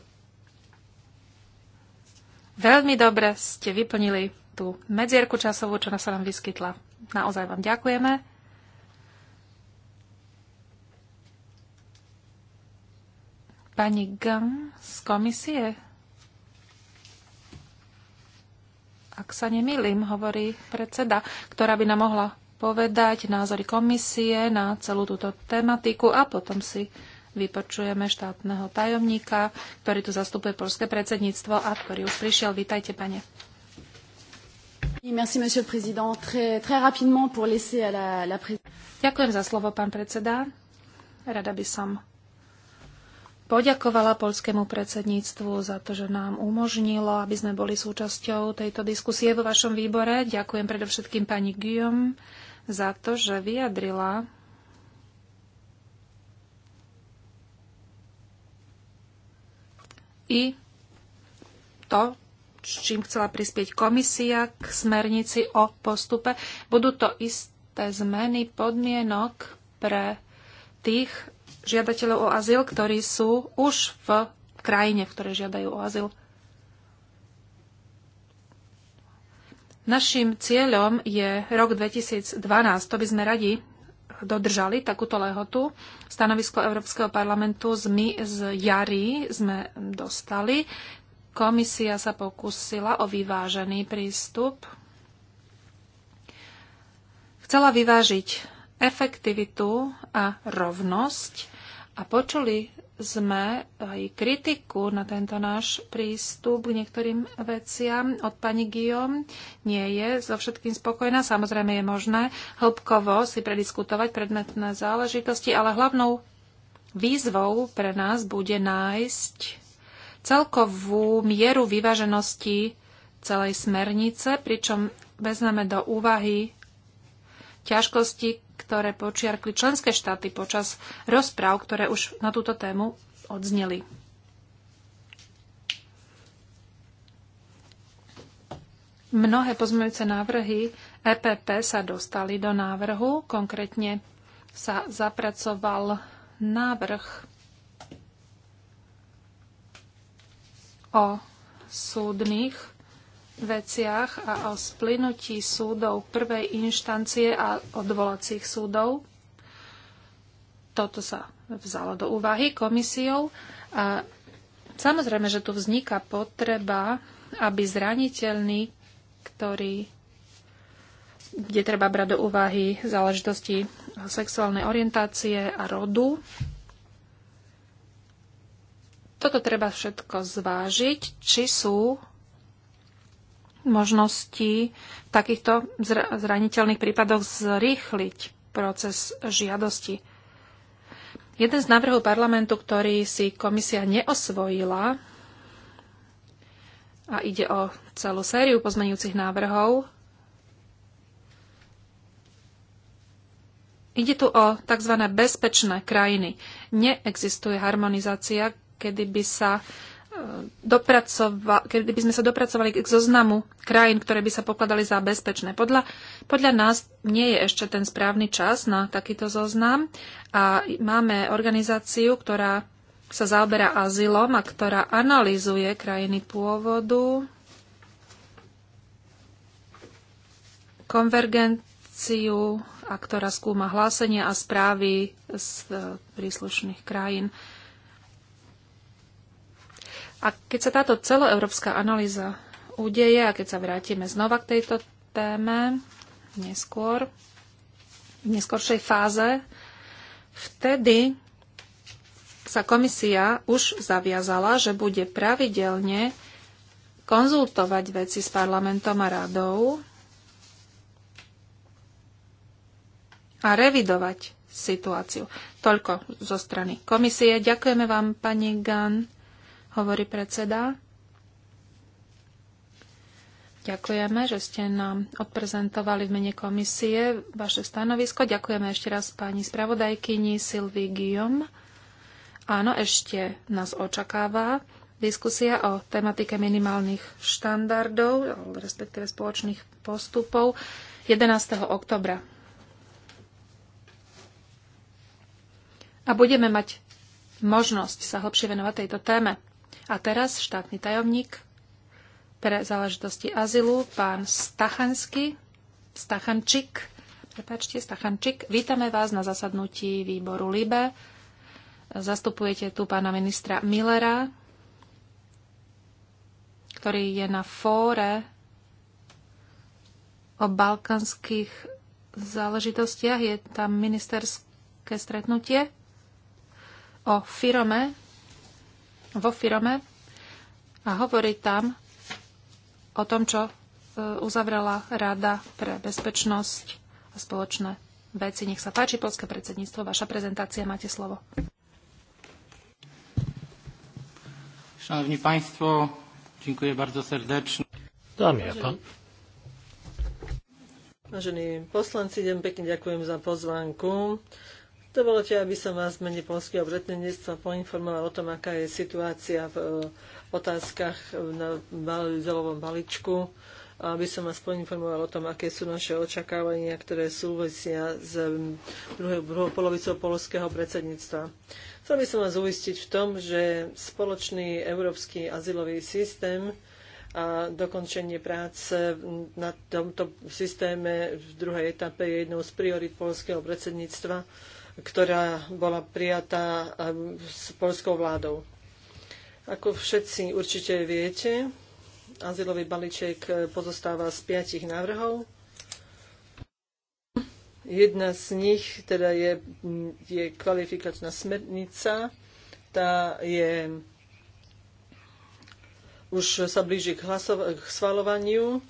Speaker 2: Veľmi dobre ste vyplnili tú medzierku časovú, čo sa nám vyskytla. Naozaj vám ďakujeme. Pani Gam z komisie ak sa nemýlim, hovorí predseda, ktorá by nám mohla povedať názory komisie na celú túto tematiku a potom si vypočujeme štátneho tajomníka, ktorý tu zastupuje polské predsedníctvo a ktorý už prišiel. Vítajte, pane. Merci, monsieur le président. Très, très rapidement pour laisser à la, la Ďakujem za slovo, pán predseda. Rada by som poďakovala polskému predsedníctvu za to, že nám umožnilo, aby sme boli súčasťou tejto diskusie vo vašom výbore. Ďakujem predovšetkým pani Guillaume za to, že vyjadrila i to, čím chcela prispieť komisia k smernici o postupe. Budú to isté zmeny podmienok pre tých žiadateľov o azyl, ktorí sú už v krajine, v ktorej žiadajú o azyl. Našim cieľom je rok 2012. To by sme radi dodržali takúto lehotu. Stanovisko Európskeho parlamentu z, my, z jary sme dostali. Komisia sa pokúsila o vyvážený prístup. Chcela vyvážiť efektivitu a rovnosť a počuli sme aj kritiku na tento náš prístup k niektorým veciam od pani Guillaume. Nie je so všetkým spokojná. Samozrejme je možné hĺbkovo si prediskutovať predmetné záležitosti, ale hlavnou výzvou pre nás bude nájsť celkovú mieru vyváženosti celej smernice, pričom vezmeme do úvahy ťažkosti, ktoré počiarkli členské štáty počas rozpráv, ktoré už na túto tému odzneli. Mnohé pozmejúce návrhy EPP sa dostali do návrhu, konkrétne sa zapracoval návrh o súdnych veciach a o splynutí súdov prvej inštancie a odvolacích súdov. Toto sa vzalo do úvahy komisiou a samozrejme, že tu vzniká potreba, aby zraniteľní, ktorí kde treba brať do úvahy záležitosti sexuálnej orientácie a rodu, toto treba všetko zvážiť, či sú možnosti v takýchto zraniteľných prípadoch zrýchliť proces žiadosti. Jeden z návrhov parlamentu, ktorý si komisia neosvojila, a ide o celú sériu pozmenujúcich návrhov, ide tu o tzv. bezpečné krajiny. Neexistuje harmonizácia, kedy by sa dopracova, kedy by sme sa dopracovali k zoznamu krajín, ktoré by sa pokladali za bezpečné. Podľa, podľa nás nie je ešte ten správny čas na takýto zoznam a máme organizáciu, ktorá sa zaoberá azylom a ktorá analýzuje krajiny pôvodu, konvergenciu a ktorá skúma hlásenia a správy z e, príslušných krajín. A keď sa táto celoeurópska analýza udeje a keď sa vrátime znova k tejto téme neskôr, v neskoršej fáze, vtedy sa komisia už zaviazala, že bude pravidelne konzultovať veci s parlamentom a radou a revidovať situáciu. Toľko zo strany komisie. Ďakujeme vám, pani Gan hovorí predseda. Ďakujeme, že ste nám odprezentovali v mene komisie vaše stanovisko. Ďakujeme ešte raz pani spravodajkyni Sylvie Guillaume. Áno, ešte nás očakáva diskusia o tematike minimálnych štandardov, respektíve spoločných postupov 11. oktobra. A budeme mať možnosť sa hlbšie venovať tejto téme. A teraz štátny tajomník pre záležitosti azylu, pán Stachanský, Stachančik, prepáčte, Stachančik. Vítame vás na zasadnutí výboru LIBE. Zastupujete tu pána ministra Millera, ktorý je na fóre o balkanských záležitostiach. Je tam ministerské stretnutie o firme, vo firme a hovorí tam o tom, čo e, uzavrela Rada pre bezpečnosť a spoločné veci. Nech sa páči, Polské predsedníctvo, vaša prezentácia, máte slovo.
Speaker 3: Szanowni Państwo, dziękuję bardzo serdecznie. Dámy a pán.
Speaker 1: Vážení poslanci, idem pekne ďakujem za pozvánku. Dovolte, aby som vás v mene Polského obretnenectva poinformoval o tom, aká je situácia v eh, otázkach na zelovom balíčku. Aby som vás poinformoval o tom, aké sú naše očakávania, ktoré súvisia s eh, druhou, druhou polovicou polského predsedníctva. Chcel by som vás uistiť v tom, že spoločný európsky azylový systém a dokončenie práce na tomto systéme v druhej etape je jednou z priorit polského predsedníctva ktorá bola prijatá um, s polskou vládou. Ako všetci určite viete, azylový balíček eh, pozostáva z piatich návrhov. Jedna z nich teda je, je kvalifikačná smernica. Tá je už sa blíži k, hlasov- k schvalovaniu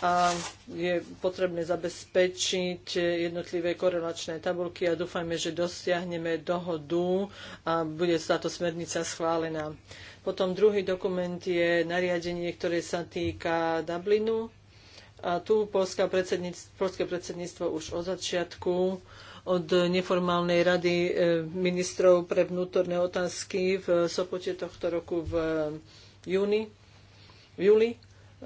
Speaker 1: a je potrebné zabezpečiť jednotlivé korelačné tabulky a dúfajme, že dosiahneme dohodu a bude táto smernica schválená. Potom druhý dokument je nariadenie, ktoré sa týka Dublinu. A tu polské predsedníctvo, polské predsedníctvo už od začiatku od neformálnej rady e, ministrov pre vnútorné otázky v Sopote tohto roku v e, júni, v júli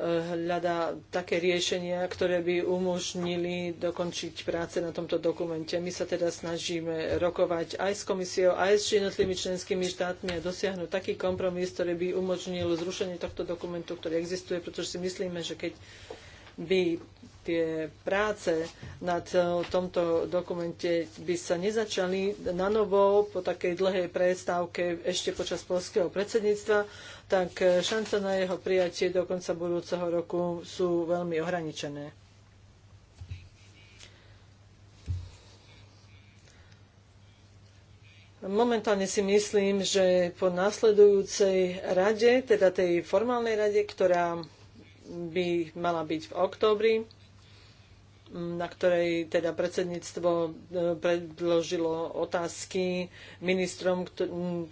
Speaker 1: hľadá také riešenia, ktoré by umožnili dokončiť práce na tomto dokumente. My sa teda snažíme rokovať aj s komisiou, aj s jednotlivými členskými štátmi a dosiahnuť taký kompromis, ktorý by umožnil zrušenie tohto dokumentu, ktorý existuje, pretože si myslíme, že keď by tie práce na tomto dokumente by sa nezačali na novo po takej dlhej prestávke ešte počas polského predsedníctva, tak šance na jeho prijatie do konca budúceho roku sú veľmi ohraničené. Momentálne si myslím, že po nasledujúcej rade, teda tej formálnej rade, ktorá by mala byť v októbri, na ktorej teda predsedníctvo e, predložilo otázky ministrom,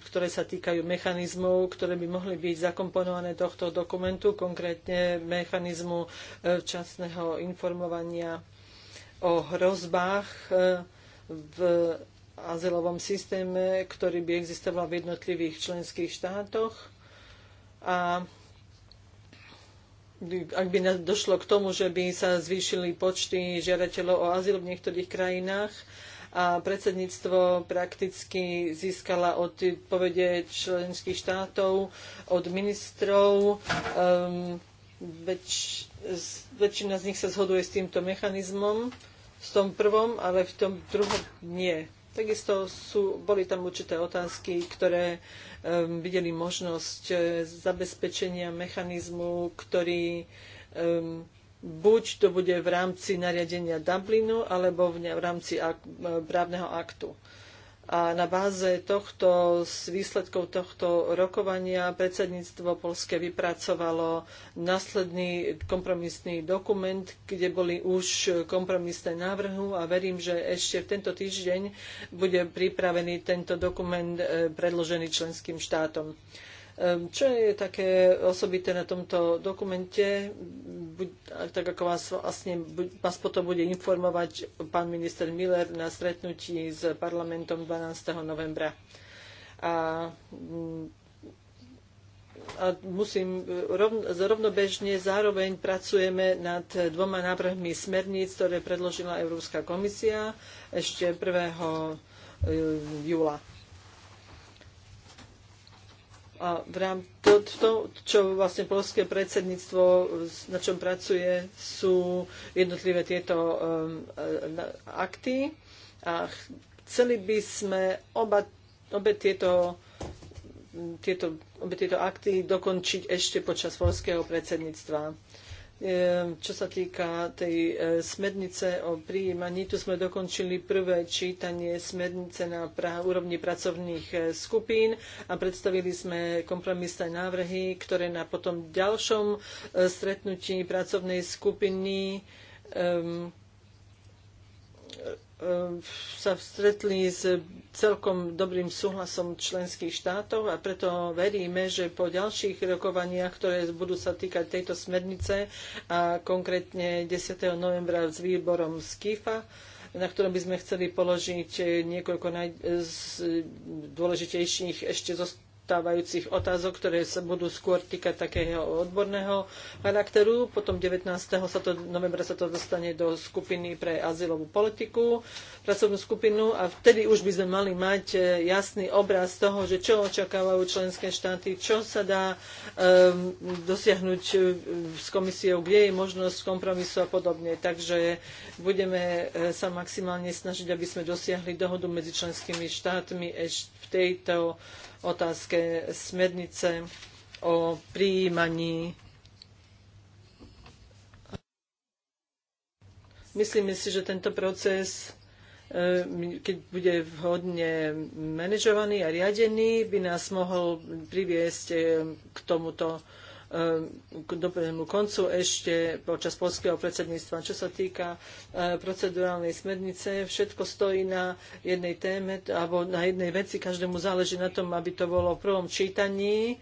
Speaker 1: ktoré sa týkajú mechanizmov, ktoré by mohli byť zakomponované tohto dokumentu, konkrétne mechanizmu e, včasného informovania o hrozbách e, v azylovom systéme, ktorý by existoval v jednotlivých členských štátoch. A ak by došlo k tomu, že by sa zvýšili počty žiadateľov o azyl v niektorých krajinách a predsedníctvo prakticky získala od povede členských štátov, od ministrov. Um, väč, väčšina z nich sa zhoduje s týmto mechanizmom, v tom prvom, ale v tom druhom nie. Takisto sú, boli tam určité otázky, ktoré um, videli možnosť e, zabezpečenia mechanizmu, ktorý um, buď to bude v rámci nariadenia Dublinu, alebo v, v rámci ak, e, právneho aktu. A na báze tohto, z výsledkov tohto rokovania predsedníctvo Polske vypracovalo následný kompromisný dokument, kde boli už kompromisné návrhu a verím, že ešte v tento týždeň bude pripravený tento dokument e, predložený členským štátom. Čo je také osobité na tomto dokumente, buď, tak ako vás, vlastne, vás potom bude informovať pán minister Miller na stretnutí s parlamentom 12. novembra. A mm, a musím rovno, rovnobežne zároveň pracujeme nad dvoma návrhmi smerníc, ktoré predložila Európska komisia ešte 1. E, júla. A v rám, to, to, čo vlastne polské predsedníctvo, na čom pracuje, sú jednotlivé tieto um, e, akty. A chceli by sme oba, obe tieto tieto, obe tieto akty dokončiť ešte počas polského predsedníctva čo sa týka tej e, smernice o prijímaní, tu sme dokončili prvé čítanie smernice na úrovni pracovných e, skupín a predstavili sme kompromisné návrhy, ktoré na potom ďalšom e, stretnutí pracovnej skupiny um, E, sa stretli s celkom dobrým súhlasom členských štátov a preto veríme, že po ďalších rokovaniach, ktoré budú sa týkať tejto smernice a konkrétne 10. novembra s výborom SKIFA, na ktorom by sme chceli položiť niekoľko najdôležitejších ešte zostávajúcich otázok, ktoré sa budú skôr týkať takého odborného charakteru. Potom 19. Sa to, novembra sa to dostane do skupiny pre azylovú politiku, pracovnú skupinu a vtedy už by sme mali mať e, jasný obraz toho, že čo očakávajú členské štáty, čo sa dá um, dosiahnuť e, s komisiou, kde je možnosť kompromisu a podobne. Takže budeme e, sa maximálne snažiť, aby sme dosiahli dohodu medzi členskými štátmi ešte v tejto otázke smernice o prijímaní. Myslíme si, že tento proces e, keď bude vhodne manažovaný a riadený, by nás mohol priviesť e, k tomuto k dobrému koncu ešte počas polského predsedníctva. Čo sa týka e, procedurálnej smernice, všetko stojí na jednej téme alebo na jednej veci. Každému záleží na tom, aby to bolo v prvom čítaní.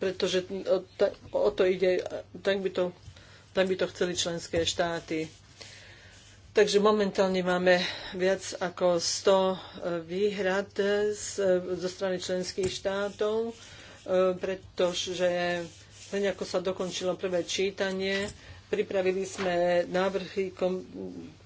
Speaker 1: pretože o to ide, tak by to, tak by to chceli členské štáty. Takže momentálne máme viac ako 100 e, výhrad e, zo strany členských štátov, e, pretože len ako sa dokončilo prvé čítanie, pripravili sme návrhy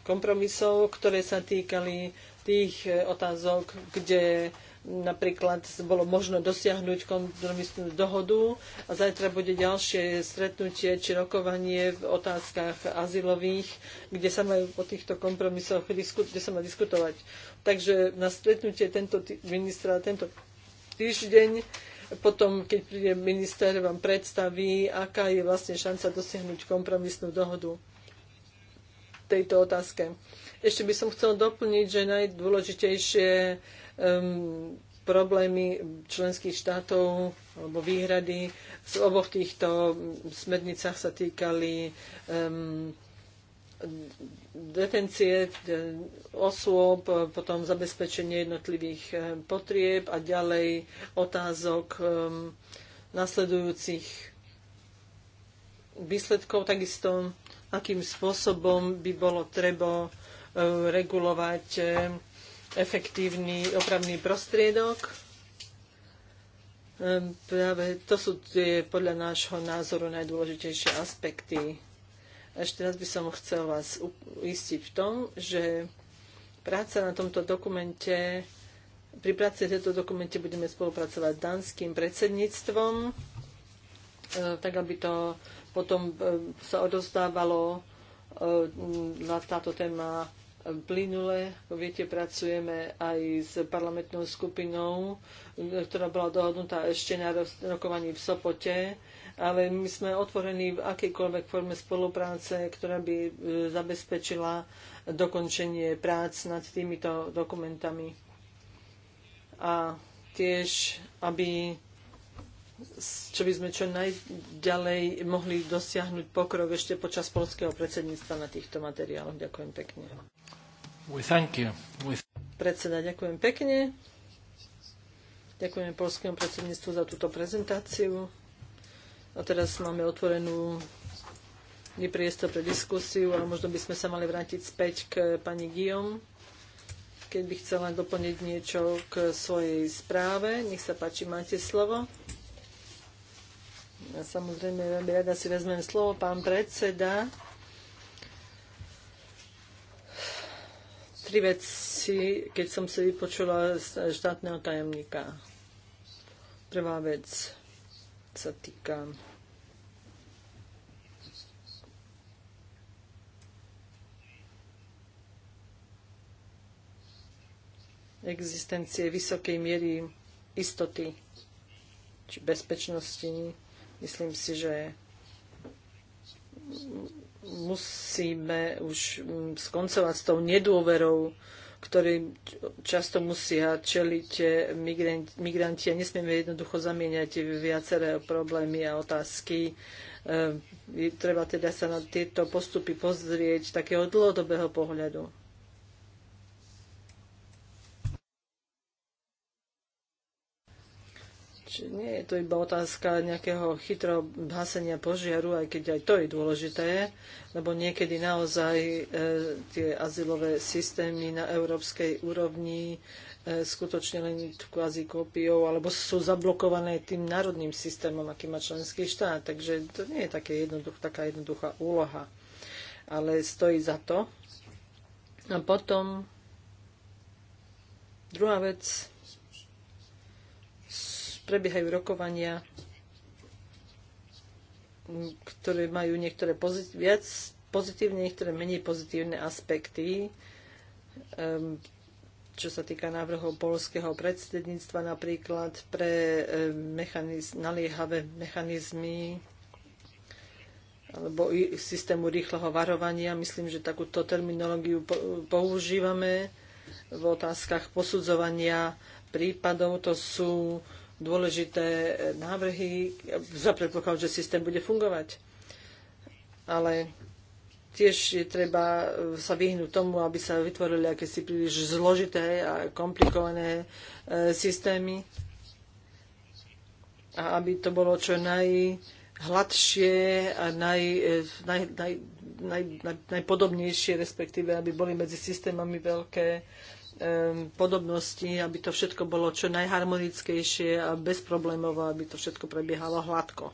Speaker 1: kompromisov, ktoré sa týkali tých otázok, kde Napríklad bolo možno dosiahnuť kompromisnú dohodu a zajtra bude ďalšie stretnutie či rokovanie v otázkach azylových, kde sa majú o týchto kompromisoch kde sa má diskutovať. Takže na stretnutie tento ministra tento týždeň potom, keď príde minister, vám predstaví, aká je vlastne šanca dosiahnuť kompromisnú dohodu tejto otázke. Ešte by som chcel doplniť, že najdôležitejšie um, problémy členských štátov alebo výhrady v oboch týchto smernicách sa týkali um, detencie osôb, potom zabezpečenie jednotlivých potrieb a ďalej otázok nasledujúcich výsledkov, takisto akým spôsobom by bolo treba regulovať efektívny opravný prostriedok. Ehm, práve to sú tie, podľa nášho názoru najdôležitejšie aspekty. Ešte raz by som chcel vás uistiť v tom, že práca na tomto dokumente, pri práci na tomto dokumente budeme spolupracovať s danským predsedníctvom, e, tak aby to potom e, sa odozdávalo e, na táto téma plynule. Viete, pracujeme aj s parlamentnou skupinou, ktorá bola dohodnutá ešte na rokovaní v Sopote, ale my sme otvorení v akejkoľvek forme spolupráce, ktorá by e, zabezpečila dokončenie prác nad týmito dokumentami. A tiež, aby čo by sme čo najďalej mohli dosiahnuť pokrok ešte počas polského predsedníctva na týchto materiáloch. Ďakujem pekne.
Speaker 3: We thank
Speaker 2: you. We...
Speaker 1: Predseda, ďakujem pekne. Ďakujem polskému predsedníctvu za túto prezentáciu. A teraz máme otvorenú priestor pre diskusiu a možno by sme sa mali vrátiť späť k pani Guillaume keď by chcela doplniť niečo k svojej správe. Nech sa páči, máte slovo. Ja samozrejme veľmi rada si vezmem slovo, pán predseda. tri veci, keď som si vypočula štátneho tajomníka. Prvá vec sa týka existencie vysokej miery istoty či bezpečnosti. Myslím si, že musíme už mm, skoncovať s tou nedôverou, ktorým často musia čeliť eh, migranti, a nesmieme jednoducho zamieňať viaceré problémy a otázky. Eh, treba teda sa na tieto postupy pozrieť takého dlhodobého pohľadu. nie je to iba otázka nejakého chytro hasenia požiaru, aj keď aj to je dôležité, lebo niekedy naozaj e, tie azylové systémy na európskej úrovni e, skutočne len kvázi kópiou, alebo sú zablokované tým národným systémom, aký má členský štát. Takže to nie je také jednoduch, taká jednoduchá úloha. Ale stojí za to. A potom druhá vec, prebiehajú rokovania, ktoré majú niektoré pozit- viac pozitívne, niektoré menej pozitívne aspekty. Ehm, čo sa týka návrhov polského predsedníctva napríklad pre ehm, mechaniz- naliehavé mechanizmy alebo systému rýchleho varovania. Myslím, že takúto terminológiu používame v otázkach posudzovania prípadov. To sú dôležité návrhy za predpoklad, že systém bude fungovať. Ale tiež je treba sa vyhnúť tomu, aby sa vytvorili akési príliš zložité a komplikované systémy a aby to bolo čo najhladšie a naj, naj, naj, naj, naj, najpodobnejšie, respektíve aby boli medzi systémami veľké podobnosti, aby to všetko bolo čo najharmonickejšie a bezproblémovo, aby to všetko prebiehalo hladko.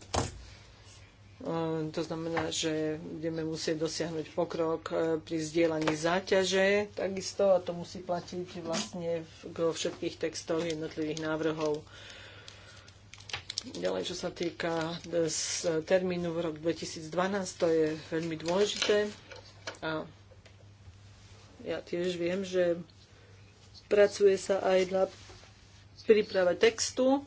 Speaker 1: To znamená, že budeme musieť dosiahnuť pokrok eh, pri zdieľaní záťaže takisto a to musí platiť vlastne vo všetkých textoch jednotlivých návrhov. Ďalej, čo sa týka eh, termínu v rok 2012, to je veľmi dôležité a ja tiež viem, že pracuje sa aj na príprave textu.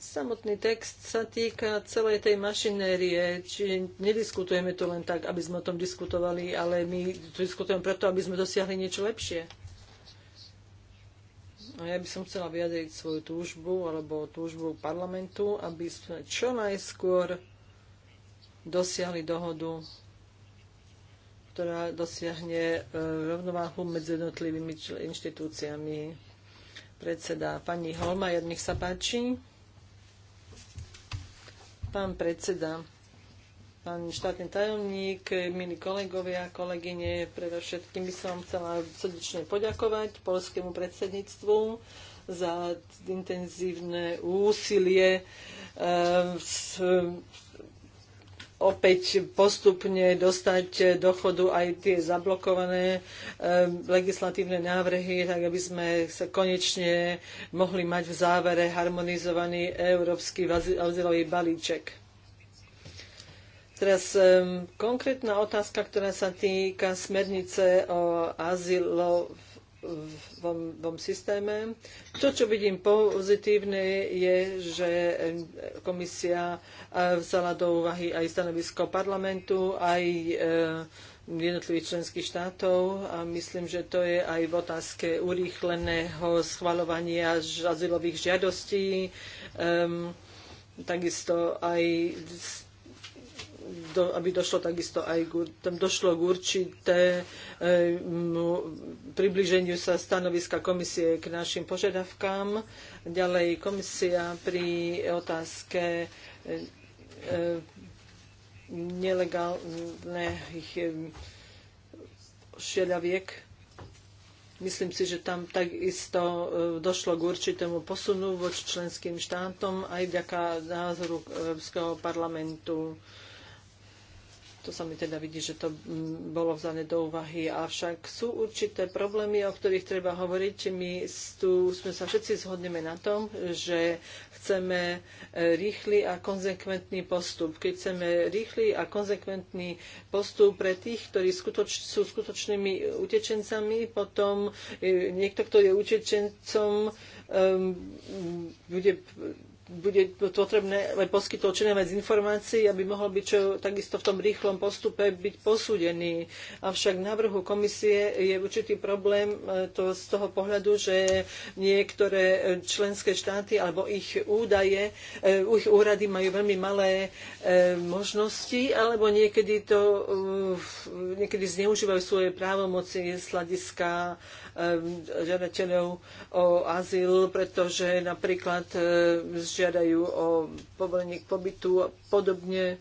Speaker 1: Samotný text sa týka celej tej mašinérie, či nediskutujeme to len tak, aby sme o tom diskutovali, ale my diskutujeme preto, aby sme dosiahli niečo lepšie. A ja by som chcela vyjadriť svoju túžbu alebo túžbu parlamentu, aby sme čo najskôr dosiahli dohodu ktorá dosiahne e, rovnováhu medzi jednotlivými inštitúciami. Predseda pani Holmajer, nech sa páči. Pán predseda, pán štátny tajomník, milí kolegovia, kolegyne, všetkým by som chcela srdečne poďakovať polskému predsedníctvu za intenzívne úsilie v e, opäť postupne dostať do chodu aj tie zablokované ehm, legislatívne návrhy, tak aby sme sa konečne mohli mať v závere harmonizovaný európsky azylový balíček. Teraz ehm, konkrétna otázka, ktorá sa týka smernice o azylových vo systéme. To, čo vidím pozitívne, je, že komisia e, vzala do úvahy aj stanovisko parlamentu, aj e, jednotlivých členských štátov a myslím, že to je aj v otázke urýchleného schvalovania azylových žiadostí. Um, takisto aj do, aby došlo takisto aj k, tam došlo k určitému e, približeniu sa stanoviska komisie k našim požiadavkám. Ďalej komisia pri otázke e, e, nelegálnych šieľaviek Myslím si, že tam takisto došlo k určitému posunu voči členským štátom aj vďaka názoru Európskeho parlamentu. To sa mi teda vidí, že to mm, bolo vzané do úvahy. Avšak sú určité problémy, o ktorých treba hovoriť. My tu sme sa všetci zhodneme na tom, že chceme e, rýchly a konzekventný postup. Keď chceme rýchly a konzekventný postup pre tých, ktorí skutoč, sú skutočnými utečencami, potom e, niekto, kto je utečencom, um, bude bude potrebné poskytnúť čo najviac informácií, aby mohol byť čo, takisto v tom rýchlom postupe byť posúdený. Avšak v návrhu komisie je určitý problém e, to z toho pohľadu, že niektoré členské štáty alebo ich údaje, e, ich úrady majú veľmi malé e, možnosti, alebo niekedy to niekedy zneužívajú svoje právomoci z hľadiska Eh, žiadateľov o azyl, pretože napríklad eh, žiadajú o povolenie k pobytu a podobne.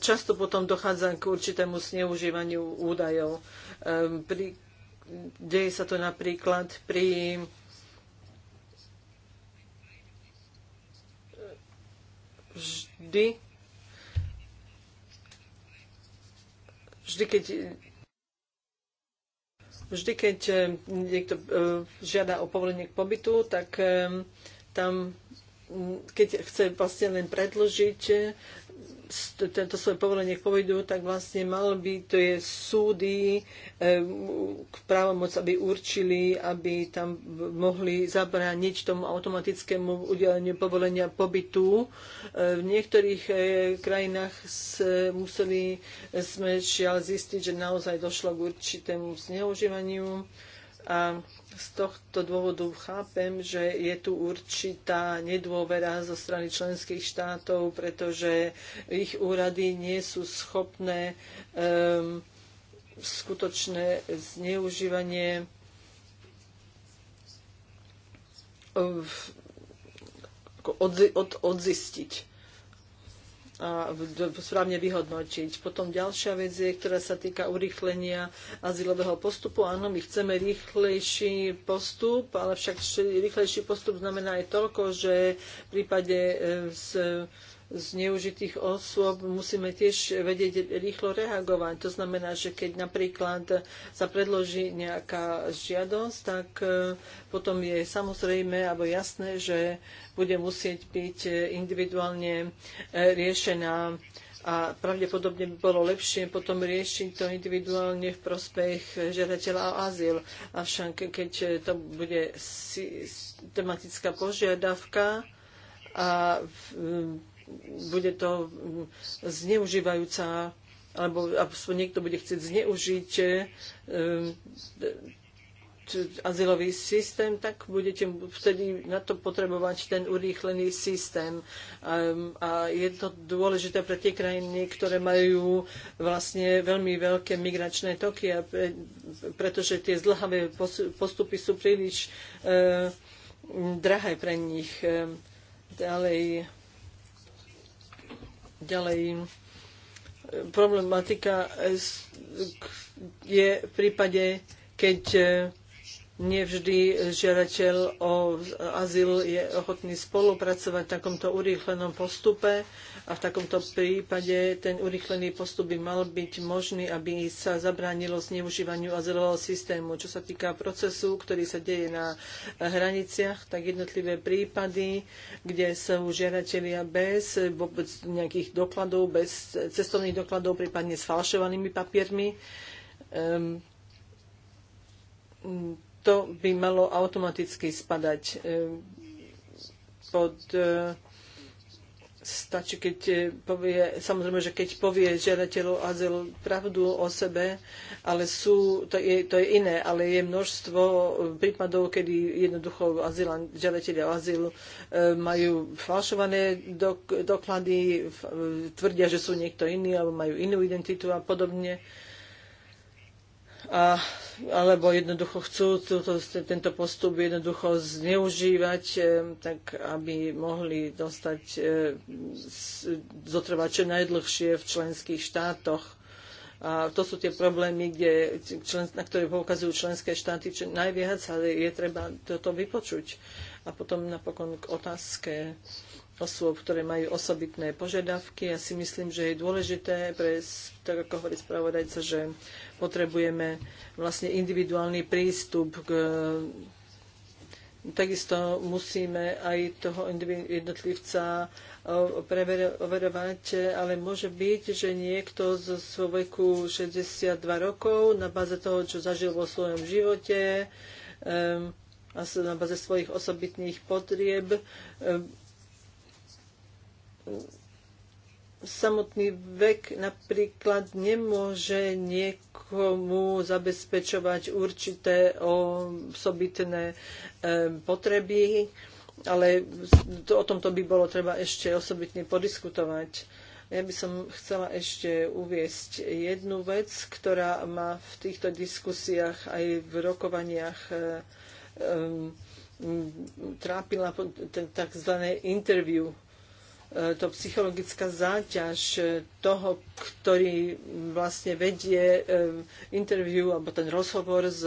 Speaker 1: často potom dochádza k určitému sneužívaniu údajov. Ehm, pri, deje sa to napríklad pri vždy vždy, keď vždy, keď eh, niekto eh, žiada o povolenie k pobytu, tak eh, tam mm, keď chce vlastne len predložiť tento svoje povolenie k pobytu, tak vlastne mal by, to je súdy, e, k právomoc, aby určili, aby tam mohli zabrániť tomu automatickému udeleniu povolenia pobytu. E, v niektorých e, krajinách museli sme šiaľ zistiť, že naozaj došlo k určitému zneužívaniu a z tohto dôvodu chápem, že je tu určitá nedôvera zo strany členských štátov, pretože ich úrady nie sú schopné um, skutočné zneužívanie ehm, od, od, odzistiť a správne vyhodnotiť. Potom ďalšia vec je, ktorá sa týka urýchlenia azylového postupu. Áno, my chceme rýchlejší postup, ale však rýchlejší postup znamená aj toľko, že v prípade z e, zneužitých osôb musíme tiež vedieť rýchlo reagovať. To znamená, že keď napríklad sa predloží nejaká žiadosť, tak e, potom je samozrejme alebo jasné, že bude musieť byť e, individuálne e, riešená a pravdepodobne by bolo lepšie potom riešiť to individuálne v prospech žiadateľa o azyl. Avšak keď to bude tematická požiadavka a v, bude to mm, zneužívajúca alebo niekto bude chcieť zneužiť e, e, azylový systém, tak budete vtedy na to potrebovať ten urýchlený systém. Ehm, a je to dôležité pre tie krajiny, ktoré majú vlastne veľmi veľké migračné toky, a pretože tie zdlhavé postupy sú príliš e, drahé pre nich. Ehm, ďalej Ďalej, problematika je v prípade, keď e, nevždy žiadateľ o azyl je ochotný spolupracovať v takomto urýchlenom postupe a v takomto prípade ten urýchlený postup by mal byť možný, aby sa zabránilo zneužívaniu azylového systému. Čo sa týka procesu, ktorý sa deje na hraniciach, tak jednotlivé prípady, kde sú žiadatelia bez vôbec nejakých dokladov, bez cestovných dokladov, prípadne s falšovanými papiermi, um, to by malo automaticky spadať um, pod uh, stačí, keď eh, povie, samozrejme, že keď povie žiadateľu azyl pravdu o sebe, ale sú, to je, to je iné, ale je množstvo eh, prípadov, kedy jednoducho azylan, o azyl eh, majú falšované dok, doklady, tvrdia, že sú niekto iný alebo majú inú identitu a podobne a, alebo jednoducho chcú túto, tento postup jednoducho zneužívať, e, tak aby mohli dostať e, zotrvať čo najdlhšie v členských štátoch. A to sú tie problémy, kde, na ktoré poukazujú členské štáty čo najviac, ale je treba toto vypočuť. A potom napokon k otázke osôb, ktoré majú osobitné požiadavky. Ja si myslím, že je dôležité, pre, tak ako hovorí spravodajca, že potrebujeme vlastne individuálny prístup k Takisto musíme aj toho jednotlivca overovať, ale môže byť, že niekto z veku 62 rokov na báze toho, čo zažil vo svojom živote, um, na baze svojich osobitných potrieb. Ehm, samotný vek napríklad nemôže niekomu zabezpečovať určité osobitné ehm, potreby, ale to, o tomto by bolo treba ešte osobitne podiskutovať. Ja by som chcela ešte uviesť jednu vec, ktorá ma v týchto diskusiách aj v rokovaniach ehm, Um, trápila tzv. interview e, to psychologická záťaž toho, ktorý vlastne vedie e, interview alebo ten rozhovor s,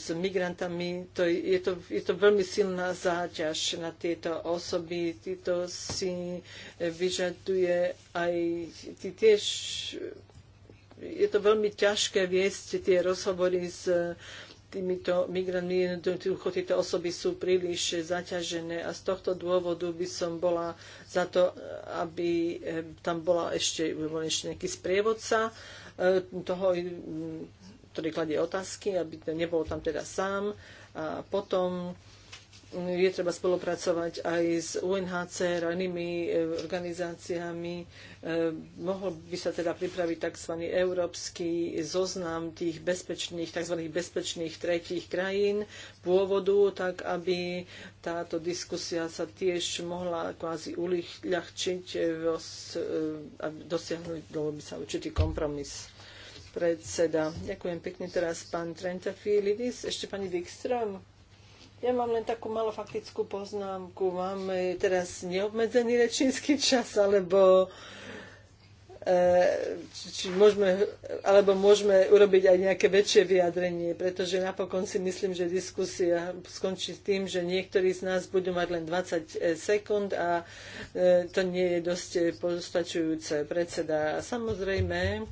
Speaker 1: s migrantami, to je, to, je to veľmi silná záťaž na tieto osoby. Tieto si vyžaduje aj tiež je to veľmi ťažké viesť tie rozhovory s týmito migrantmi, jednoducho tieto osoby sú príliš zaťažené a z tohto dôvodu by som bola za to, aby eh, tam bola ešte, bol ešte nejaký sprievodca eh, toho, mm, ktorý kladie otázky, aby nebol tam teda sám. A potom je treba spolupracovať aj s UNHCR a inými e, organizáciami. E, mohol by sa teda pripraviť tzv. európsky zoznam tých bezpečných, tzv. bezpečných tretích krajín pôvodu, tak aby táto diskusia sa tiež mohla kvázi uľahčiť e, a dosiahnuť, dalo by sa určitý kompromis predseda. Ďakujem pekne teraz pán Trentafilidis, ešte pani Wikström. Ja mám len takú malú faktickú poznámku. Máme teraz neobmedzený rečnícky čas, alebo e, či môžeme, alebo môžeme urobiť aj nejaké väčšie vyjadrenie, pretože napokon si myslím, že diskusia skončí s tým, že niektorí z nás budú mať len 20 e, sekúnd a e, to nie je dosť postačujúce predseda. A samozrejme,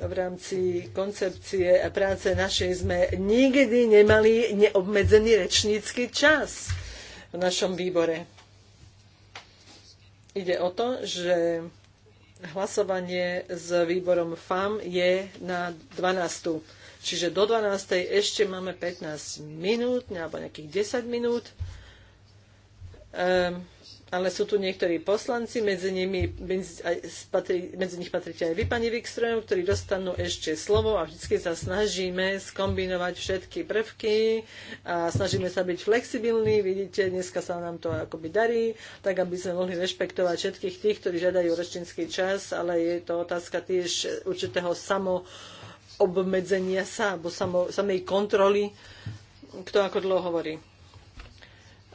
Speaker 1: v rámci koncepcie a práce našej sme nikdy nemali neobmedzený rečnícky čas v našom výbore. Ide o to, že hlasovanie s výborom FAM je na 12. Čiže do 12. ešte máme 15 minút, alebo nejakých 10 minút. Ehm, ale sú tu niektorí poslanci, medzi, nimi, medzi, medzi nich patríte aj vy, pani Wikström, ktorí dostanú ešte slovo a vždy sa snažíme skombinovať všetky prvky a snažíme sa byť flexibilní. Vidíte, dneska sa nám to akoby darí, tak aby sme mohli rešpektovať všetkých tých, ktorí žiadajú rečnícky čas, ale je to otázka tiež určitého samo obmedzenia sa, alebo samo, samej kontroly, kto ako dlho hovorí.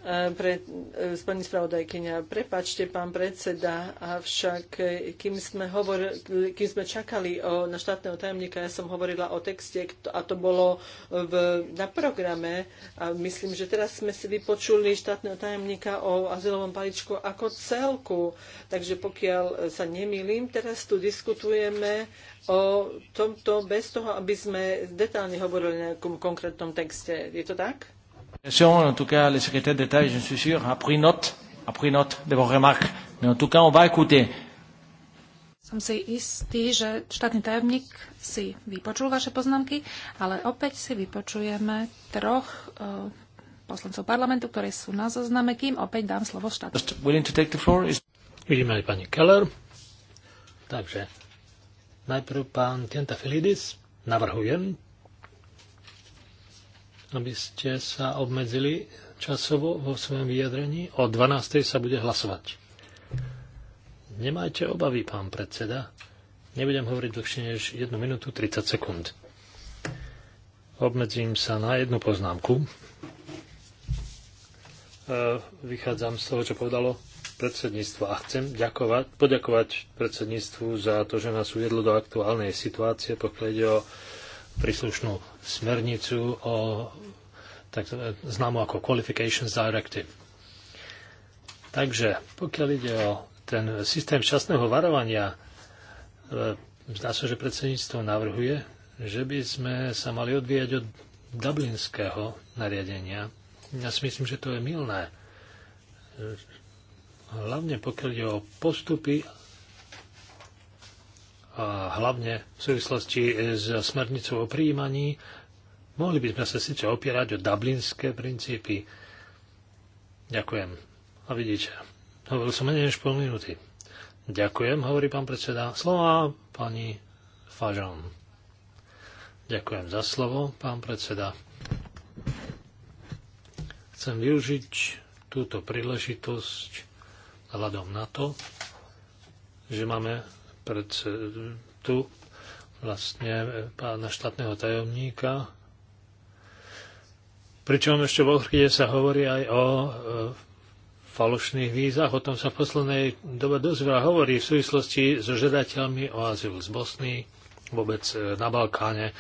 Speaker 1: E, pre e, pani spravodajkyňa. Prepačte, pán predseda, avšak e, kým sme, hovorili kým sme čakali o, na štátneho tajomníka, ja som hovorila o texte a to bolo v, na programe a myslím, že teraz sme si vypočuli štátneho tajomníka o azylovom paličku ako celku. Takže pokiaľ sa nemýlim, teraz tu diskutujeme o tomto bez toho, aby sme detálne hovorili o nejakom konkrétnom texte.
Speaker 2: Je to tak?
Speaker 3: En tout cas, le secrétaire d'État, je suis sûr, a pris note, a pris note de vos remarques. Mais en tout cas, on va écouter.
Speaker 2: Som si istý, že štátny tajomník si vypočul vaše poznámky, ale opäť si vypočujeme troch e, poslancov parlamentu, ktorí sú na zozname, kým opäť dám slovo štátu.
Speaker 3: Vidíme aj pani Keller. Takže najprv pán Tienta Filidis. Navrhujem aby ste sa obmedzili časovo vo svojom vyjadrení. O 12. sa bude hlasovať. Nemajte obavy, pán predseda. Nebudem hovoriť dlhšie než 1 minútu 30 sekúnd. Obmedzím sa na jednu poznámku. E, vychádzam z toho, čo povedalo predsedníctvo a chcem ďakovať, poďakovať predsedníctvu za to, že nás uviedlo do aktuálnej situácie, pokiaľ ide o príslušnú smernicu o tak, známu ako Qualifications Directive. Takže pokiaľ ide o ten systém časného varovania, e, zdá sa, že predsedníctvo navrhuje, že by sme sa mali odvíjať od dublinského nariadenia. Ja si myslím, že to je milné. E, hlavne pokiaľ ide o postupy hlavne v súvislosti e, s smernicou o príjmaní, mohli by sme sa síce opierať o dublinské princípy. Ďakujem. A vidíte, hovoril som menej než pol minúty. Ďakujem, hovorí pán predseda. Slova pani Fažan. Ďakujem za slovo, pán predseda. Chcem využiť túto príležitosť hľadom na to, že máme tu vlastne pána štátneho tajomníka. Pričom ešte vo Orchide sa hovorí aj o e, falošných vízach. O tom sa v poslednej dobe dosť veľa hovorí v súvislosti so žiadateľmi o azyl z Bosny, vôbec e, na Balkáne, e,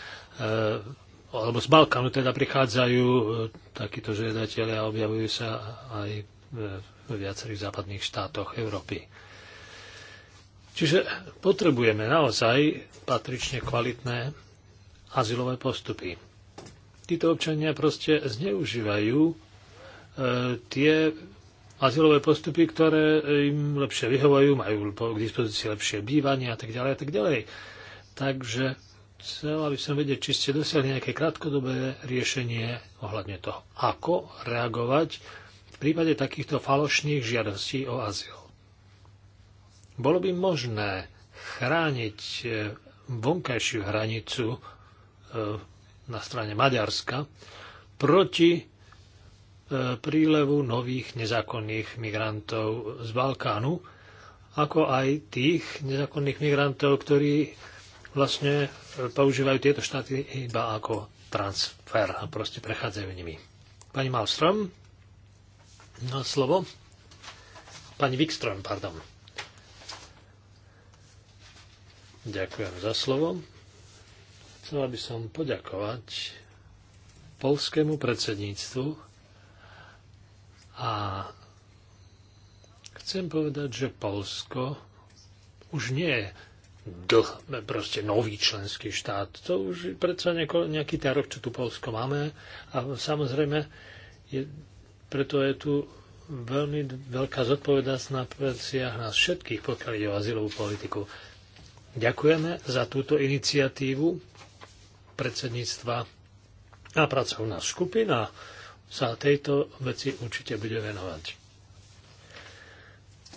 Speaker 3: alebo z Balkánu teda prichádzajú takíto žiadatelia a objavujú sa aj v viacerých západných štátoch Európy. Čiže potrebujeme naozaj patrične kvalitné azylové postupy. Títo občania proste zneužívajú e, tie azylové postupy, ktoré im lepšie vyhovajú, majú k dispozícii lepšie bývanie a tak ďalej a tak ďalej. Takže chcela by som vedieť, či ste dosiahli nejaké krátkodobé riešenie ohľadne toho, ako reagovať v prípade takýchto falošných žiadostí o azyl. Bolo by možné chrániť eh, vonkajšiu hranicu eh, na strane Maďarska proti eh, prílevu nových nezákonných migrantov z Balkánu, ako aj tých nezákonných migrantov, ktorí vlastne používajú tieto štáty iba ako transfer a proste prechádzajú nimi. Pani Malstrom, slovo. Pani Wikström, pardon. Ďakujem za slovo. Chcela by som poďakovať polskému predsedníctvu a chcem povedať, že Polsko už nie je dlh, proste nový členský štát. To už je predsa nejaký ten rok, čo tu Polsko máme. A samozrejme, je, preto je tu veľmi veľká zodpovednosť na pleciach nás všetkých, pokiaľ ide o azylovú politiku. Ďakujeme za túto iniciatívu predsedníctva a pracovná skupina sa tejto veci určite bude venovať.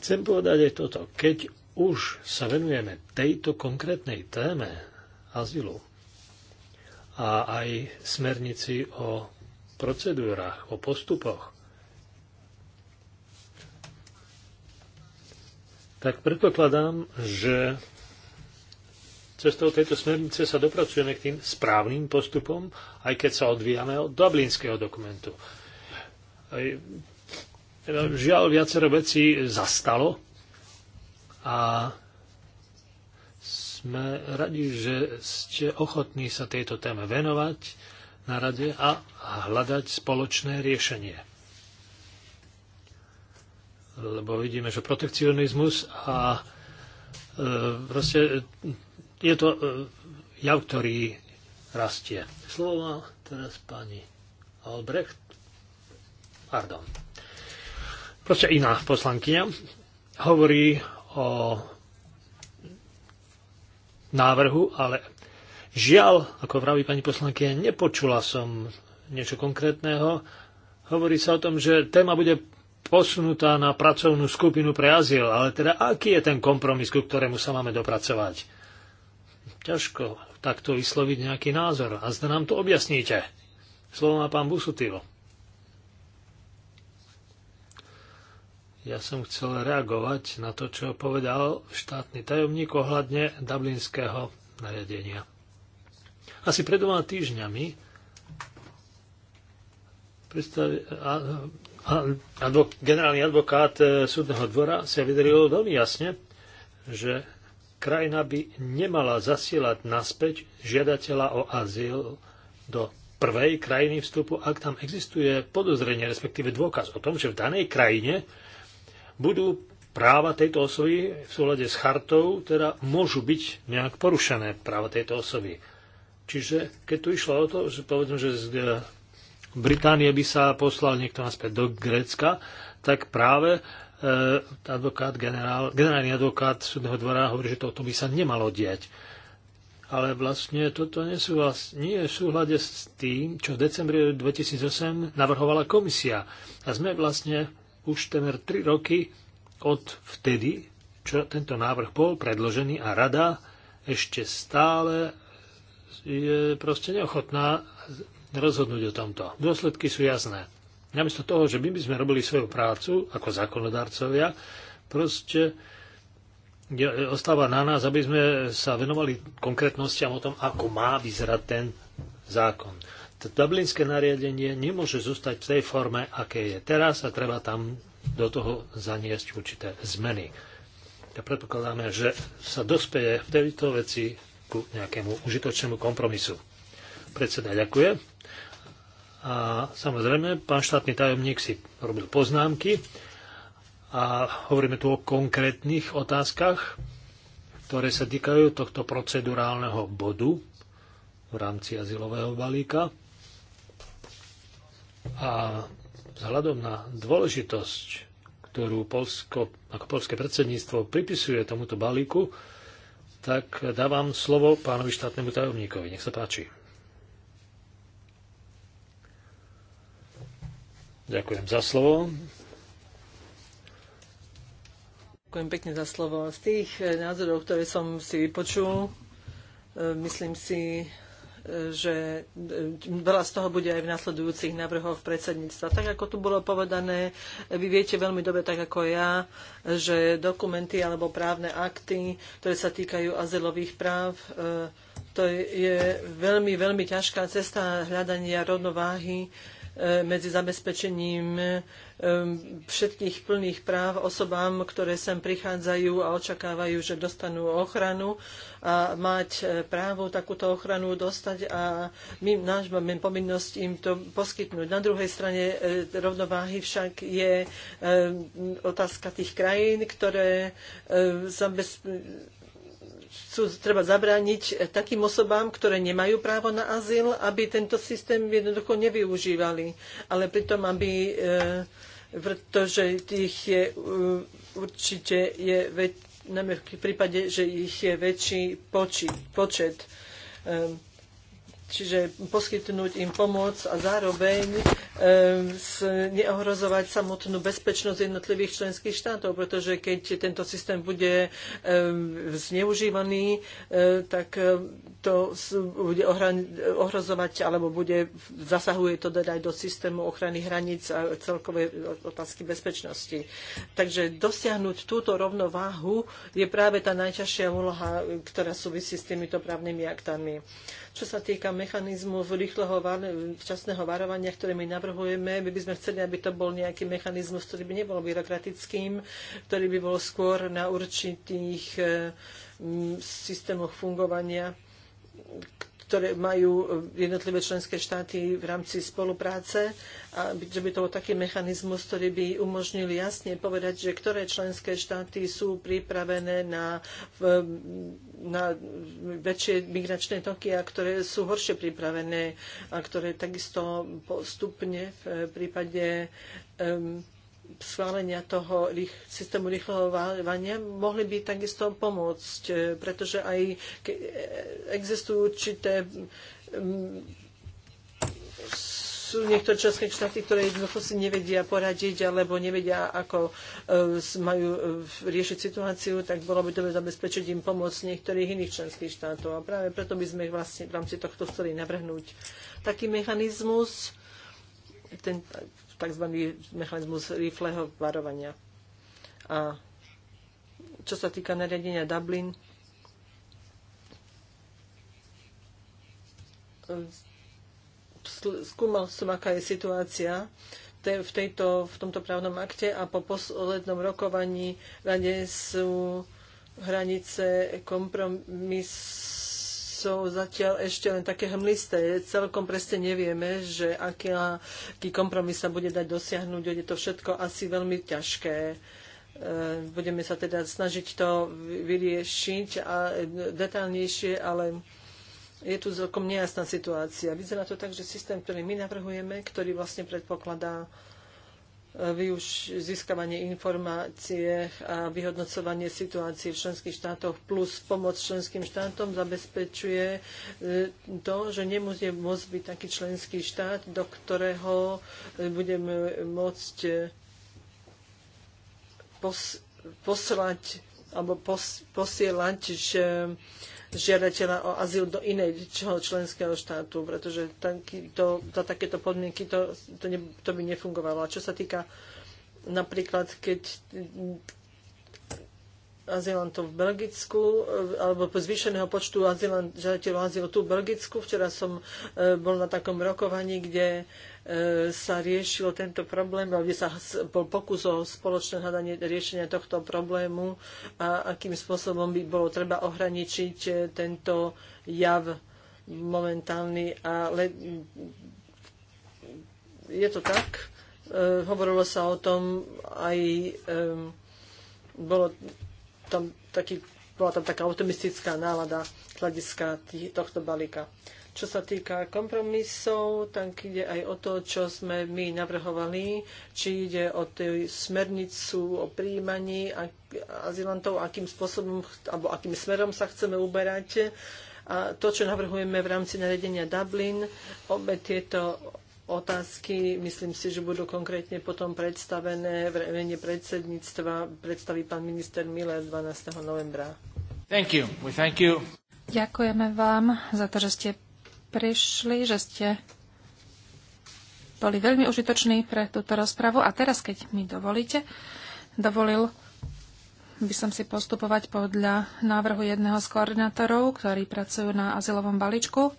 Speaker 3: Chcem povedať aj toto. Keď už sa venujeme tejto konkrétnej téme azylu a aj smernici o procedúrach, o postupoch, tak predpokladám, že Cestou tejto smernice sa dopracujeme k tým správnym postupom, aj keď sa odvíjame od dublinského dokumentu. No, žiaľ, viacero vecí zastalo a sme radi, že ste ochotní sa tejto téme venovať na rade a hľadať spoločné riešenie. Lebo vidíme, že protekcionizmus a e, proste je to e, jav, ktorý rastie. Slovo má teraz pani Albrecht. Pardon. Proste iná poslankyňa hovorí o návrhu, ale žiaľ, ako vraví pani poslankyňa, nepočula som niečo konkrétneho. Hovorí sa o tom, že téma bude posunutá na pracovnú skupinu pre azyl, ale teda aký je ten kompromis, ku ktorému sa máme dopracovať? ťažko takto vysloviť nejaký názor. A zda nám to objasníte. Slovo má pán Busutilo. Ja som chcel reagovať na to, čo povedal štátny tajomník ohľadne dublinského nariadenia. Asi pred dvoma týždňami generálny advokát eh, súdneho dvora sa vydaril veľmi jasne, že krajina by nemala zasielať naspäť žiadateľa o azyl do prvej krajiny vstupu, ak tam existuje podozrenie, respektíve dôkaz o tom, že v danej krajine budú práva tejto osoby v súlade s chartou, teda môžu byť nejak porušené práva tejto osoby. Čiže keď tu išlo o to, že povedzme, že z e, Británie by sa poslal niekto naspäť do Grécka, tak práve E, advokát, generál, generálny advokát súdneho dvora hovorí, že toto by sa nemalo diať. Ale vlastne toto nesúhlas, nie je v súhľade s tým, čo v decembri 2008 navrhovala komisia. A sme vlastne už temer 3 roky od vtedy, čo tento návrh bol predložený a rada ešte stále je proste neochotná rozhodnúť o tomto. Dôsledky sú jasné. Namiesto toho, že my by sme robili svoju prácu ako zákonodarcovia, proste ostáva na nás, aby sme sa venovali konkrétnostiam o tom, ako má vyzerať ten zákon. Dublinské nariadenie nemôže zostať v tej forme, aké je teraz a treba tam do toho zaniesť určité zmeny. Ja predpokladáme, že sa dospeje v tejto veci ku nejakému užitočnému kompromisu. Predseda ďakuje. A samozrejme, pán štátny tajomník si robil poznámky a hovoríme tu o konkrétnych otázkach, ktoré sa týkajú tohto procedurálneho bodu v rámci azylového balíka. A vzhľadom na dôležitosť, ktorú Polsko, ako polské predsedníctvo pripisuje tomuto balíku, tak dávam slovo pánovi štátnemu tajomníkovi. Nech sa páči. Ďakujem za slovo.
Speaker 1: Ďakujem pekne za slovo. Z tých eh, názorov, ktoré som si vypočul, eh, myslím si, eh, že veľa z toho bude aj v nasledujúcich návrhoch predsedníctva. Tak ako tu bolo povedané, vy viete veľmi dobre, tak ako ja, že dokumenty alebo právne akty, ktoré sa týkajú azylových práv, to je veľmi, veľmi ťažká cesta hľadania rovnováhy E, medzi zabezpečením e, všetkých plných práv osobám, ktoré sem prichádzajú a očakávajú, že dostanú ochranu a mať e, právo takúto ochranu dostať a my, náš máme povinnosť im to poskytnúť. Na druhej strane rovnováhy však je otázka tých krajín, ktoré zabezpečujú sú, treba zabrániť takým osobám, ktoré nemajú právo na azyl, aby tento systém jednoducho nevyužívali. Ale pritom, aby, e, pretože tých je e, určite je väč, v prípade, že ich je väčší počet. počet čiže poskytnúť im pomoc a zároveň e, s, neohrozovať samotnú bezpečnosť jednotlivých členských štátov, pretože keď tento systém bude e, zneužívaný, e, tak e, to bude ohrozovať alebo bude, zasahuje to teda aj do systému ochrany hraníc a celkové otázky bezpečnosti. Takže dosiahnuť túto rovnováhu je práve tá najťažšia úloha, ktorá súvisí s týmito právnymi aktami. Čo sa týka mechanizmu rýchleho včasného varovania, ktoré my navrhujeme, my by sme chceli, aby to bol nejaký mechanizmus, ktorý by nebol byrokratickým, ktorý by bol skôr na určitých eh, systémoch fungovania ktoré majú e, jednotlivé členské štáty v rámci spolupráce, a že by to bol taký mechanizmus, ktorý by umožnil jasne povedať, že ktoré členské štáty sú pripravené na, na väčšie migračné toky a ktoré sú horšie pripravené a ktoré takisto postupne v prípade um, schválenia toho systému rýchleho váľovania mohli by takisto pomôcť, e, pretože aj e, existujú určité sú niektoré členské štáty, ktoré jednoducho si nevedia poradiť alebo nevedia, ako e, majú riešiť situáciu, tak bolo by dobre zabezpečiť im pomoc niektorých iných členských štátov. A práve preto by sme vlastne v rámci tohto chceli navrhnúť taký mechanizmus, ten, tzv. mechanizmus rýchleho varovania. A čo sa týka nariadenia Dublin, skúmal som, aká je situácia v, tejto, v tomto právnom akte a po poslednom rokovaní rade sú hranice kompromis sú zatiaľ ešte len také hmlisté. Celkom presne nevieme, že aký, aký kompromis sa bude dať dosiahnuť. Je to všetko asi veľmi ťažké e, budeme sa teda snažiť to vyriešiť a detálnejšie, ale je tu celkom nejasná situácia. Vyzerá to tak, že systém, ktorý my navrhujeme, ktorý vlastne predpokladá využ- získavanie informácie a vyhodnocovanie situácie v členských štátoch plus pomoc členským štátom zabezpečuje e, to, že nemusí môcť byť taký členský štát, do ktorého e, budeme môcť e, pos- poslať alebo pos- posielať že, žiadateľa o azyl do iného členského štátu, pretože za takéto podmienky to, to, ne, to by nefungovalo. A čo sa týka napríklad, keď mm, azylantov v Belgicku, eh, alebo zvýšeného počtu žiadateľov azyl tu v Belgicku. Včera som eh, bol na takom rokovaní, kde E, sa riešil tento problém, kde sa bol pokus o spoločné hľadanie riešenia tohto problému a akým spôsobom by bolo treba ohraničiť e, tento jav momentálny. le... je to tak, e, hovorilo sa o tom aj bolo tam taký, bola tam taká optimistická nálada hľadiska tohto balíka. Čo sa týka kompromisov, tak ide aj o to, čo sme my navrhovali, či ide o tú smernicu o príjmaní azylantov, akým spôsobom alebo akým smerom sa chceme uberať. A to, čo navrhujeme v rámci naredenia Dublin, obe tieto otázky, myslím si, že budú konkrétne potom predstavené v remene predsedníctva, predstaví pán minister Miller 12. novembra.
Speaker 3: Thank you. We thank you.
Speaker 2: Ďakujeme vám za to, že ste prišli, že ste boli veľmi užitoční pre túto rozpravu. A teraz, keď mi dovolíte, dovolil by som si postupovať podľa návrhu jedného z koordinátorov, ktorí pracujú na azylovom balíčku.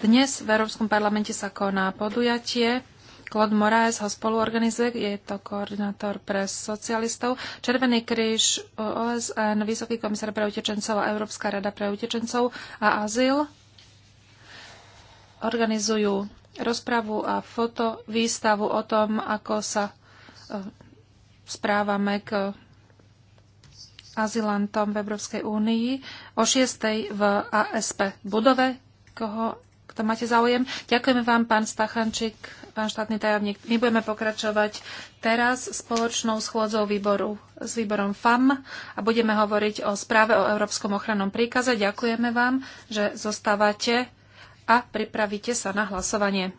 Speaker 2: Dnes v Európskom parlamente sa koná podujatie. Claude Moraes ho spoluorganizuje, je to koordinátor pre socialistov. Červený kríž OSN, Vysoký komisár pre utečencov a Európska rada pre utečencov a azyl organizujú rozpravu a foto, výstavu o tom, ako sa eh, správame k azilantom v Európskej únii o 6. v ASP budove, koho kto máte záujem. Ďakujeme vám, pán Stachančík, pán štátny tajomník. My budeme pokračovať teraz spoločnou schôdzou výboru s výborom FAM a budeme hovoriť o správe o Európskom ochrannom príkaze. Ďakujeme vám, že zostávate a pripravíte sa na hlasovanie.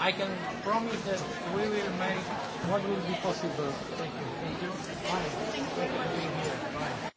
Speaker 1: I can promise that we will make what will be possible. Thank you. Thank you. Bye. Thank you Thank for being here. Bye.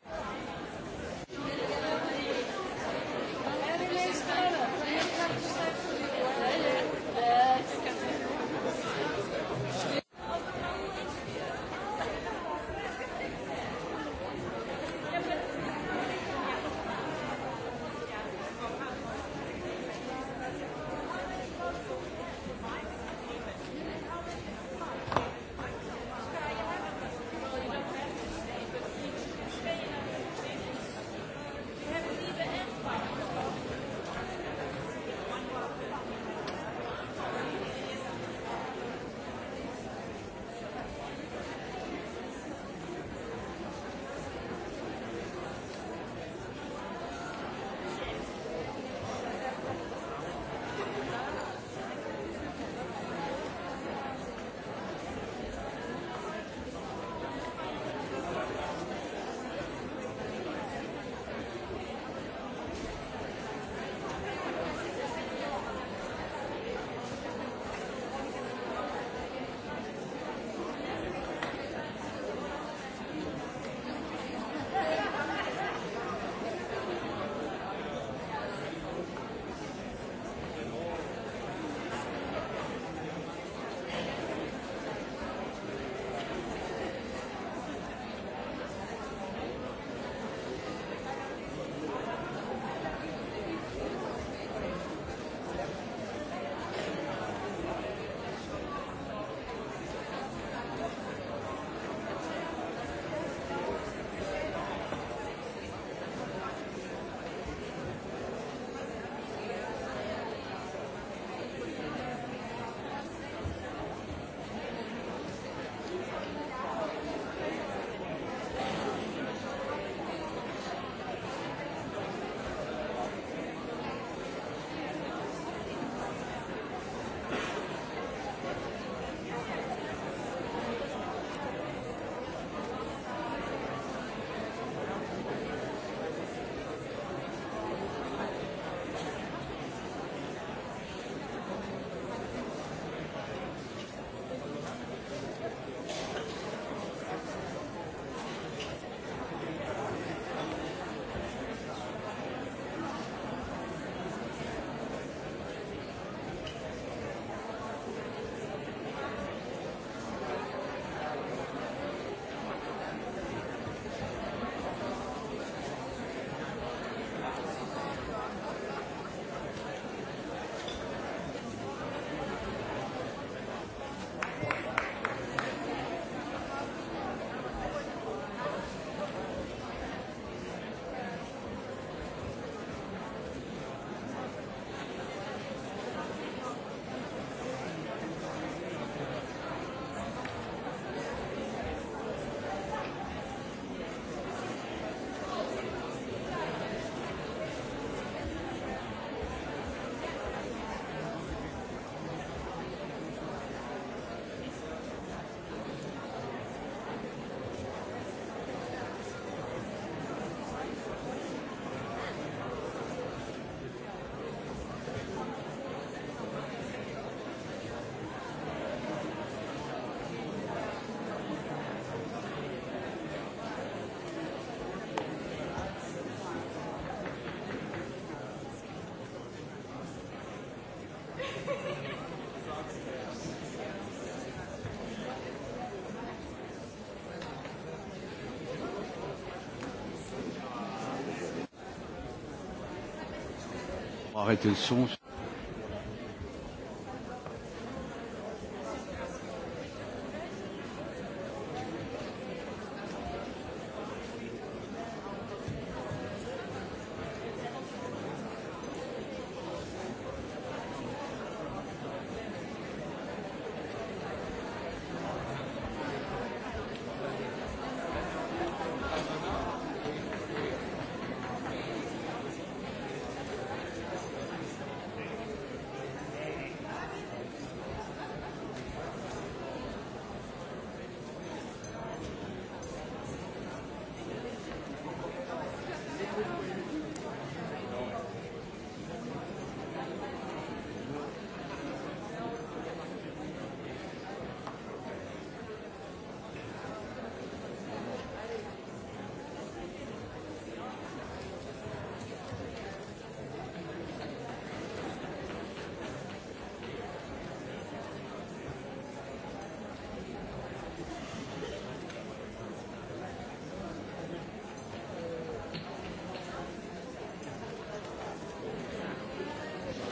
Speaker 1: arrêter le son.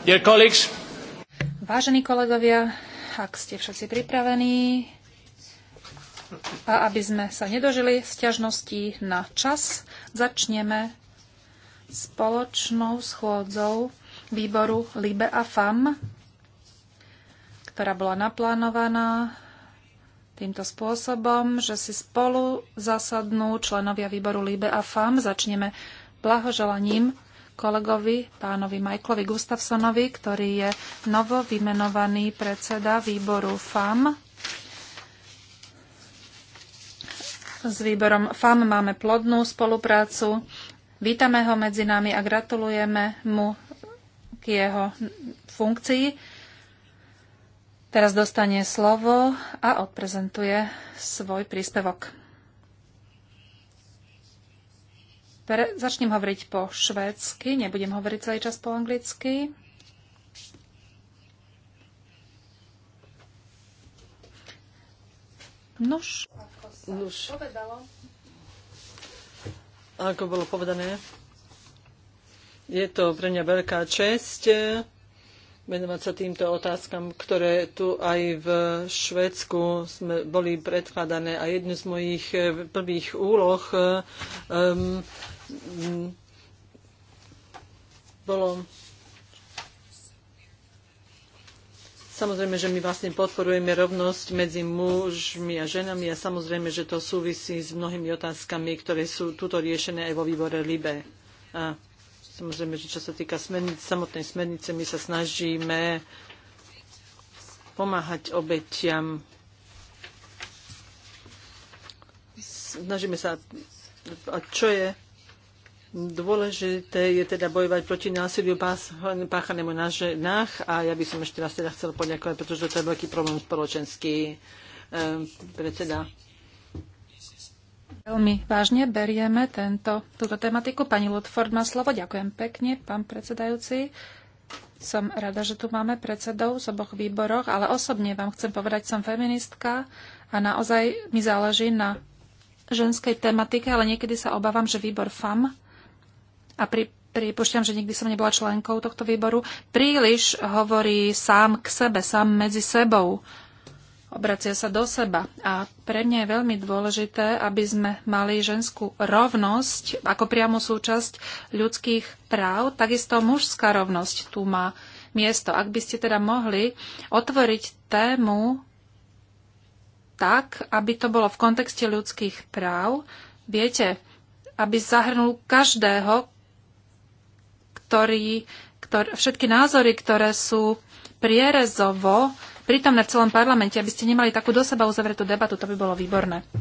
Speaker 3: Dear colleagues.
Speaker 2: Vážení kolegovia, ak ste všetci pripravení a aby sme sa nedožili sťažností na čas, začneme spoločnou schôdzou výboru LIBE a FAM, ktorá bola naplánovaná týmto spôsobom, že si spolu zasadnú členovia výboru LIBE a FAM. Začneme blahoželaním kolegovi, pánovi Michaelovi Gustafsonovi, ktorý je novo vymenovaný predseda výboru FAM. S výborom FAM máme plodnú spoluprácu. Vítame ho medzi nami a gratulujeme mu k jeho funkcii. Teraz dostane slovo a odprezentuje svoj príspevok. Pre, začnem hovoriť po švédsky, nebudem hovoriť celý čas po anglicky. Nož. Nož.
Speaker 1: Ako bolo povedané, je to pre mňa veľká česť venovať sa týmto otázkam, ktoré tu aj v Švedsku sme boli predkladané. A jednu z mojich eh, prvých úloh um, bolo Samozrejme, že my vlastne podporujeme rovnosť medzi mužmi a ženami a samozrejme, že to súvisí s mnohými otázkami, ktoré sú tuto riešené aj vo výbore LIBE. A Samozrejme, že čo sa týka smernic, samotnej smernice, my sa snažíme pomáhať obetiam. Snažíme sa... A čo je Dôležité je teda bojovať proti násiliu páchanému na ženách a ja by som ešte raz teda chcel poďakovať, pretože to je veľký problém spoločenský. Ehm, predseda,
Speaker 2: Veľmi vážne berieme tento, túto tematiku. Pani Ludford má slovo. Ďakujem pekne, pán predsedajúci. Som rada, že tu máme predsedov z oboch výboroch, ale osobne vám chcem povedať, som feministka a naozaj mi záleží na ženskej tematike, ale niekedy sa obávam, že výbor FAM a pri, pripúšťam, že nikdy som nebola členkou tohto výboru, príliš hovorí sám k sebe, sám medzi sebou obracia sa do seba. A pre mňa je veľmi dôležité, aby sme mali ženskú rovnosť ako priamu súčasť ľudských práv. Takisto mužská rovnosť tu má miesto. Ak by ste teda mohli otvoriť tému tak, aby to bolo v kontexte ľudských práv, viete, aby zahrnul každého, ktorý, ktorý, všetky názory, ktoré sú prierezovo prítomné v celom parlamente, aby ste nemali takú do seba uzavretú debatu, to by bolo výborné. E,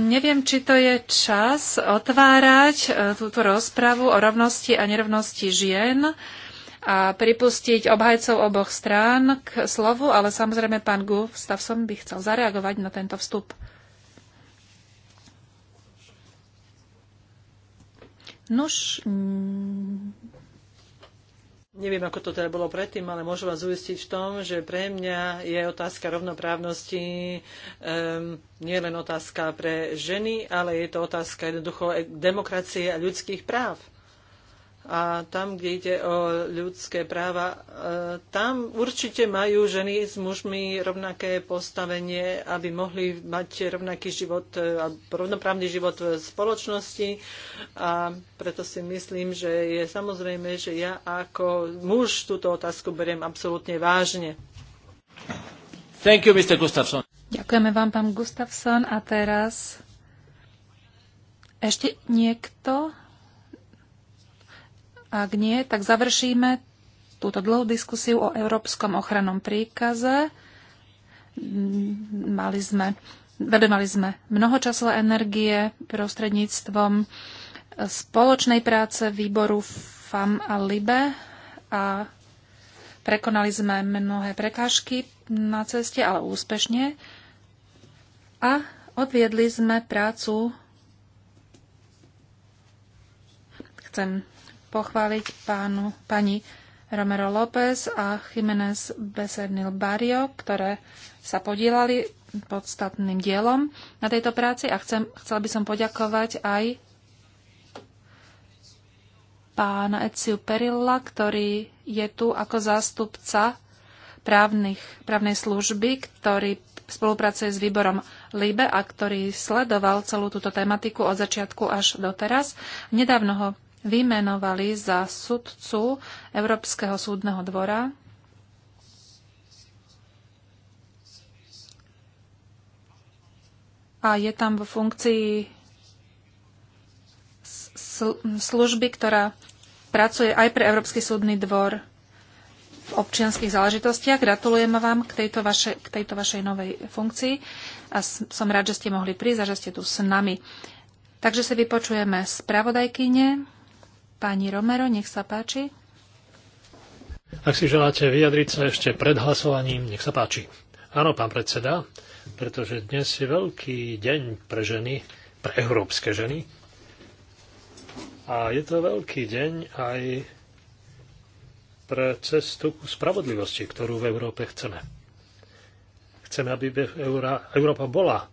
Speaker 2: neviem, či to je čas otvárať e, túto rozpravu o rovnosti a nerovnosti žien a pripustiť obhajcov oboch strán k slovu, ale samozrejme pán Gustavson by chcel zareagovať na tento vstup. Nuž,
Speaker 1: Neviem, ako to teda bolo predtým, ale môžem vás uistiť v tom, že pre mňa je otázka rovnoprávnosti um, nie len otázka pre ženy, ale je to otázka jednoducho demokracie a ľudských práv a tam, kde ide o ľudské práva, e, tam určite majú ženy s mužmi rovnaké postavenie, aby mohli mať rovnaký život, e, a rovnoprávny život v spoločnosti. A preto si myslím, že je samozrejme, že ja ako muž túto otázku beriem absolútne vážne.
Speaker 3: Thank you, Mr. Gustafsson.
Speaker 2: Ďakujeme vám, pán Gustafsson. A teraz ešte niekto? Ak nie, tak završíme túto dlhú diskusiu o Európskom ochrannom príkaze. Mm, mali sme, vedomali sme mnoho času a energie prostredníctvom spoločnej práce výboru FAM a LIBE a prekonali sme mnohé prekážky na ceste, ale úspešne. A odviedli sme prácu. Chcem pochváliť pánu, pani Romero López a Jiménez Besernil Barrio, ktoré sa podielali podstatným dielom na tejto práci a chcem, chcel by som poďakovať aj pána Eciu Perilla, ktorý je tu ako zástupca právnych, právnej služby, ktorý spolupracuje s výborom LIBE a ktorý sledoval celú túto tematiku od začiatku až doteraz. Nedávno ho vymenovali za sudcu Európskeho súdneho dvora a je tam vo funkcii služby, ktorá pracuje aj pre Európsky súdny dvor v občianských záležitostiach. Gratulujeme vám k tejto, vaše, k tejto vašej novej funkcii a som rád, že ste mohli prísť a že ste tu s nami. Takže si vypočujeme spravodajkyne Pani Romero, nech sa páči.
Speaker 3: Ak si želáte vyjadriť sa ešte pred hlasovaním, nech sa páči. Áno, pán predseda, pretože dnes je veľký deň pre ženy, pre európske ženy. A je to veľký deň aj pre cestu ku spravodlivosti, ktorú v Európe chceme. Chceme, aby Európa bola e,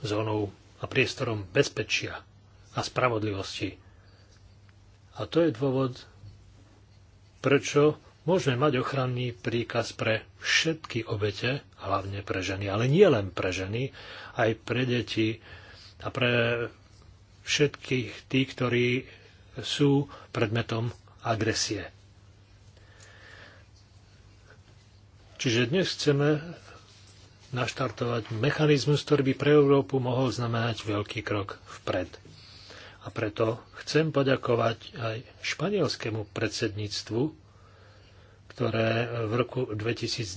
Speaker 3: zónou a priestorom bezpečia a spravodlivosti a to je dôvod, prečo môžeme mať ochranný príkaz pre všetky obete, hlavne pre ženy, ale nie len pre ženy, aj pre deti a pre všetkých tých, ktorí sú predmetom agresie. Čiže dnes chceme naštartovať mechanizmus, ktorý by pre Európu mohol znamenať veľký krok vpred. A preto chcem poďakovať aj španielskému predsedníctvu, ktoré v roku 2010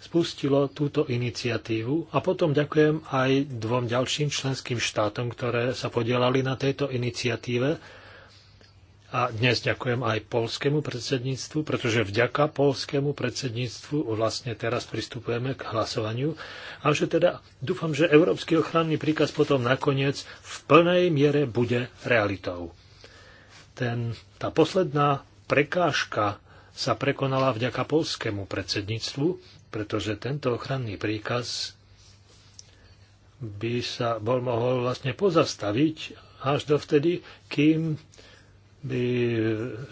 Speaker 3: spustilo túto iniciatívu a potom ďakujem aj dvom ďalším členským štátom, ktoré sa podielali na tejto iniciatíve a dnes ďakujem aj polskému predsedníctvu, pretože vďaka polskému predsedníctvu vlastne teraz pristupujeme k hlasovaniu. A že teda dúfam, že Európsky ochranný príkaz potom nakoniec v plnej miere bude realitou. Ten, tá posledná prekážka sa prekonala vďaka polskému predsedníctvu, pretože tento ochranný príkaz by sa bol mohol vlastne pozastaviť až dovtedy, kým by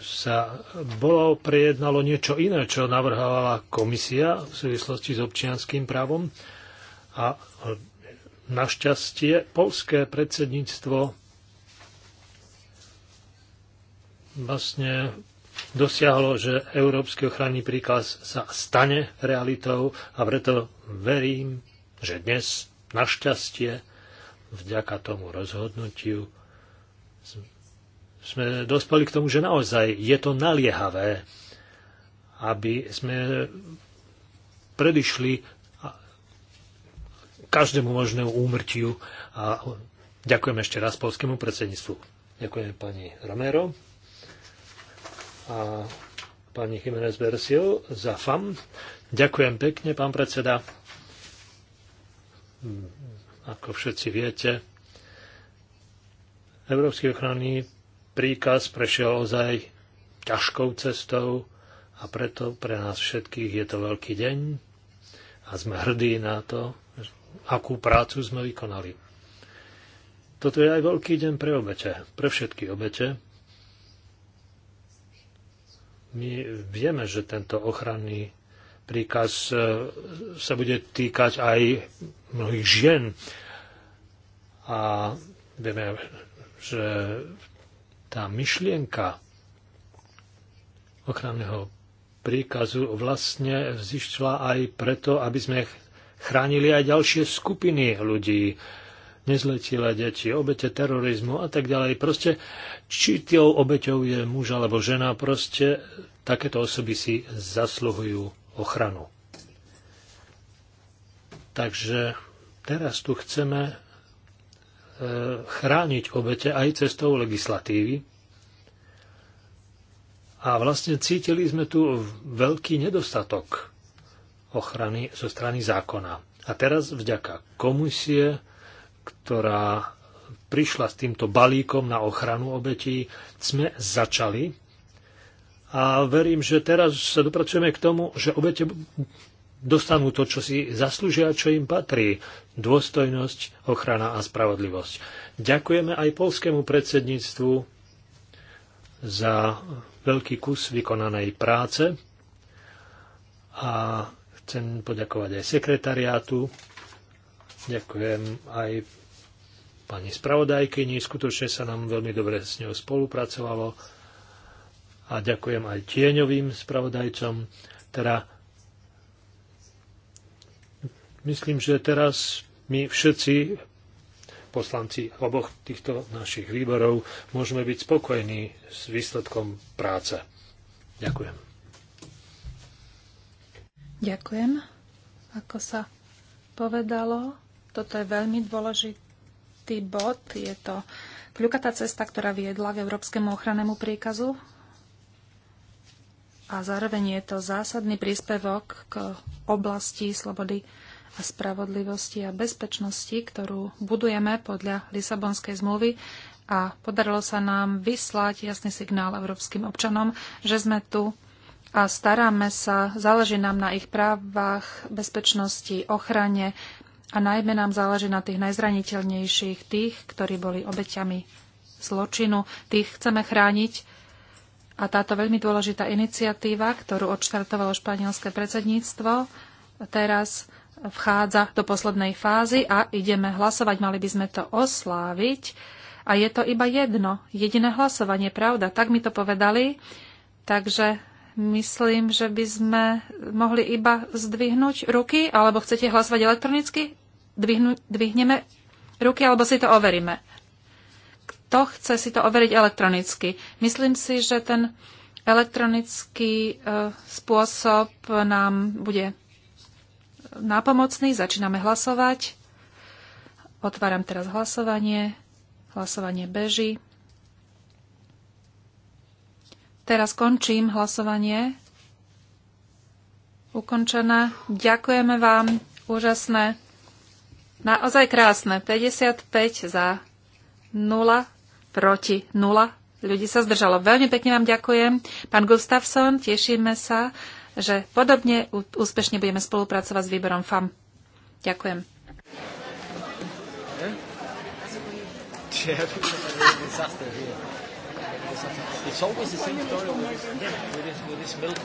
Speaker 3: sa bolo prejednalo niečo iné, čo navrhovala komisia v súvislosti s občianským právom. A našťastie polské predsedníctvo vlastne dosiahlo, že Európsky ochranný príkaz sa stane realitou a preto verím, že dnes našťastie vďaka tomu rozhodnutiu sme dospeli k tomu, že naozaj je to naliehavé, aby sme predišli každému možnému úmrtiu a ďakujem ešte raz polskému predsedníctvu. Ďakujem pani Romero a pani Jiménez Bersiel za FAM. Ďakujem pekne, pán predseda. Hm, ako všetci viete, Európsky ochranný príkaz prešiel ozaj ťažkou cestou a preto pre nás všetkých je to veľký deň a sme hrdí na to, akú prácu sme vykonali. Toto je aj veľký deň pre obete, pre všetky obete. My vieme, že tento ochranný príkaz e, sa bude týkať aj mnohých žien. A vieme, že tá myšlienka ochranného príkazu vlastne vzýšla aj preto, aby sme chránili aj ďalšie skupiny ľudí, nezletilé deti, obete terorizmu a tak ďalej. Proste, či tou obeťou je muž alebo žena, proste takéto osoby si zasluhujú ochranu. Takže teraz tu chceme E, chrániť obete aj cestou legislatívy. A vlastne cítili sme tu veľký nedostatok ochrany zo strany zákona. A teraz vďaka komisie, ktorá prišla s týmto balíkom na ochranu obetí, sme začali. A verím, že teraz sa dopracujeme k tomu, že obete dostanú to, čo si zaslúžia, čo im patrí. Dôstojnosť, ochrana a spravodlivosť. Ďakujeme aj polskému predsedníctvu za veľký kus vykonanej práce a chcem poďakovať aj sekretariátu. Ďakujem aj pani spravodajkyni, skutočne sa nám veľmi dobre s ňou spolupracovalo a ďakujem aj tieňovým spravodajcom, teda Myslím, že teraz my všetci, poslanci oboch týchto našich výborov, môžeme byť spokojní s výsledkom práce. Ďakujem.
Speaker 2: Ďakujem. Ako sa povedalo, toto je veľmi dôležitý bod. Je to kľukatá cesta, ktorá viedla k Európskemu ochrannému príkazu a zároveň je to zásadný príspevok k oblasti slobody a spravodlivosti a bezpečnosti, ktorú budujeme podľa Lisabonskej zmluvy a podarilo sa nám vyslať jasný signál európskym občanom, že sme tu a staráme sa, záleží nám na ich právach, bezpečnosti, ochrane a najmä nám záleží na tých najzraniteľnejších, tých, ktorí boli obeťami zločinu, tých chceme chrániť. A táto veľmi dôležitá iniciatíva, ktorú odštartovalo španielské predsedníctvo, teraz vchádza do poslednej fázy a ideme hlasovať. Mali by sme to osláviť. A je to iba jedno, jediné hlasovanie, pravda. Tak mi to povedali. Takže myslím, že by sme mohli iba zdvihnúť ruky, alebo chcete hlasovať elektronicky? Dvihnu, dvihneme ruky, alebo si to overíme. Kto chce si to overiť elektronicky? Myslím si, že ten elektronický e, spôsob nám bude nápomocný. Začíname hlasovať. Otváram teraz hlasovanie. Hlasovanie beží. Teraz končím hlasovanie. Ukončené. Ďakujeme vám. Úžasné. Naozaj krásne. 55 za 0 proti 0. Ľudí sa zdržalo. Veľmi pekne vám ďakujem. Pán Gustafsson, tešíme sa že podobne úspešne budeme spolupracovať s výberom FAM. Ďakujem. It's always the same story with this, with this milk bowl.